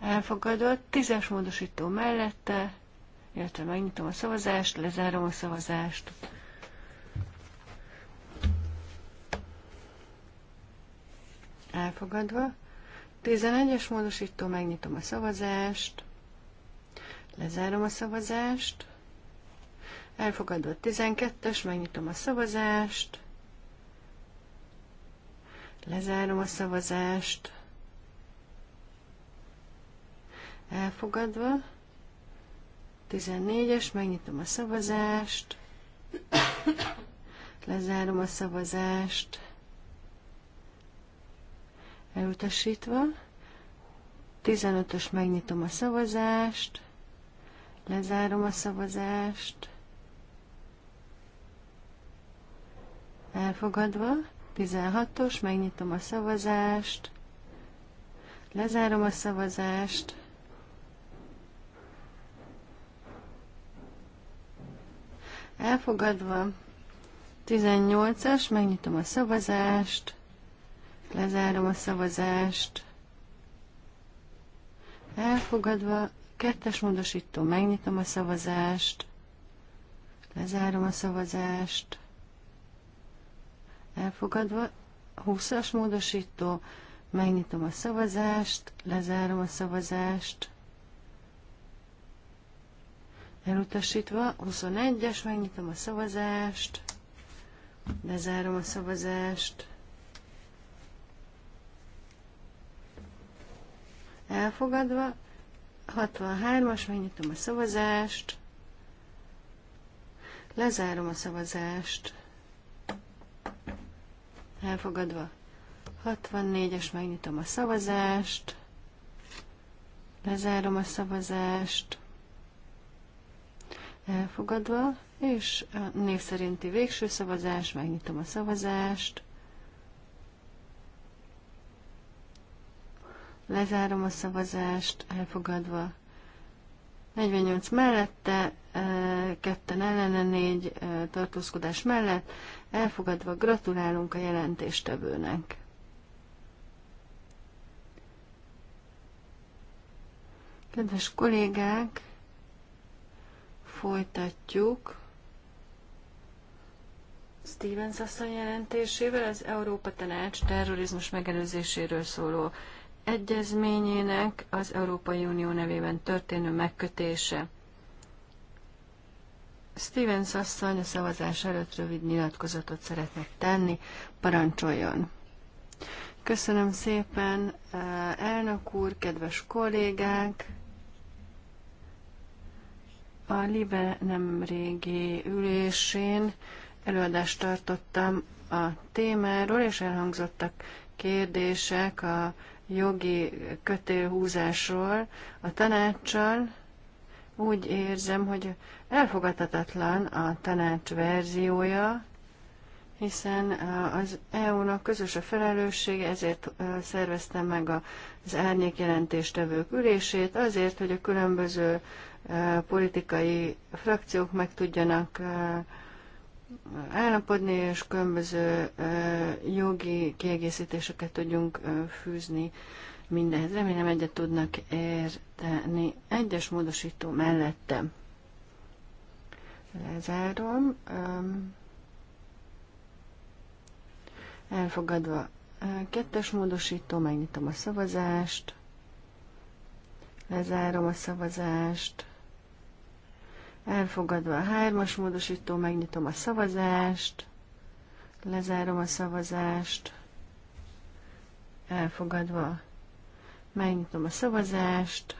elfogadott, 10-es módosító mellette, illetve megnyitom a szavazást, lezárom a szavazást. Elfogadva. 11-es módosító, megnyitom a szavazást, lezárom a szavazást. Elfogadott 12-es, megnyitom a szavazást. Lezárom a szavazást. Elfogadva. 14-es, megnyitom a szavazást. Lezárom a szavazást. Elutasítva. 15-ös, megnyitom a szavazást. Lezárom a szavazást. Elfogadva. 16-os, megnyitom a szavazást. Lezárom a szavazást. Elfogadva. 18-as, megnyitom a szavazást. Lezárom a szavazást. Elfogadva. Kettes módosító, megnyitom a szavazást. Lezárom a szavazást elfogadva. 20-as módosító, megnyitom a szavazást, lezárom a szavazást, elutasítva. 21-es, megnyitom a szavazást, lezárom a szavazást, elfogadva. 63-as, megnyitom a szavazást, lezárom a szavazást, Elfogadva. 64-es, megnyitom a szavazást. Lezárom a szavazást. Elfogadva. És a név szerinti végső szavazás, megnyitom a szavazást. Lezárom a szavazást, elfogadva. 48 mellette, ketten ellene, 4 tartózkodás mellett elfogadva. Gratulálunk a jelentéstevőnek. Kedves kollégák, folytatjuk Stevens asszony jelentésével az Európa Tanács terrorizmus megelőzéséről szóló egyezményének az Európai Unió nevében történő megkötése. Stevens asszony a szavazás előtt rövid nyilatkozatot szeretne tenni. Parancsoljon! Köszönöm szépen, eh, elnök úr, kedves kollégák! A Libe nem régi ülésén előadást tartottam a témáról, és elhangzottak kérdések a jogi kötélhúzásról a tanácssal, úgy érzem, hogy elfogadhatatlan a tanács verziója, hiszen eh, az EU-nak közös a felelőssége, ezért eh, szerveztem meg az árnyékjelentéstevők ülését, azért, hogy a különböző eh, politikai frakciók meg tudjanak állapodni, és különböző jogi kiegészítéseket tudjunk fűzni Mindenhez remélem egyet tudnak érteni. Egyes módosító mellettem. Lezárom. Elfogadva kettes módosító, megnyitom a szavazást. Lezárom a szavazást. Elfogadva a hármas módosító, megnyitom a szavazást. Lezárom a szavazást. Elfogadva Megnyitom a szavazást,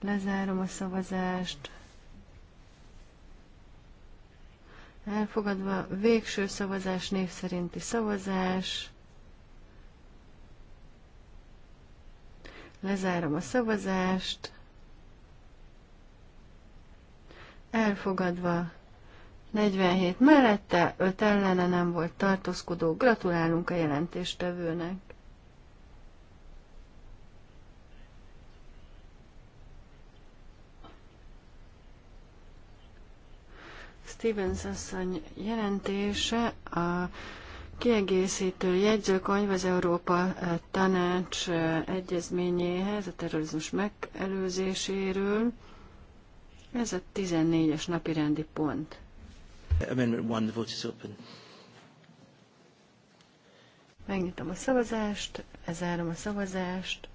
lezárom a szavazást. Elfogadva végső szavazás, név szerinti szavazás. Lezárom a szavazást. Elfogadva 47 mellette, 5 ellene nem volt tartózkodó. Gratulálunk a jelentéstevőnek. Stevens asszony jelentése a kiegészítő jegyzőkönyv az Európa eh, Tanács eh, egyezményéhez a terrorizmus megelőzéséről. Ez a 14-es napi rendi pont. Amendment 1, the vote is open. Megnyitom a szavazást, lezárom a szavazást.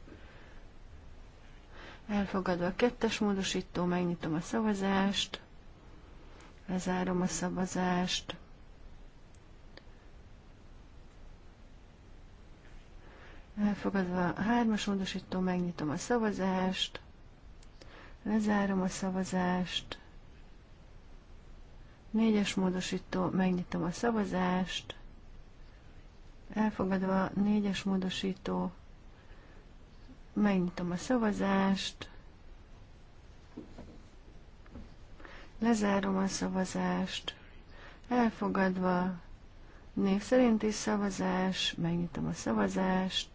Elfogadva a kettes módosító, megnyitom a szavazást. Lezárom a szavazást. Elfogadva a hármas módosító, megnyitom a szavazást. Lezárom a szavazást. Négyes módosító, megnyitom a szavazást. Elfogadva négyes módosító, megnyitom a szavazást. Lezárom a szavazást. Elfogadva név szerinti szavazás. Megnyitom a szavazást.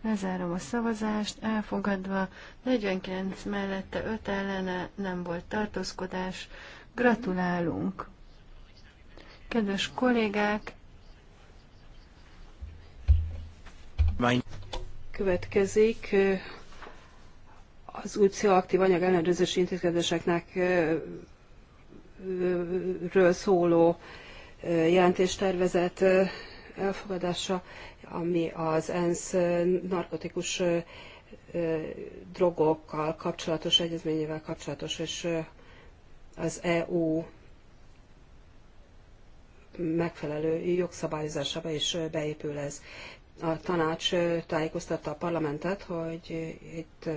Lezárom a szavazást, elfogadva, 49 mellette 5 ellene nem volt tartózkodás. Gratulálunk! Kedves kollégák! Következik az új pszichoaktív anyag ellenőrzési intézkedéseknek ről szóló jelentéstervezet elfogadása, ami az ENSZ narkotikus drogokkal kapcsolatos egyezményével kapcsolatos, és az EU megfelelő jogszabályozásába is beépül ez. A tanács tájékoztatta a parlamentet, hogy itt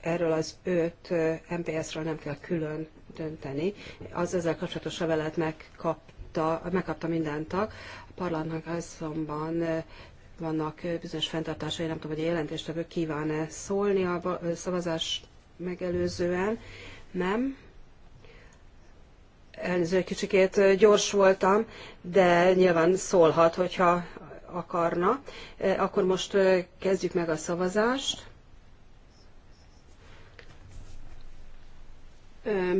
erről az öt MPS-ről nem kell külön dönteni. Az ezzel kapcsolatos levelet megkapta, megkapta minden tag. A parlamentnek azonban vannak bizonyos fenntartásai, nem tudom, hogy a jelentéstevő kíván-e szólni a szavazás megelőzően. Nem. Elnéző, egy kicsikét gyors voltam, de nyilván szólhat, hogyha akarna. Akkor most kezdjük meg a szavazást.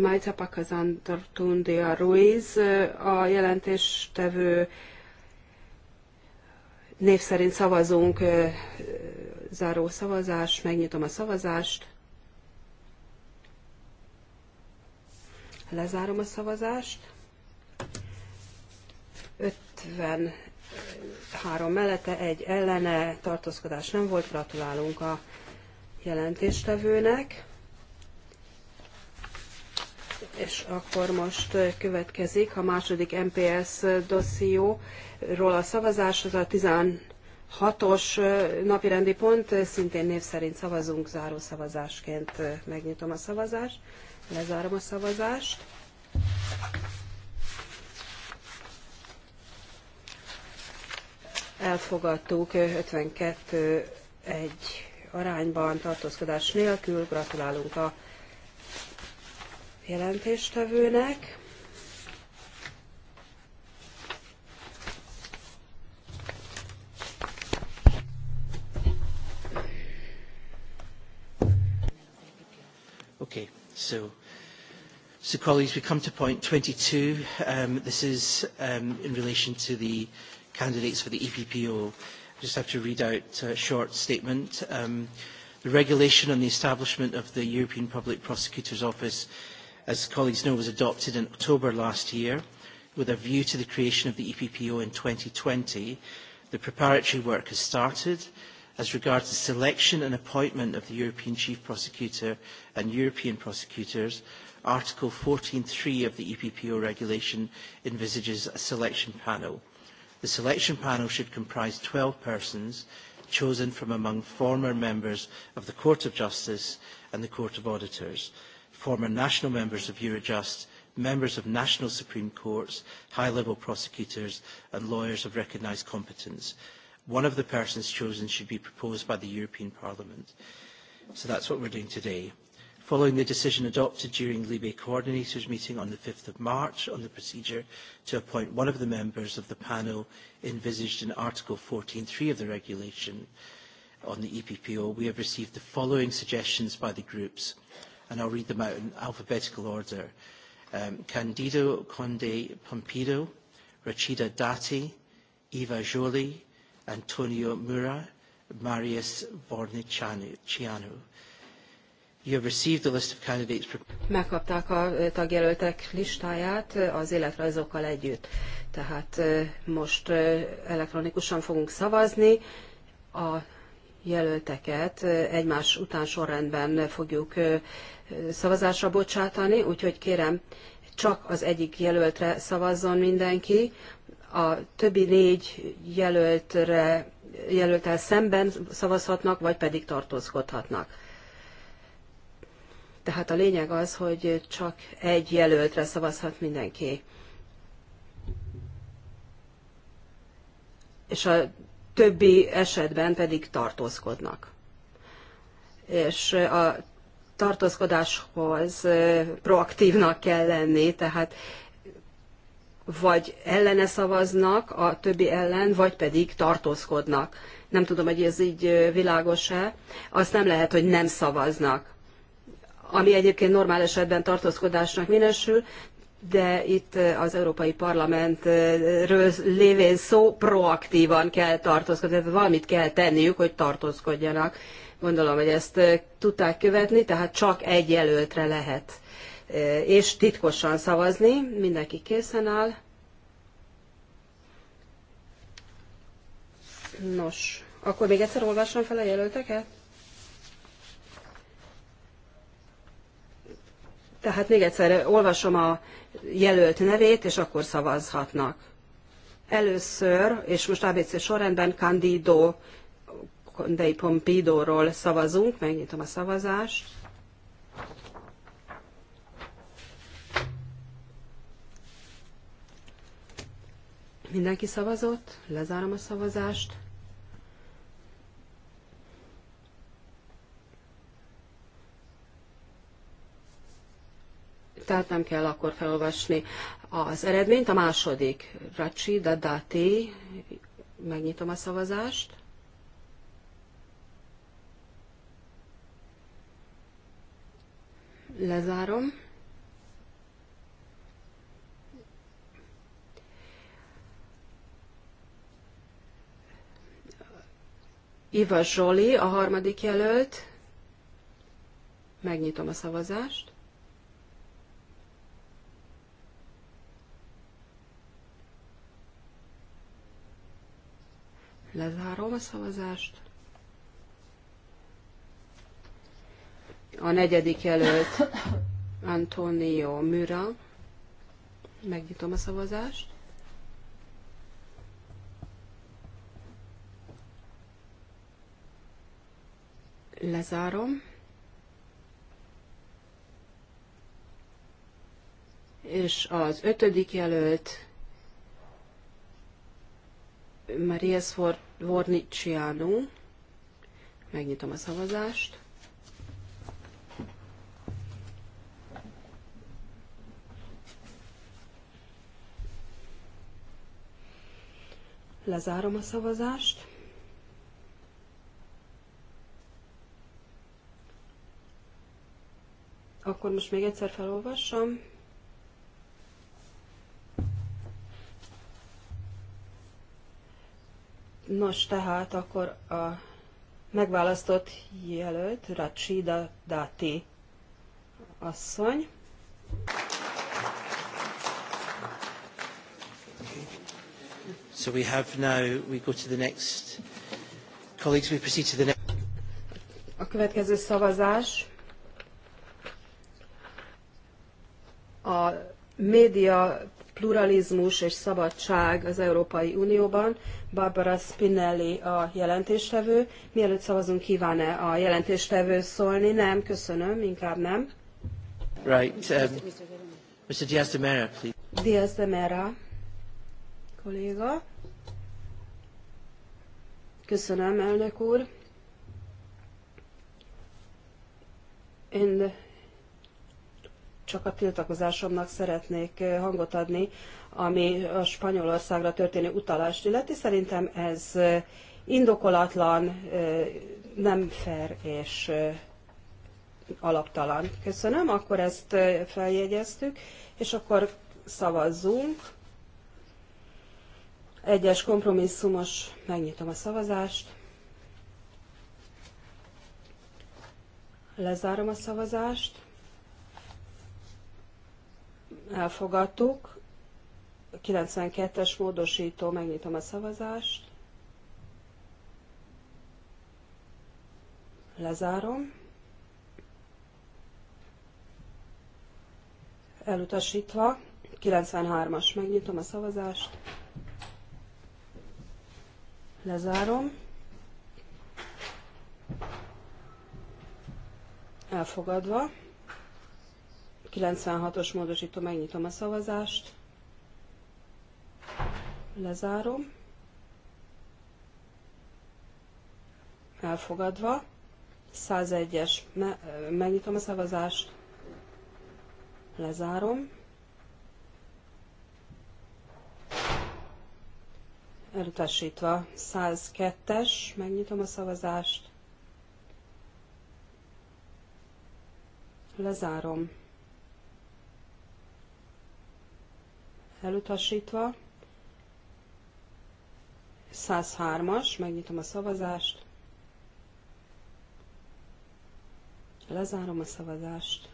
Majtapakazan Tortundia Ruiz, a jelentéstevő név szerint szavazunk, záró szavazás, megnyitom a szavazást. Lezárom a szavazást. 53 mellette, egy ellene, tartózkodás nem volt, gratulálunk a jelentéstevőnek. És akkor most eh, következik a második MPS dosszióról a szavazás, az a 16-os eh, napirendi pont, szintén név szerint szavazunk záró szavazásként. Eh, megnyitom a szavazást, lezárom a szavazást. Elfogadtuk 52 egy arányban, tartózkodás nélkül. Gratulálunk a jelentéstevőnek. Okay, so so colleagues, we come to point 22. Um, this is um, in relation to the candidates for the EPPO. I just have to read out a short statement. Um, the regulation on the establishment of the European Public Prosecutor's Office as colleagues know, was adopted in October last year with a view to the creation of the EPPO in 2020. The preparatory work has started as regards the selection and appointment of the European Chief Prosecutor and European prosecutors. Article 14.3 of the EPPO regulation envisages a selection panel. The selection panel should comprise 12 persons chosen from among former members of the Court of Justice and the Court of Auditors former national members of Eurojust, members of national Supreme Courts, high-level prosecutors and lawyers of recognised competence. One of the persons chosen should be proposed by the European Parliament. So that's what we're doing today. Following the decision adopted during Libe coordinators meeting on the 5th of March on the procedure to appoint one of the members of the panel envisaged in Article 14.3 of the regulation on the EPPO, we have received the following suggestions by the groups and I'll read them out in alphabetical order. Um, Candido Conde Pompido, Rachida Dati, Eva Jolie, Antonio Mura, Marius Vorniciano. You have received the list of candidates. Megkapták a eh, tagjelöltek listáját eh, az életrajzokkal együtt. Tehát eh, most elektronikusan fogunk szavazni. A jelölteket egymás után sorrendben fogjuk szavazásra bocsátani, úgyhogy kérem, csak az egyik jelöltre szavazzon mindenki, a többi négy jelöltre, jelöltel szemben szavazhatnak, vagy pedig tartózkodhatnak. Tehát a lényeg az, hogy csak egy jelöltre szavazhat mindenki. És a többi esetben pedig tartózkodnak. És a tartózkodáshoz proaktívnak kell lenni, tehát vagy ellene szavaznak a többi ellen, vagy pedig tartózkodnak. Nem tudom, hogy ez így világos-e. Azt nem lehet, hogy nem szavaznak ami egyébként normál esetben tartózkodásnak minősül, de itt eh, az Európai Parlamentről lévén szó proaktívan kell tartózkodni, tehát valamit kell tenniük, hogy tartózkodjanak. Gondolom, hogy ezt eh, tudták követni, tehát csak egy jelöltre lehet eh, és titkosan szavazni. Mindenki készen áll. Nos, akkor még egyszer olvassam fel a jelölteket? Tehát még egyszer olvasom a jelölt nevét, és akkor szavazhatnak. Először, és most ABC sorrendben Candido Condei Pompidóról szavazunk, megnyitom a szavazást. Mindenki szavazott, lezárom a szavazást. tehát nem kell akkor felolvasni az eredményt. A második, Racsi Dadati, megnyitom a szavazást. Lezárom. Iva Zsoli, a harmadik jelölt. Megnyitom a szavazást. Lezárom a szavazást. A negyedik jelölt Antonio Mura. Megnyitom a szavazást. Lezárom. És az ötödik jelölt Maria Sfort Vorniciano. Megnyitom a szavazást. Lezárom a szavazást. Akkor most még egyszer felolvassam. Nos, tehát akkor a megválasztott jelölt Rachida Dati asszony. So we have now, we go to the next, colleagues, we proceed to the next. A következő szavazás a média pluralizmus és szabadság az Európai Unióban. Barbara Spinelli a jelentéstevő. Mielőtt szavazunk, kíván-e a jelentéstevő szólni? Nem, köszönöm, inkább nem. Right. Um, Mr. Diaz de Mera, please. Diaz de Mera, kolléga. Köszönöm, elnök úr. Én csak a tiltakozásomnak szeretnék hangot adni, ami a Spanyolországra történő utalást illeti. Szerintem ez indokolatlan, nem fair és alaptalan. Köszönöm, akkor ezt feljegyeztük, és akkor szavazzunk. Egyes kompromisszumos, megnyitom a szavazást. Lezárom a szavazást elfogadtuk. 92-es módosító, megnyitom a szavazást. Lezárom. Elutasítva. 93-as, megnyitom a szavazást. Lezárom. Elfogadva. 96-os módosító, megnyitom a szavazást, lezárom, elfogadva, 101-es, megnyitom a szavazást, lezárom, elutasítva, 102-es, megnyitom a szavazást, lezárom. elutasítva. 103-as, megnyitom a szavazást. Lezárom a szavazást.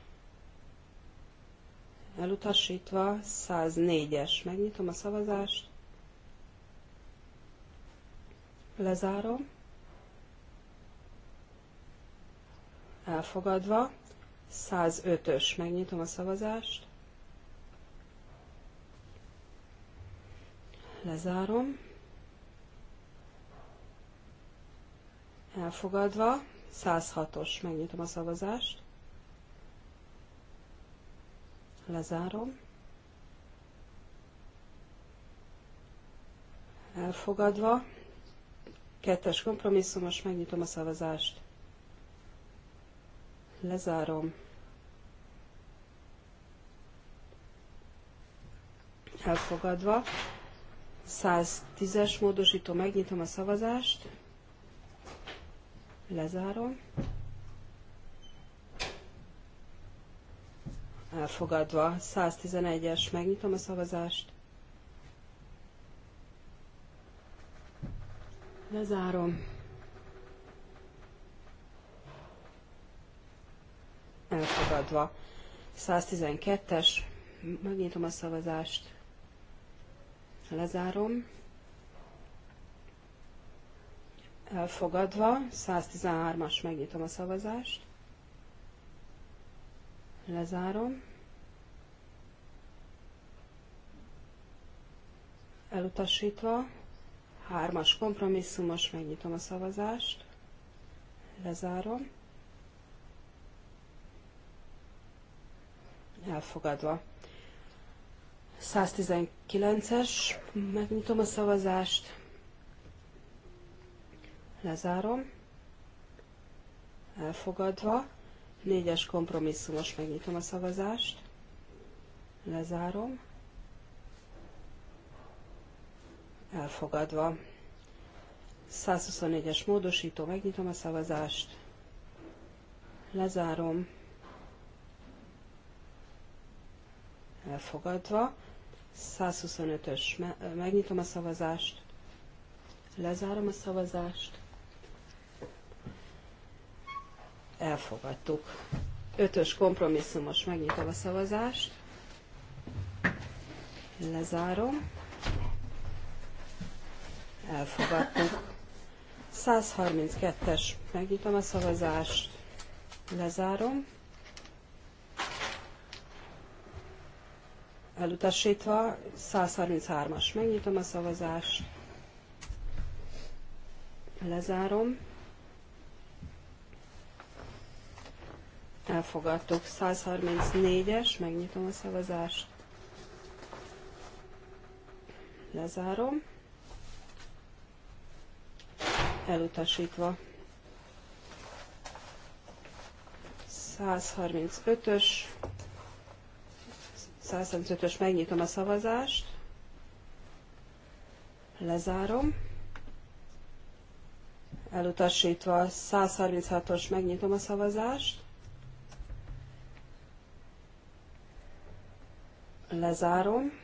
Elutasítva 104-es, megnyitom a szavazást. Lezárom. Elfogadva. 105-ös, megnyitom a szavazást. Lezárom. Elfogadva. 106-os. Megnyitom a szavazást. Lezárom. Elfogadva. Kettes kompromisszumos. Megnyitom a szavazást. Lezárom. Elfogadva. 110-es módosító, megnyitom a szavazást, lezárom. Elfogadva. 111-es, megnyitom a szavazást. Lezárom. Elfogadva. 112-es, megnyitom a szavazást. Lezárom. Elfogadva. 113-as. Megnyitom a szavazást. Lezárom. Elutasítva. 3-as kompromisszumos. Megnyitom a szavazást. Lezárom. Elfogadva. 119-es, megnyitom a szavazást, lezárom, elfogadva, 4-es kompromisszumos, megnyitom a szavazást, lezárom, elfogadva. 124-es módosító, megnyitom a szavazást, lezárom, elfogadva. 125-ös. Megnyitom a szavazást. Lezárom a szavazást. Elfogadtuk. 5ös kompromisszumos. Megnyitom a szavazást. Lezárom. Elfogadtuk. 132-es. Megnyitom a szavazást. Lezárom. elutasítva, 133-as. Megnyitom a szavazást, lezárom. Elfogadtuk. 134-es, megnyitom a szavazást, lezárom. Elutasítva. 135-ös, 135-ös megnyitom a szavazást, lezárom, elutasítva 136-os megnyitom a szavazást, lezárom,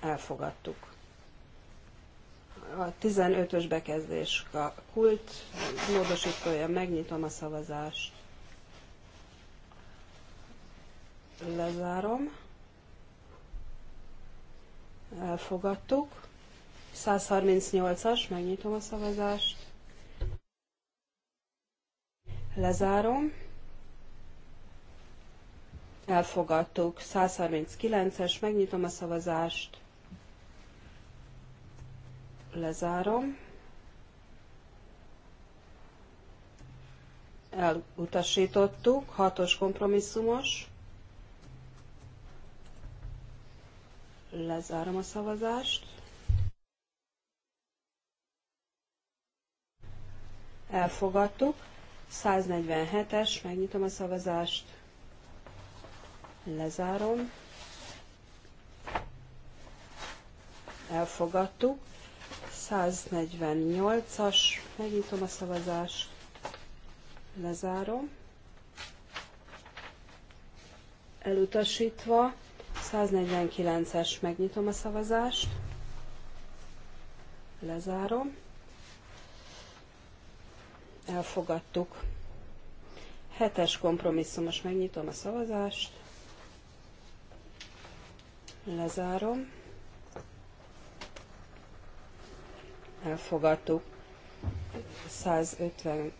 elfogadtuk. A 15-ös bekezdés a kult módosítója, megnyitom a szavazást. Lezárom. Elfogadtuk. 138-as, megnyitom a szavazást. Lezárom. Elfogadtuk. 139-es, megnyitom a szavazást. Lezárom. Elutasítottuk. Hatos kompromisszumos. Lezárom a szavazást. Elfogadtuk. 147-es, megnyitom a szavazást. Lezárom. Elfogadtuk. 148-as, megnyitom a szavazást. Lezárom. Elutasítva. 149-es, megnyitom a szavazást, lezárom, elfogadtuk. es kompromisszumos, megnyitom a szavazást, lezárom, elfogadtuk. 152-es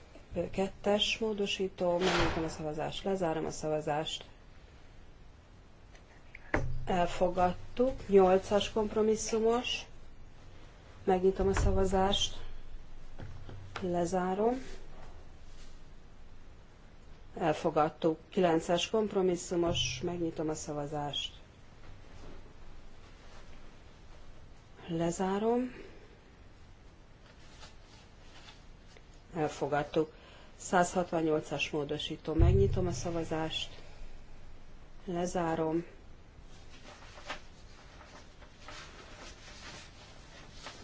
módosító, megnyitom a szavazást, lezárom a szavazást, elfogadtuk. 8-as kompromisszumos. Megnyitom a szavazást. Lezárom. Elfogadtuk. 9-es kompromisszumos. Megnyitom a szavazást. Lezárom. Elfogadtuk. 168-as módosító. Megnyitom a szavazást. Lezárom.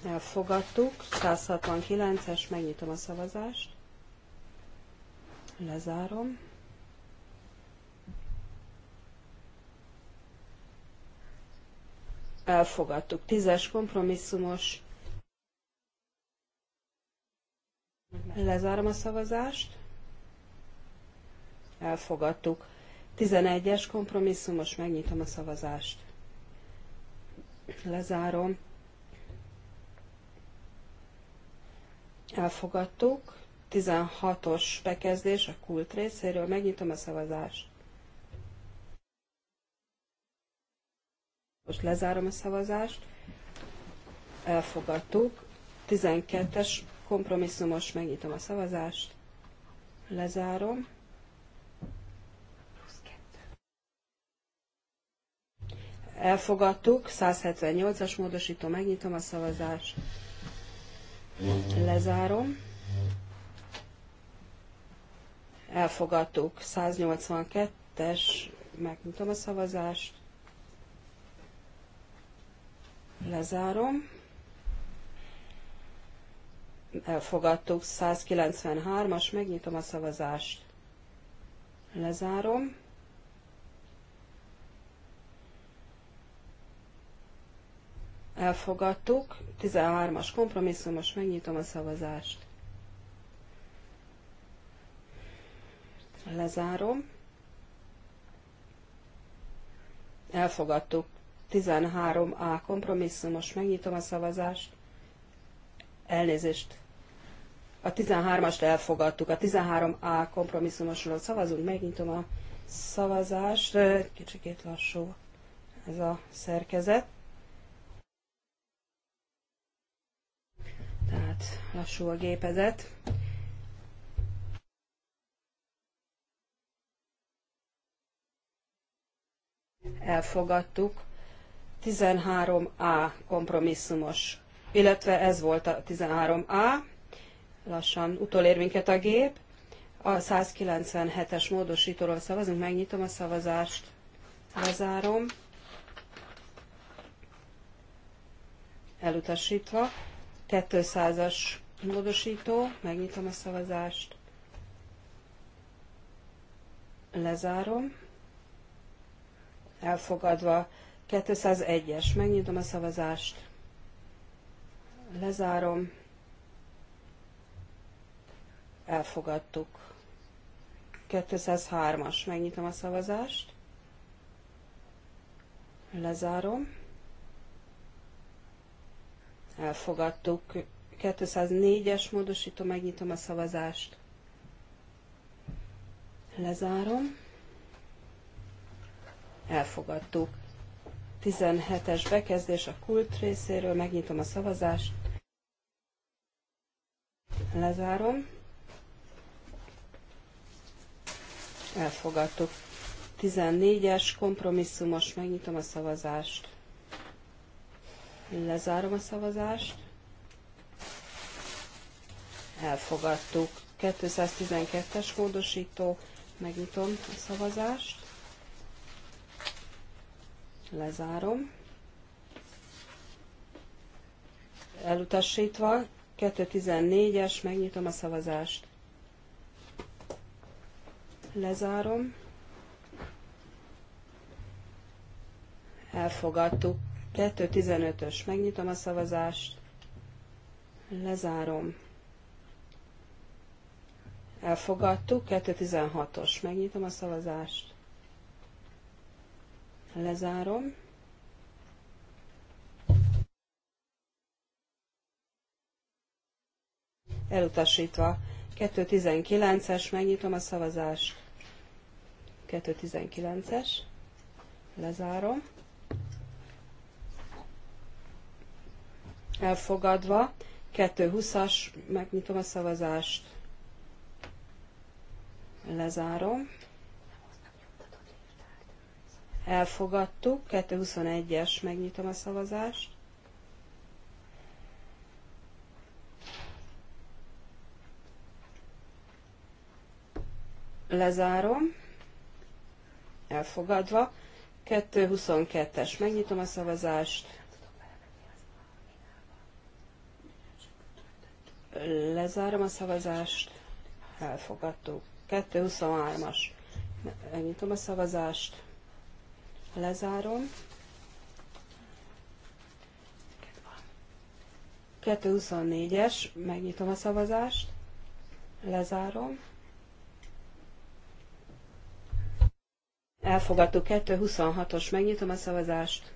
elfogadtuk. 169-es, megnyitom a szavazást. Lezárom. Elfogadtuk. 10-es kompromisszumos. Lezárom a szavazást. Elfogadtuk. 11-es kompromisszumos, megnyitom a szavazást. Lezárom. Elfogadtuk. 16-os bekezdés a kult részéről. Megnyitom a szavazást. Most lezárom a szavazást. Elfogadtuk. 12-es kompromisszumos, megnyitom a szavazást. Lezárom. Elfogadtuk. 178-as módosító, megnyitom a szavazást. Lezárom. Elfogadtuk. 182-es, megnyitom a szavazást. Lezárom. Elfogadtuk. 193-as, megnyitom a szavazást. Lezárom elfogadtuk. 13-as kompromisszumos, megnyitom a szavazást. Lezárom. Elfogadtuk. 13A kompromisszumos, megnyitom a szavazást. Elnézést. A 13-ast elfogadtuk. A 13A kompromisszumosról szavazunk, megnyitom a szavazást. Kicsikét lassú ez a szerkezet. bocsánat, lassú a gépezet. Elfogadtuk. 13A kompromisszumos, illetve ez volt a 13A, lassan utolér minket a gép. A 197-es módosítóról szavazunk, megnyitom a szavazást, lezárom, elutasítva. 200-as módosító, megnyitom a szavazást, lezárom, elfogadva, 201-es, megnyitom a szavazást, lezárom, elfogadtuk. 203-as, megnyitom a szavazást, lezárom, elfogadtuk. 204-es módosító, megnyitom a szavazást. Lezárom. Elfogadtuk. 17-es bekezdés a kult részéről, megnyitom a szavazást. Lezárom. Elfogadtuk. 14-es kompromisszumos, megnyitom a szavazást. Lezárom a szavazást. Elfogadtuk. 212-es módosító. Megnyitom a szavazást. Lezárom. Elutasítva. 214-es. Megnyitom a szavazást. Lezárom. Elfogadtuk. 2.15-ös. Megnyitom a szavazást. Lezárom. Elfogadtuk. 2.16-os. Megnyitom a szavazást. Lezárom. Elutasítva. 2.19-es. Megnyitom a szavazást. 2.19-es. Lezárom. elfogadva. 220-as, megnyitom a szavazást, lezárom. Elfogadtuk, 221-es, megnyitom a szavazást. Lezárom, elfogadva. 222-es, megnyitom a szavazást. Lezárom a szavazást. Elfogadtuk. 223-as. Megnyitom a szavazást. Lezárom. 224-es, megnyitom a szavazást, lezárom. Elfogadtuk 226-os, megnyitom a szavazást,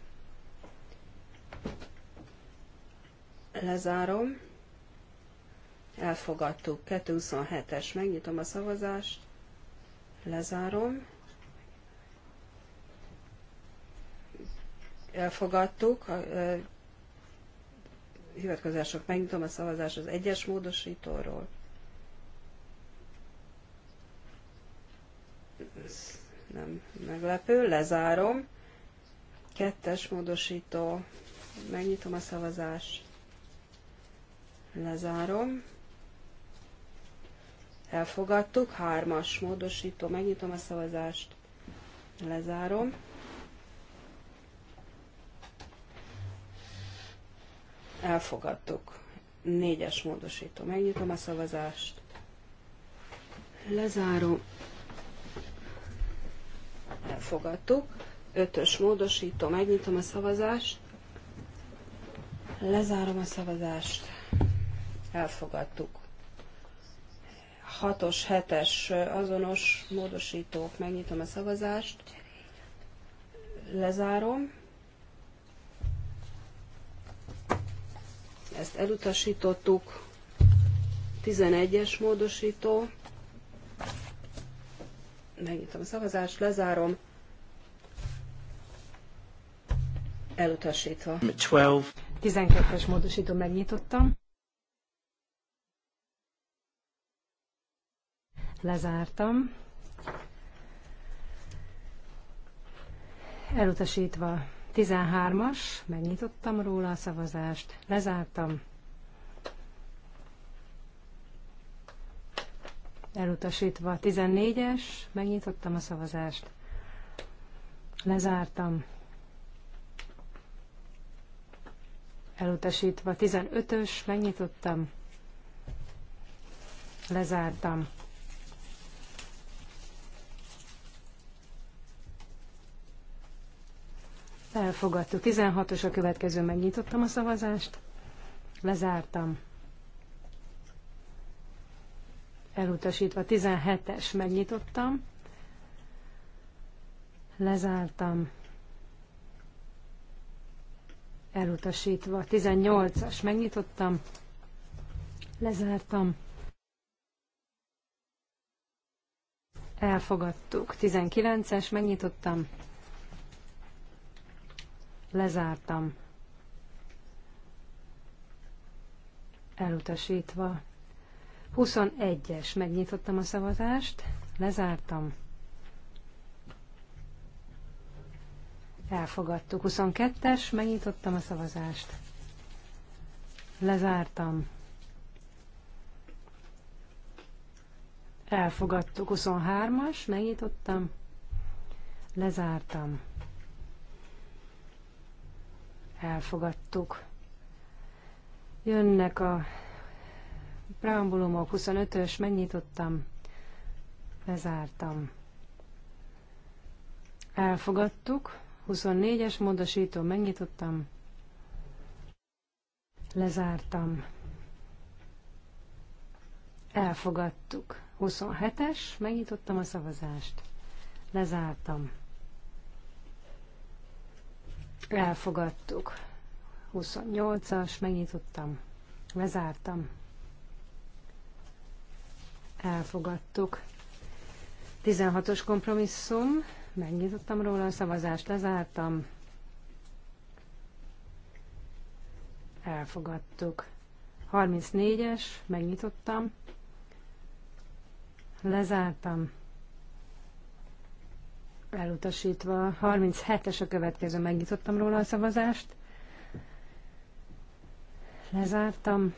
lezárom elfogadtuk. 227-es, megnyitom a szavazást, lezárom. Elfogadtuk, a hivatkozások, megnyitom a szavazást az egyes módosítóról. Ez nem meglepő, lezárom. Kettes módosító, megnyitom a szavazást lezárom elfogadtuk. Hármas módosító, megnyitom a szavazást, lezárom. Elfogadtuk. Négyes módosító, megnyitom a szavazást, lezárom. Elfogadtuk. Ötös módosító, megnyitom a szavazást, lezárom a szavazást, elfogadtuk. 6-os, 7-es azonos módosítók. Megnyitom a szavazást. Lezárom. Ezt elutasítottuk. 11-es módosító. Megnyitom a szavazást, lezárom. Elutasítva. 12. es módosító megnyitottam. Lezártam. Elutasítva 13-as, megnyitottam róla a szavazást, lezártam. Elutasítva 14-es, megnyitottam a szavazást, lezártam. Elutasítva 15-ös, megnyitottam, lezártam. Elfogadtuk. 16-os a következő, megnyitottam a szavazást. Lezártam. Elutasítva 17-es, megnyitottam. Lezártam. Elutasítva 18-as, megnyitottam. Lezártam. Elfogadtuk. 19-es, megnyitottam Lezártam. Elutasítva. 21-es. Megnyitottam a szavazást. Lezártam. Elfogadtuk. 22-es. Megnyitottam a szavazást. Lezártam. Elfogadtuk. 23-as. Megnyitottam. Lezártam elfogadtuk. Jönnek a preambulumok, 25-ös, megnyitottam, lezártam. Elfogadtuk, 24-es módosító, megnyitottam, lezártam. Elfogadtuk. 27-es, megnyitottam a szavazást. Lezártam. Elfogadtuk. 28-as, megnyitottam, lezártam. Elfogadtuk. 16-os kompromisszum, megnyitottam róla a szavazást, lezártam. Elfogadtuk. 34-es, megnyitottam, lezártam elutasítva. 37-es a következő, megnyitottam róla a szavazást. Lezártam.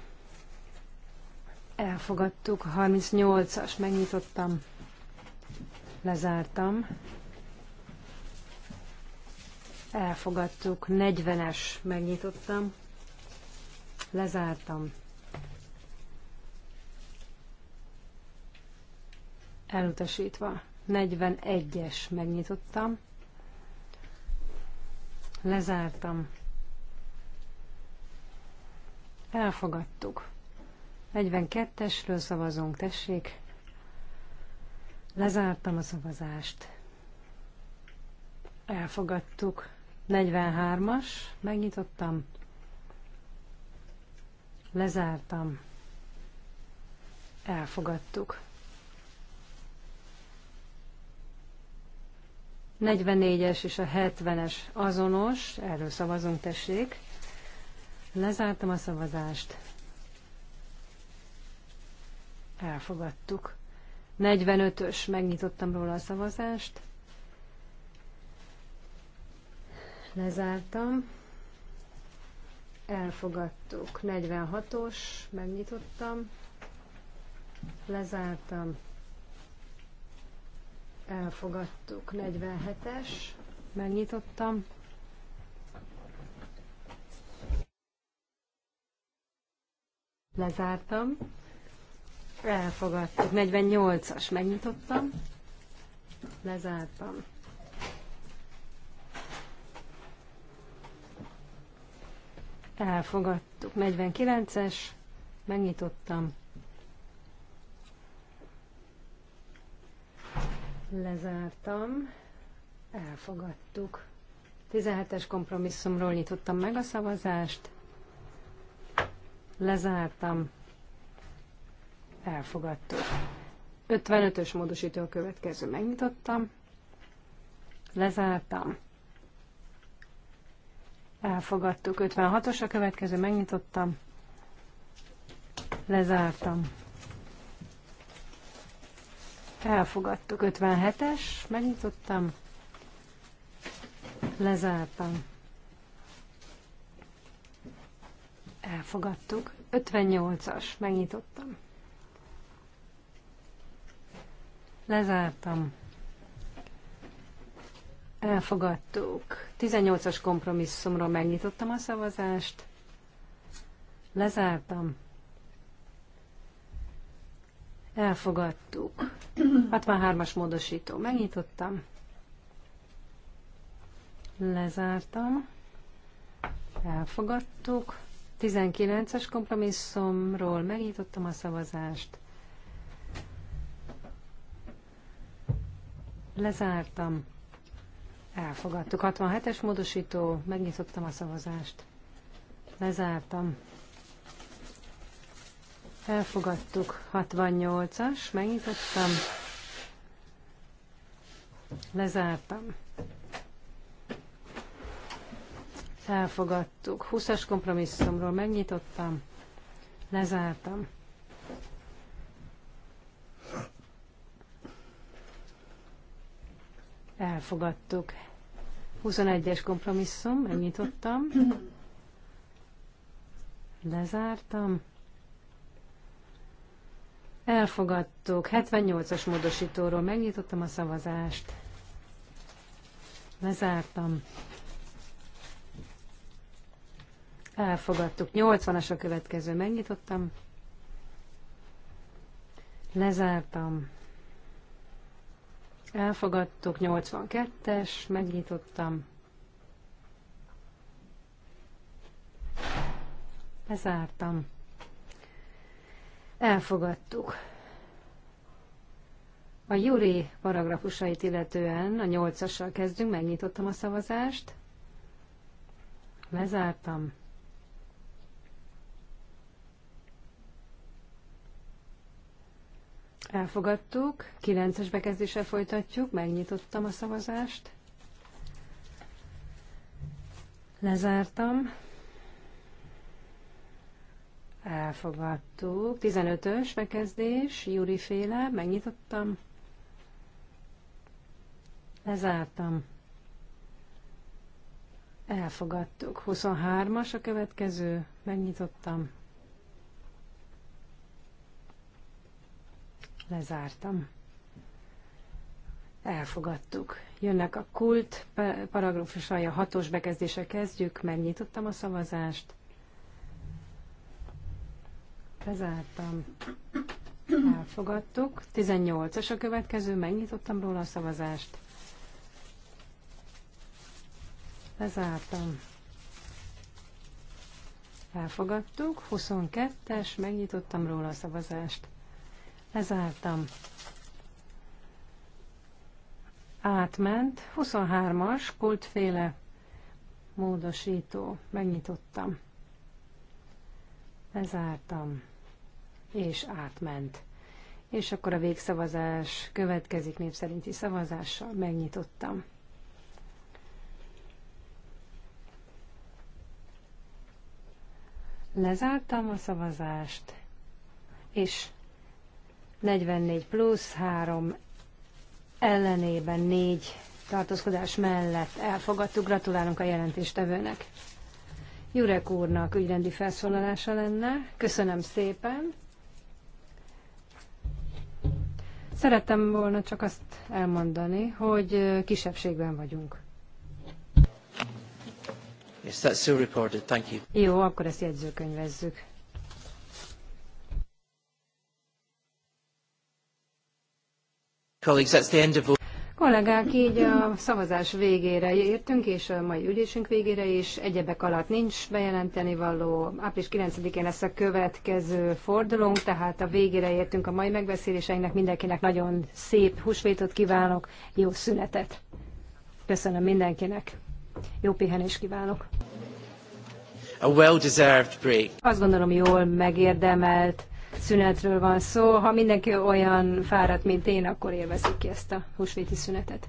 Elfogadtuk. 38-as, megnyitottam. Lezártam. Elfogadtuk. 40-es, megnyitottam. Lezártam. Elutasítva. 41-es megnyitottam, lezártam, elfogadtuk. 42-esről szavazunk, tessék. Lezártam a szavazást. Elfogadtuk. 43-as, megnyitottam. Lezártam. Elfogadtuk. 44-es és a 70-es azonos, erről szavazunk, tessék. Lezártam a szavazást. Elfogadtuk. 45-ös, megnyitottam róla a szavazást. Lezártam. Elfogadtuk. 46-os, megnyitottam. Lezártam elfogadtuk. 47-es, megnyitottam. Lezártam. Elfogadtuk. 48-as, megnyitottam. Lezártam. Elfogadtuk. 49-es, megnyitottam. Lezártam. Elfogadtuk. 17-es kompromisszumról nyitottam meg a szavazást. Lezártam. Elfogadtuk. 55-ös módosító a következő. Megnyitottam. Lezártam. Elfogadtuk. 56-os a következő. Megnyitottam. Lezártam Elfogadtuk. 57-es, megnyitottam, lezártam. Elfogadtuk. 58-as, megnyitottam. Lezártam. Elfogadtuk. 18-as kompromisszumról megnyitottam a szavazást. Lezártam. Elfogadtuk. 63-as módosító. Megnyitottam. Lezártam. Elfogadtuk. 19-es kompromisszumról megnyitottam a szavazást. Lezártam. Elfogadtuk. 67-es módosító. Megnyitottam a szavazást. Lezártam. Elfogadtuk 68-as, megnyitottam, lezártam. Elfogadtuk. 20-as kompromisszumról megnyitottam, lezártam. Elfogadtuk. 21-es kompromisszum, megnyitottam, lezártam. Elfogadtuk. 78-as módosítóról megnyitottam a szavazást. Lezártam. Elfogadtuk. 80-as a következő. Megnyitottam. Lezártam. Elfogadtuk. 82-es. Megnyitottam. Lezártam. Elfogadtuk. A júri paragrafusait illetően a nyolcassal kezdünk, megnyitottam a szavazást, lezártam. Elfogadtuk, kilences bekezdéssel folytatjuk, megnyitottam a szavazást, lezártam. Elfogadtuk. 15-ös bekezdés, Júri féle, megnyitottam. Lezártam. Elfogadtuk. 23-as a következő, megnyitottam. Lezártam. Elfogadtuk. Jönnek a kult paragrafusai, a hatos bekezdése kezdjük, megnyitottam a szavazást bezártam, Elfogadtuk. 18-as a következő, megnyitottam róla a szavazást. Bezártam. Elfogadtuk. 22-es, megnyitottam róla a szavazást. Lezártam. Átment. 23-as, kultféle módosító. Megnyitottam. Lezártam és átment. És akkor a végszavazás következik népszerinti szavazással, megnyitottam. Lezártam a szavazást, és 44 plusz 3 ellenében 4 tartózkodás mellett elfogadtuk. Gratulálunk a jelentéstevőnek. Jurek úrnak ügyrendi felszólalása lenne. Köszönöm szépen. Szerettem volna csak azt elmondani, hogy kisebbségben vagyunk. Yes, that's still recorded. Thank you. Jó, akkor ezt jegyzőkönyvezzük. Colleagues, that's the end of Kollégák, így a szavazás végére értünk, és a mai ülésünk végére is. Egyebek alatt nincs bejelenteni való. Április 9-én lesz a következő fordulónk, tehát a végére értünk a mai megbeszéléseinknek. Mindenkinek nagyon szép húsvétot kívánok, jó szünetet. Köszönöm mindenkinek. Jó pihenést kívánok. A well-deserved break. Azt gondolom, jól megérdemelt szünetről van szó. Ha mindenki olyan fáradt, mint én, akkor élvezik ki ezt a húsvéti szünetet.